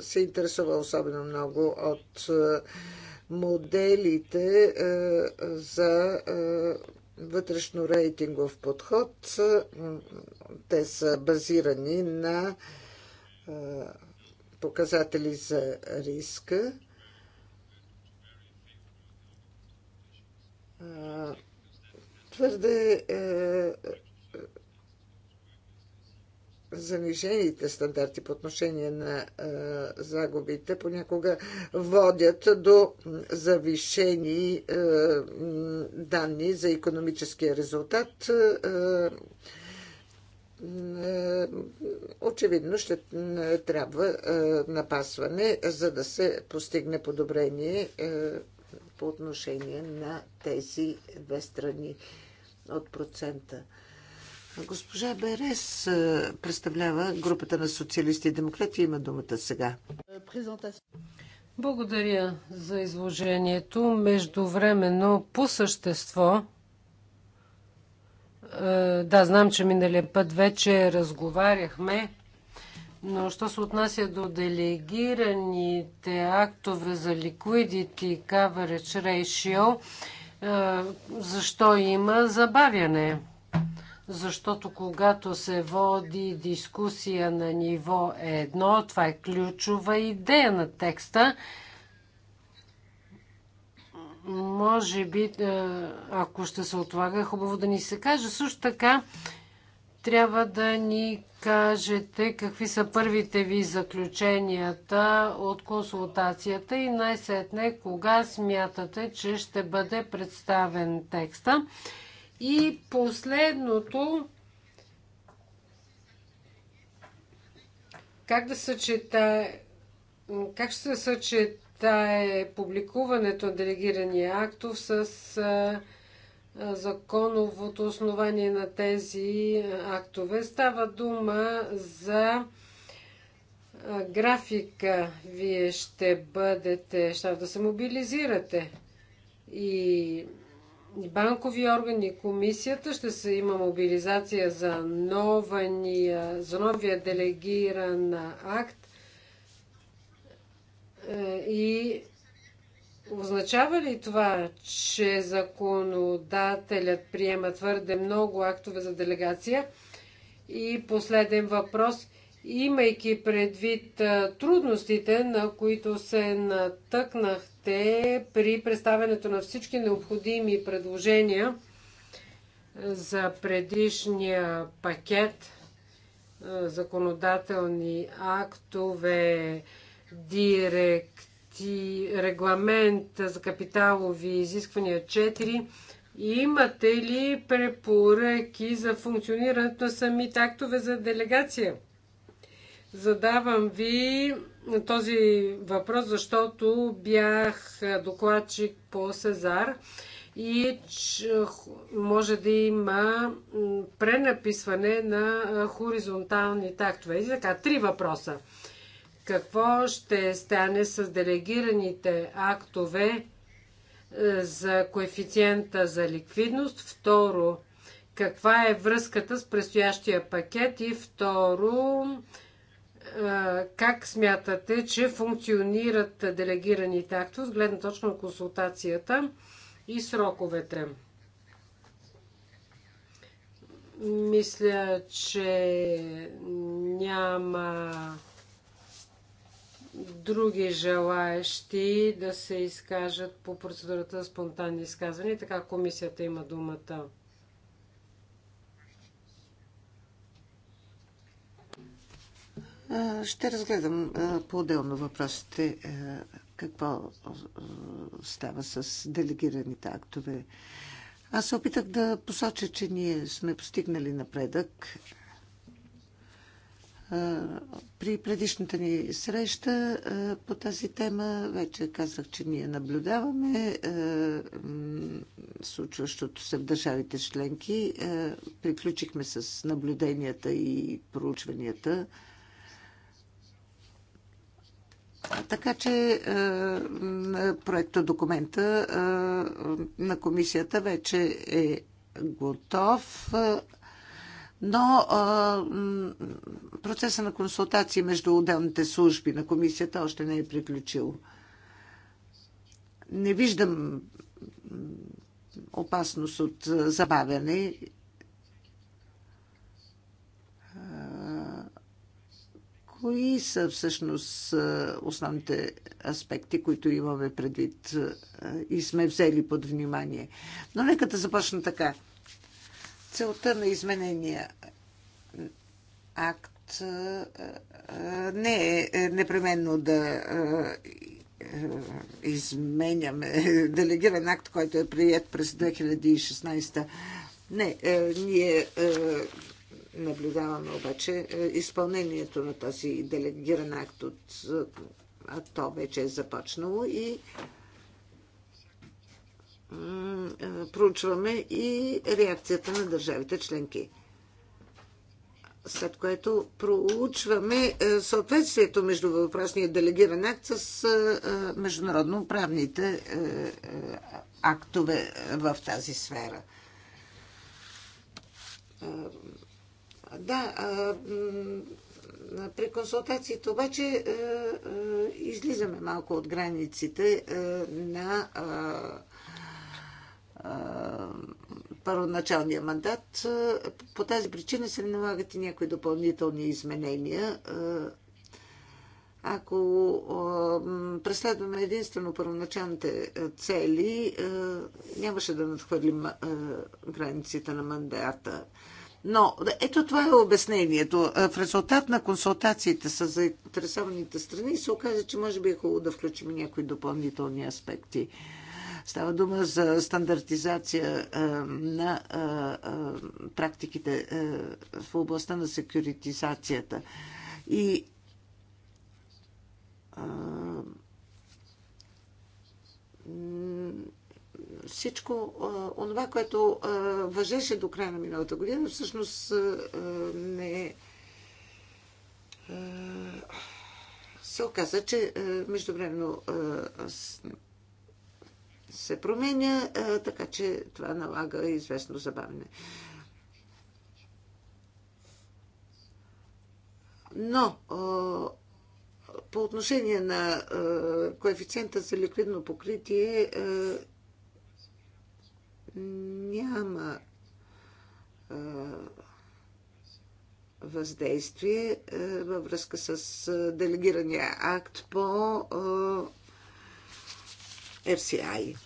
[SPEAKER 1] се интересува особено много от моделите за вътрешно рейтингов подход. Те са базирани на показатели за риска. Твърде е, занижените стандарти по отношение на е, загубите понякога водят до завишени е, данни за економическия резултат. Е, е, очевидно ще е, трябва е, напасване, за да се постигне подобрение по отношение на тези две страни от процента. Госпожа Берес представлява групата на социалисти и демократи. Има думата сега.
[SPEAKER 2] Благодаря за изложението. Междувременно по същество е, да, знам, че миналия път вече разговаряхме, но що се отнася до делегираните актове за liquidity coverage ratio, е, защо има забавяне? Защото когато се води дискусия на ниво едно, това е ключова идея на текста – може би, е, ако ще се отлага, е хубаво да ни се каже. Също така, трябва да ни кажете какви са първите ви заключенията от консултацията и най-сетне кога смятате, че ще бъде представен текста. И последното, как да съчета, как ще се съчет Та е публикуването на делегирания актов с законовото основание на тези актове. Става дума за графика. Вие ще бъдете, ще да се мобилизирате и банкови органи, и комисията ще се има мобилизация за, нования, за новия делегиран акт е, и означава ли това, че законодателят приема твърде много актове за делегация? И последен въпрос. Имайки предвид е, трудностите, на които се натъкнахте при представянето на всички необходими предложения за предишния пакет е, законодателни актове, директи, регламент за капиталови изисквания 4, имате ли препоръки за функционирането на самите актове за делегация? Задавам ви този въпрос, защото бях докладчик по Сезар и може да има пренаписване на хоризонтални тактове. И така, три въпроса какво ще стане с делегираните актове е, за коефициента за ликвидност? Второ, каква е връзката с предстоящия пакет? И второ, е, как смятате, че функционират делегираните актове с гледна точка на консултацията и сроковете? Мисля, че няма други желаещи да се изкажат по процедурата за спонтанни изказвания. Така комисията има думата.
[SPEAKER 1] Ще разгледам по-отделно въпросите какво става с делегираните актове. Аз се опитах да посоча, че ние сме постигнали напредък при предишната ни среща по тази тема вече казах, че ние наблюдаваме случващото се в държавите членки. Приключихме с наблюденията и проучванията. Така че проекто документа на комисията вече е готов но а, процеса на консултации между отделните служби на комисията още не е приключил. Не виждам опасност от забавяне. Кои са всъщност основните аспекти, които имаме предвид и сме взели под внимание? Но нека да започна така целта на изменения акт е, не е непременно да е, изменяме делегиран акт, който е прият през 2016. Не, е, ние наблюдаваме обаче изпълнението на този делегиран акт от а то вече е започнало и проучваме и реакцията на държавите членки. След което проучваме е, съответствието между въпросния делегиран акт с е, е, международно правните актове в тази сфера. Да, при консултациите обаче излизаме малко от границите на първоначалния мандат. По тази причина се налагат и някои допълнителни изменения. Ако преследваме единствено първоначалните цели, нямаше да надхвърлим границите на мандата. Но ето това е обяснението. В резултат на консултациите с заинтересованите страни се оказа, че може би е хубаво да включим някои допълнителни аспекти. Става дума за стандартизация на практиките в областта на секюритизацията. И всичко онова, което въжеше до края на миналата година, всъщност не се оказа, че междувременно се променя, така че това налага известно забавене. Но по отношение на коефициента за ликвидно покритие няма въздействие във връзка с делегирания акт по FCI.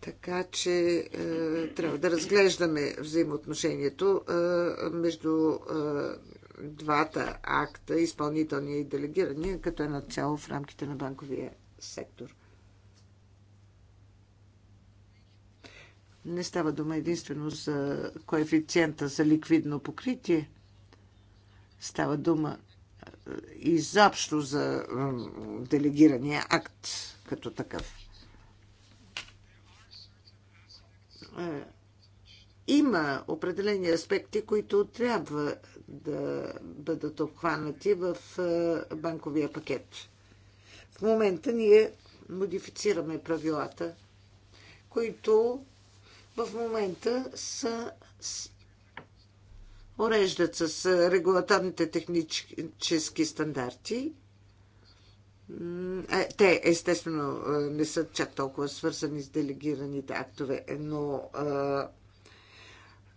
[SPEAKER 1] Така че е, трябва да разглеждаме взаимоотношението е, между е, двата акта, изпълнителния и делегирания, като е цяло в рамките на банковия сектор. Не става дума единствено за коефициента за ликвидно покритие. Става дума изобщо за делегирания акт като такъв. Е, има определени аспекти, които трябва да бъдат обхванати в е, банковия пакет. В момента ние модифицираме правилата, които в момента са уреждат с регулаторните технически стандарти. Е, те, естествено, не са чак толкова свързани с делегираните актове, но а,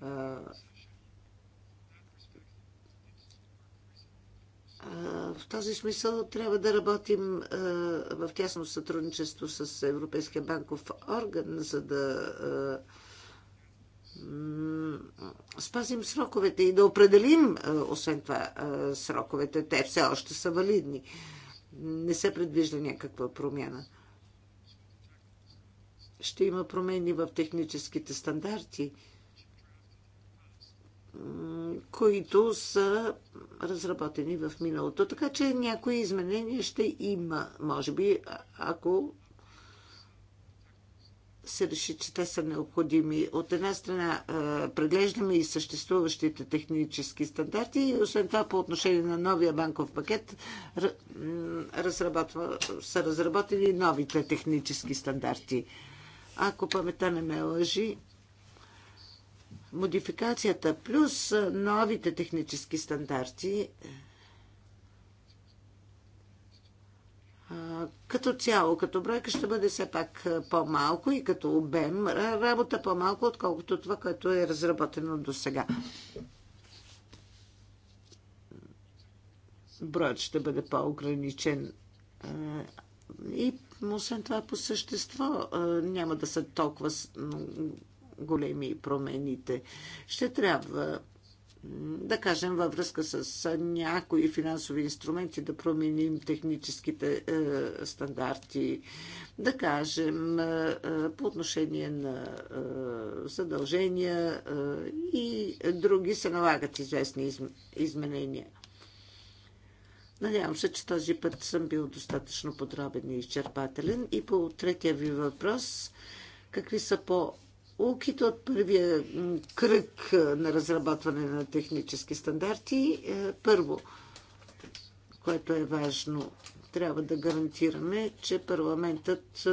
[SPEAKER 1] а, В този смисъл трябва да работим в тясно сътрудничество с Европейския банков орган, за да спазим сроковете и да определим, е, освен това, е, сроковете. Те все още са валидни. Не се предвижда някаква промяна. Ще има промени в техническите стандарти, които са разработени в миналото. Така че някои изменения ще има, може би, ако се реши, че те са необходими. От една страна преглеждаме и съществуващите технически стандарти и освен това по отношение на новия банков пакет са разработени новите технически стандарти. Ако памета не ме лъжи, модификацията плюс новите технически стандарти като цяло, като бройка ще бъде все пак по-малко и като обем работа по-малко, отколкото това, което е разработено до сега. Броят ще бъде по-ограничен. И освен това по същество няма да са толкова големи промените. Ще трябва да кажем, във връзка с някои финансови инструменти да променим техническите е, стандарти, да кажем, е, е по отношение на е, задължения е, и други се налагат известни изм, изменения. Надявам се, че този път съм бил достатъчно подробен и изчерпателен. И по третия ви въпрос, какви са по Укит от първия кръг на разработване на технически стандарти. Е, първо, което е важно, трябва да гарантираме, че парламентът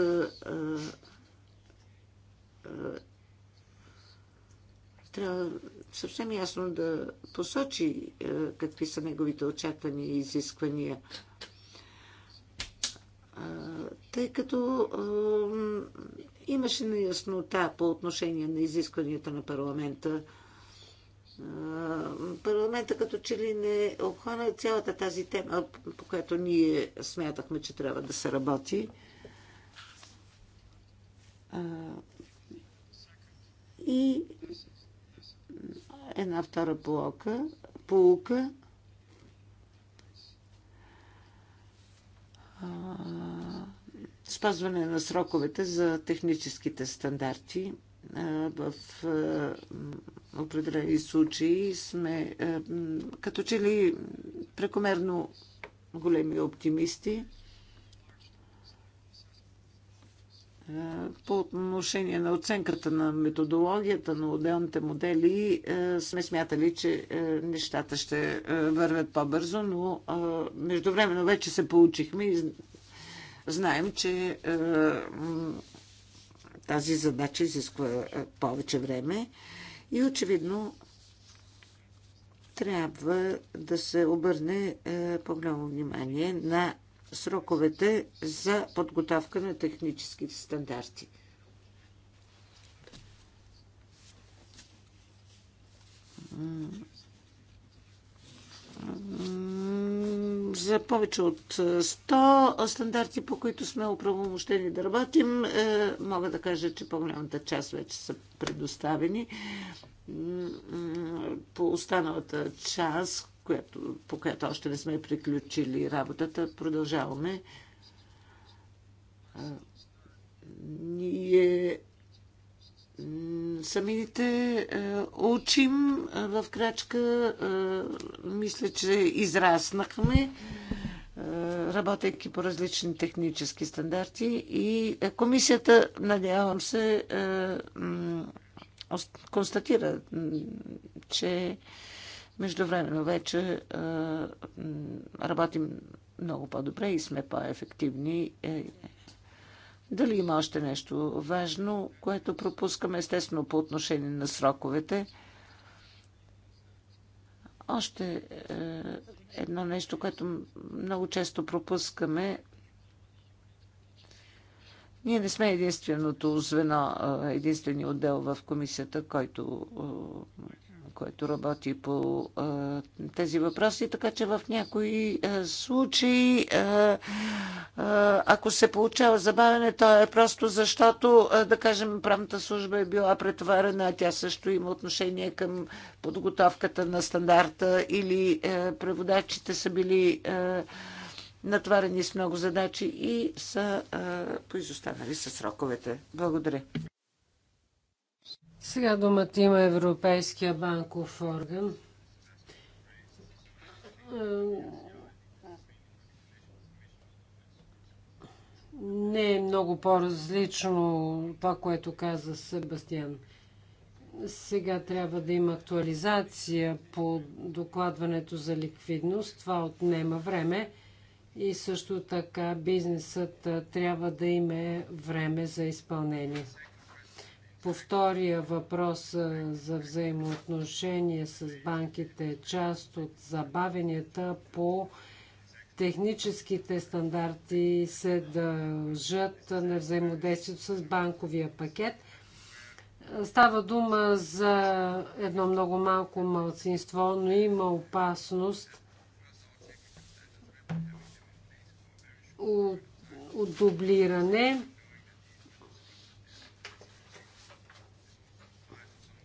[SPEAKER 1] трябва съвсем ясно да посочи е, какви са неговите очаквания и изисквания. Тъй като Имаше неяснота по отношение на изискванията на парламента. Парламента като че ли не обхвана цялата тази тема, по която ние смятахме, че трябва да се работи. И една втора полука, полука спазване на сроковете за техническите стандарти. В определени случаи сме като че ли прекомерно големи оптимисти по отношение на оценката на методологията на отделните модели сме смятали, че нещата ще вървят по-бързо, но междувременно вече се получихме и Знаем, че е, тази задача изисква е, повече време и очевидно трябва да се обърне е, по-голямо внимание на сроковете за подготовка на техническите стандарти. Mm за повече от 100 стандарти, по които сме оправомощени да работим. Е, мога да кажа, че по-голямата част вече са предоставени. По останалата част, по която още не сме приключили работата, продължаваме. Е, ние самите е, учим е, в крачка. Е, мисля, че израснахме, работейки по различни технически стандарти. И комисията, надявам се, констатира, че междувременно вече работим много по-добре и сме по-ефективни дали има още нещо важно, което пропускаме естествено по отношение на сроковете? Още е, едно нещо, което много често пропускаме. Ние не сме единственото звено, е, единствения отдел в комисията, който е, който работи по а, тези въпроси, така че в някои а, случаи, а, а, ако се получава забавене, то е просто защото, а, да кажем, правната служба е била претоварена, а тя също има отношение към подготовката на стандарта или а, преводачите са били. А, натварени с много задачи и са а, поизостанали с сроковете. Благодаря. Сега
[SPEAKER 2] думата има Европейския банков орган. Не е много по-различно това, което каза Себастиан. Сега трябва да има актуализация по докладването за ликвидност. Това отнема време. И също така бизнесът трябва да има време за изпълнение. По втория въпрос за взаимоотношение с банките, част от забавенията по техническите стандарти се дължат на взаимодействието с банковия пакет. Става дума за едно много малко малцинство, но има опасност от, дублиране.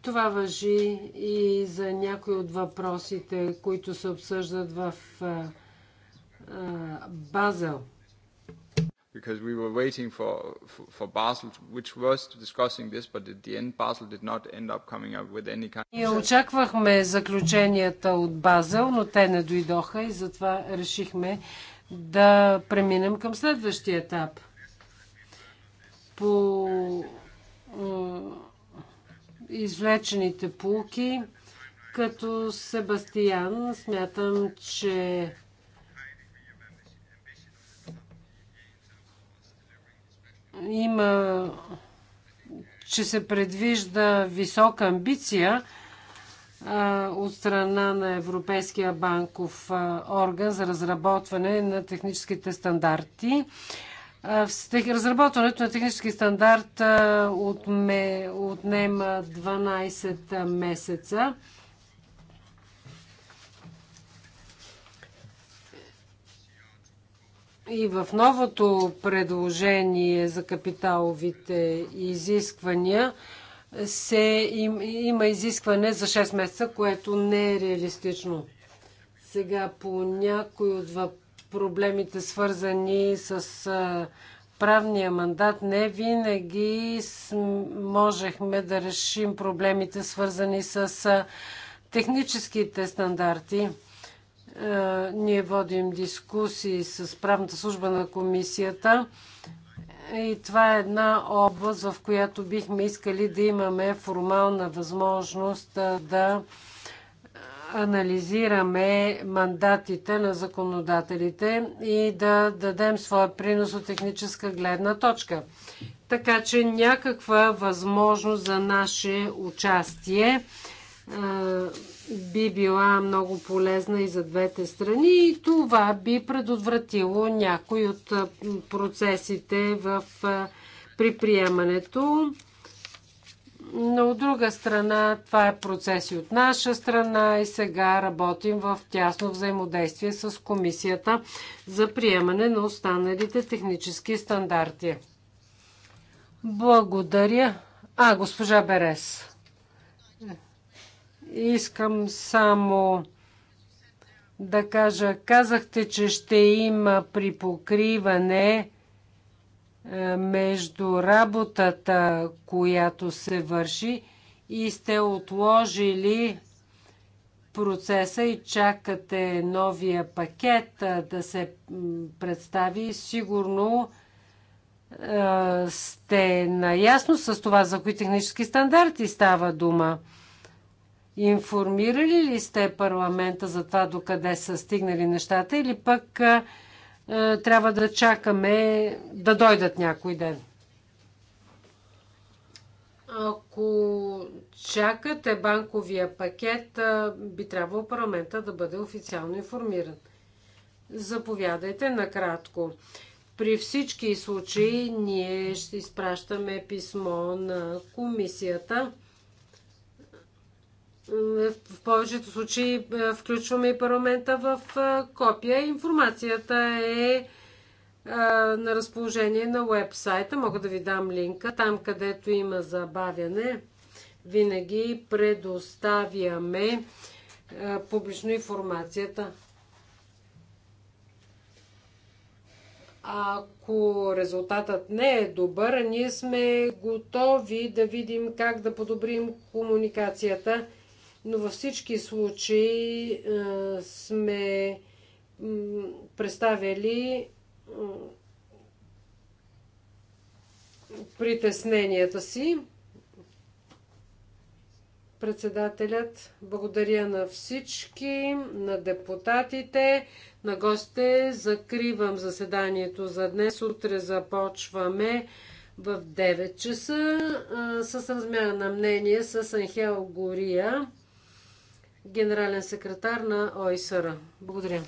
[SPEAKER 2] Това въжи и за някои от въпросите, които се обсъждат в Базел.
[SPEAKER 1] Because we were waiting for, for, for Basel, which was discussing this, but at the end Basel did not end up coming up with any kind. Ние
[SPEAKER 2] очаквахме заключенията от Базел, но те не дойдоха и затова решихме да преминем към следващия етап. По извлечените полки. Като Себастиян смятам, че има че се предвижда висока амбиция а, от страна на Европейския банков а, орган за разработване на техническите стандарти. Разработването на технически стандарт отнема 12 месеца. И в новото предложение за капиталовите изисквания се, им, има изискване за 6 месеца, което не е реалистично. Сега по някои от въпросите проблемите свързани с правния мандат, не винаги можехме да решим проблемите свързани с техническите стандарти. Ние водим дискусии с правната служба на комисията и това е една област, в която бихме искали да имаме формална възможност да анализираме мандатите на законодателите и да дадем своя принос от техническа гледна точка. Така че някаква възможност за наше участие би била много полезна и за двете страни и това би предотвратило някои от процесите в приемането. Но от друга страна, това е процес и от наша страна и сега работим в тясно взаимодействие с комисията за приемане на останалите технически стандарти. Благодаря. А, госпожа Берес. Искам само да кажа, казахте, че ще има припокриване е, между работата, която се върши и сте отложили процеса и чакате новия пакет е, да се представи. Сигурно е, сте наясно с това, за кои технически стандарти става дума. Информирали ли сте парламента за това, докъде са стигнали нещата или пък е, трябва да чакаме да дойдат някой ден. Ако чакате банковия пакет, е, би трябвало парламента да бъде официално информиран. Заповядайте накратко. При всички случаи ние ще изпращаме писмо на комисията в повечето случаи е, включваме и парламента в е, копия. Информацията е, е на разположение на вебсайта. Мога да ви дам линка. Там, където има забавяне, винаги предоставяме публично информацията. Ако резултатът не е добър, ние сме готови да видим как да подобрим комуникацията но във всички случаи а, е, сме представили притесненията си. Председателят благодаря на всички, на депутатите, на гостите. Закривам заседанието за днес. Утре започваме в 9 часа с размяна на мнение с Анхел Гория генерален секретар на ОИСР. Благодаря.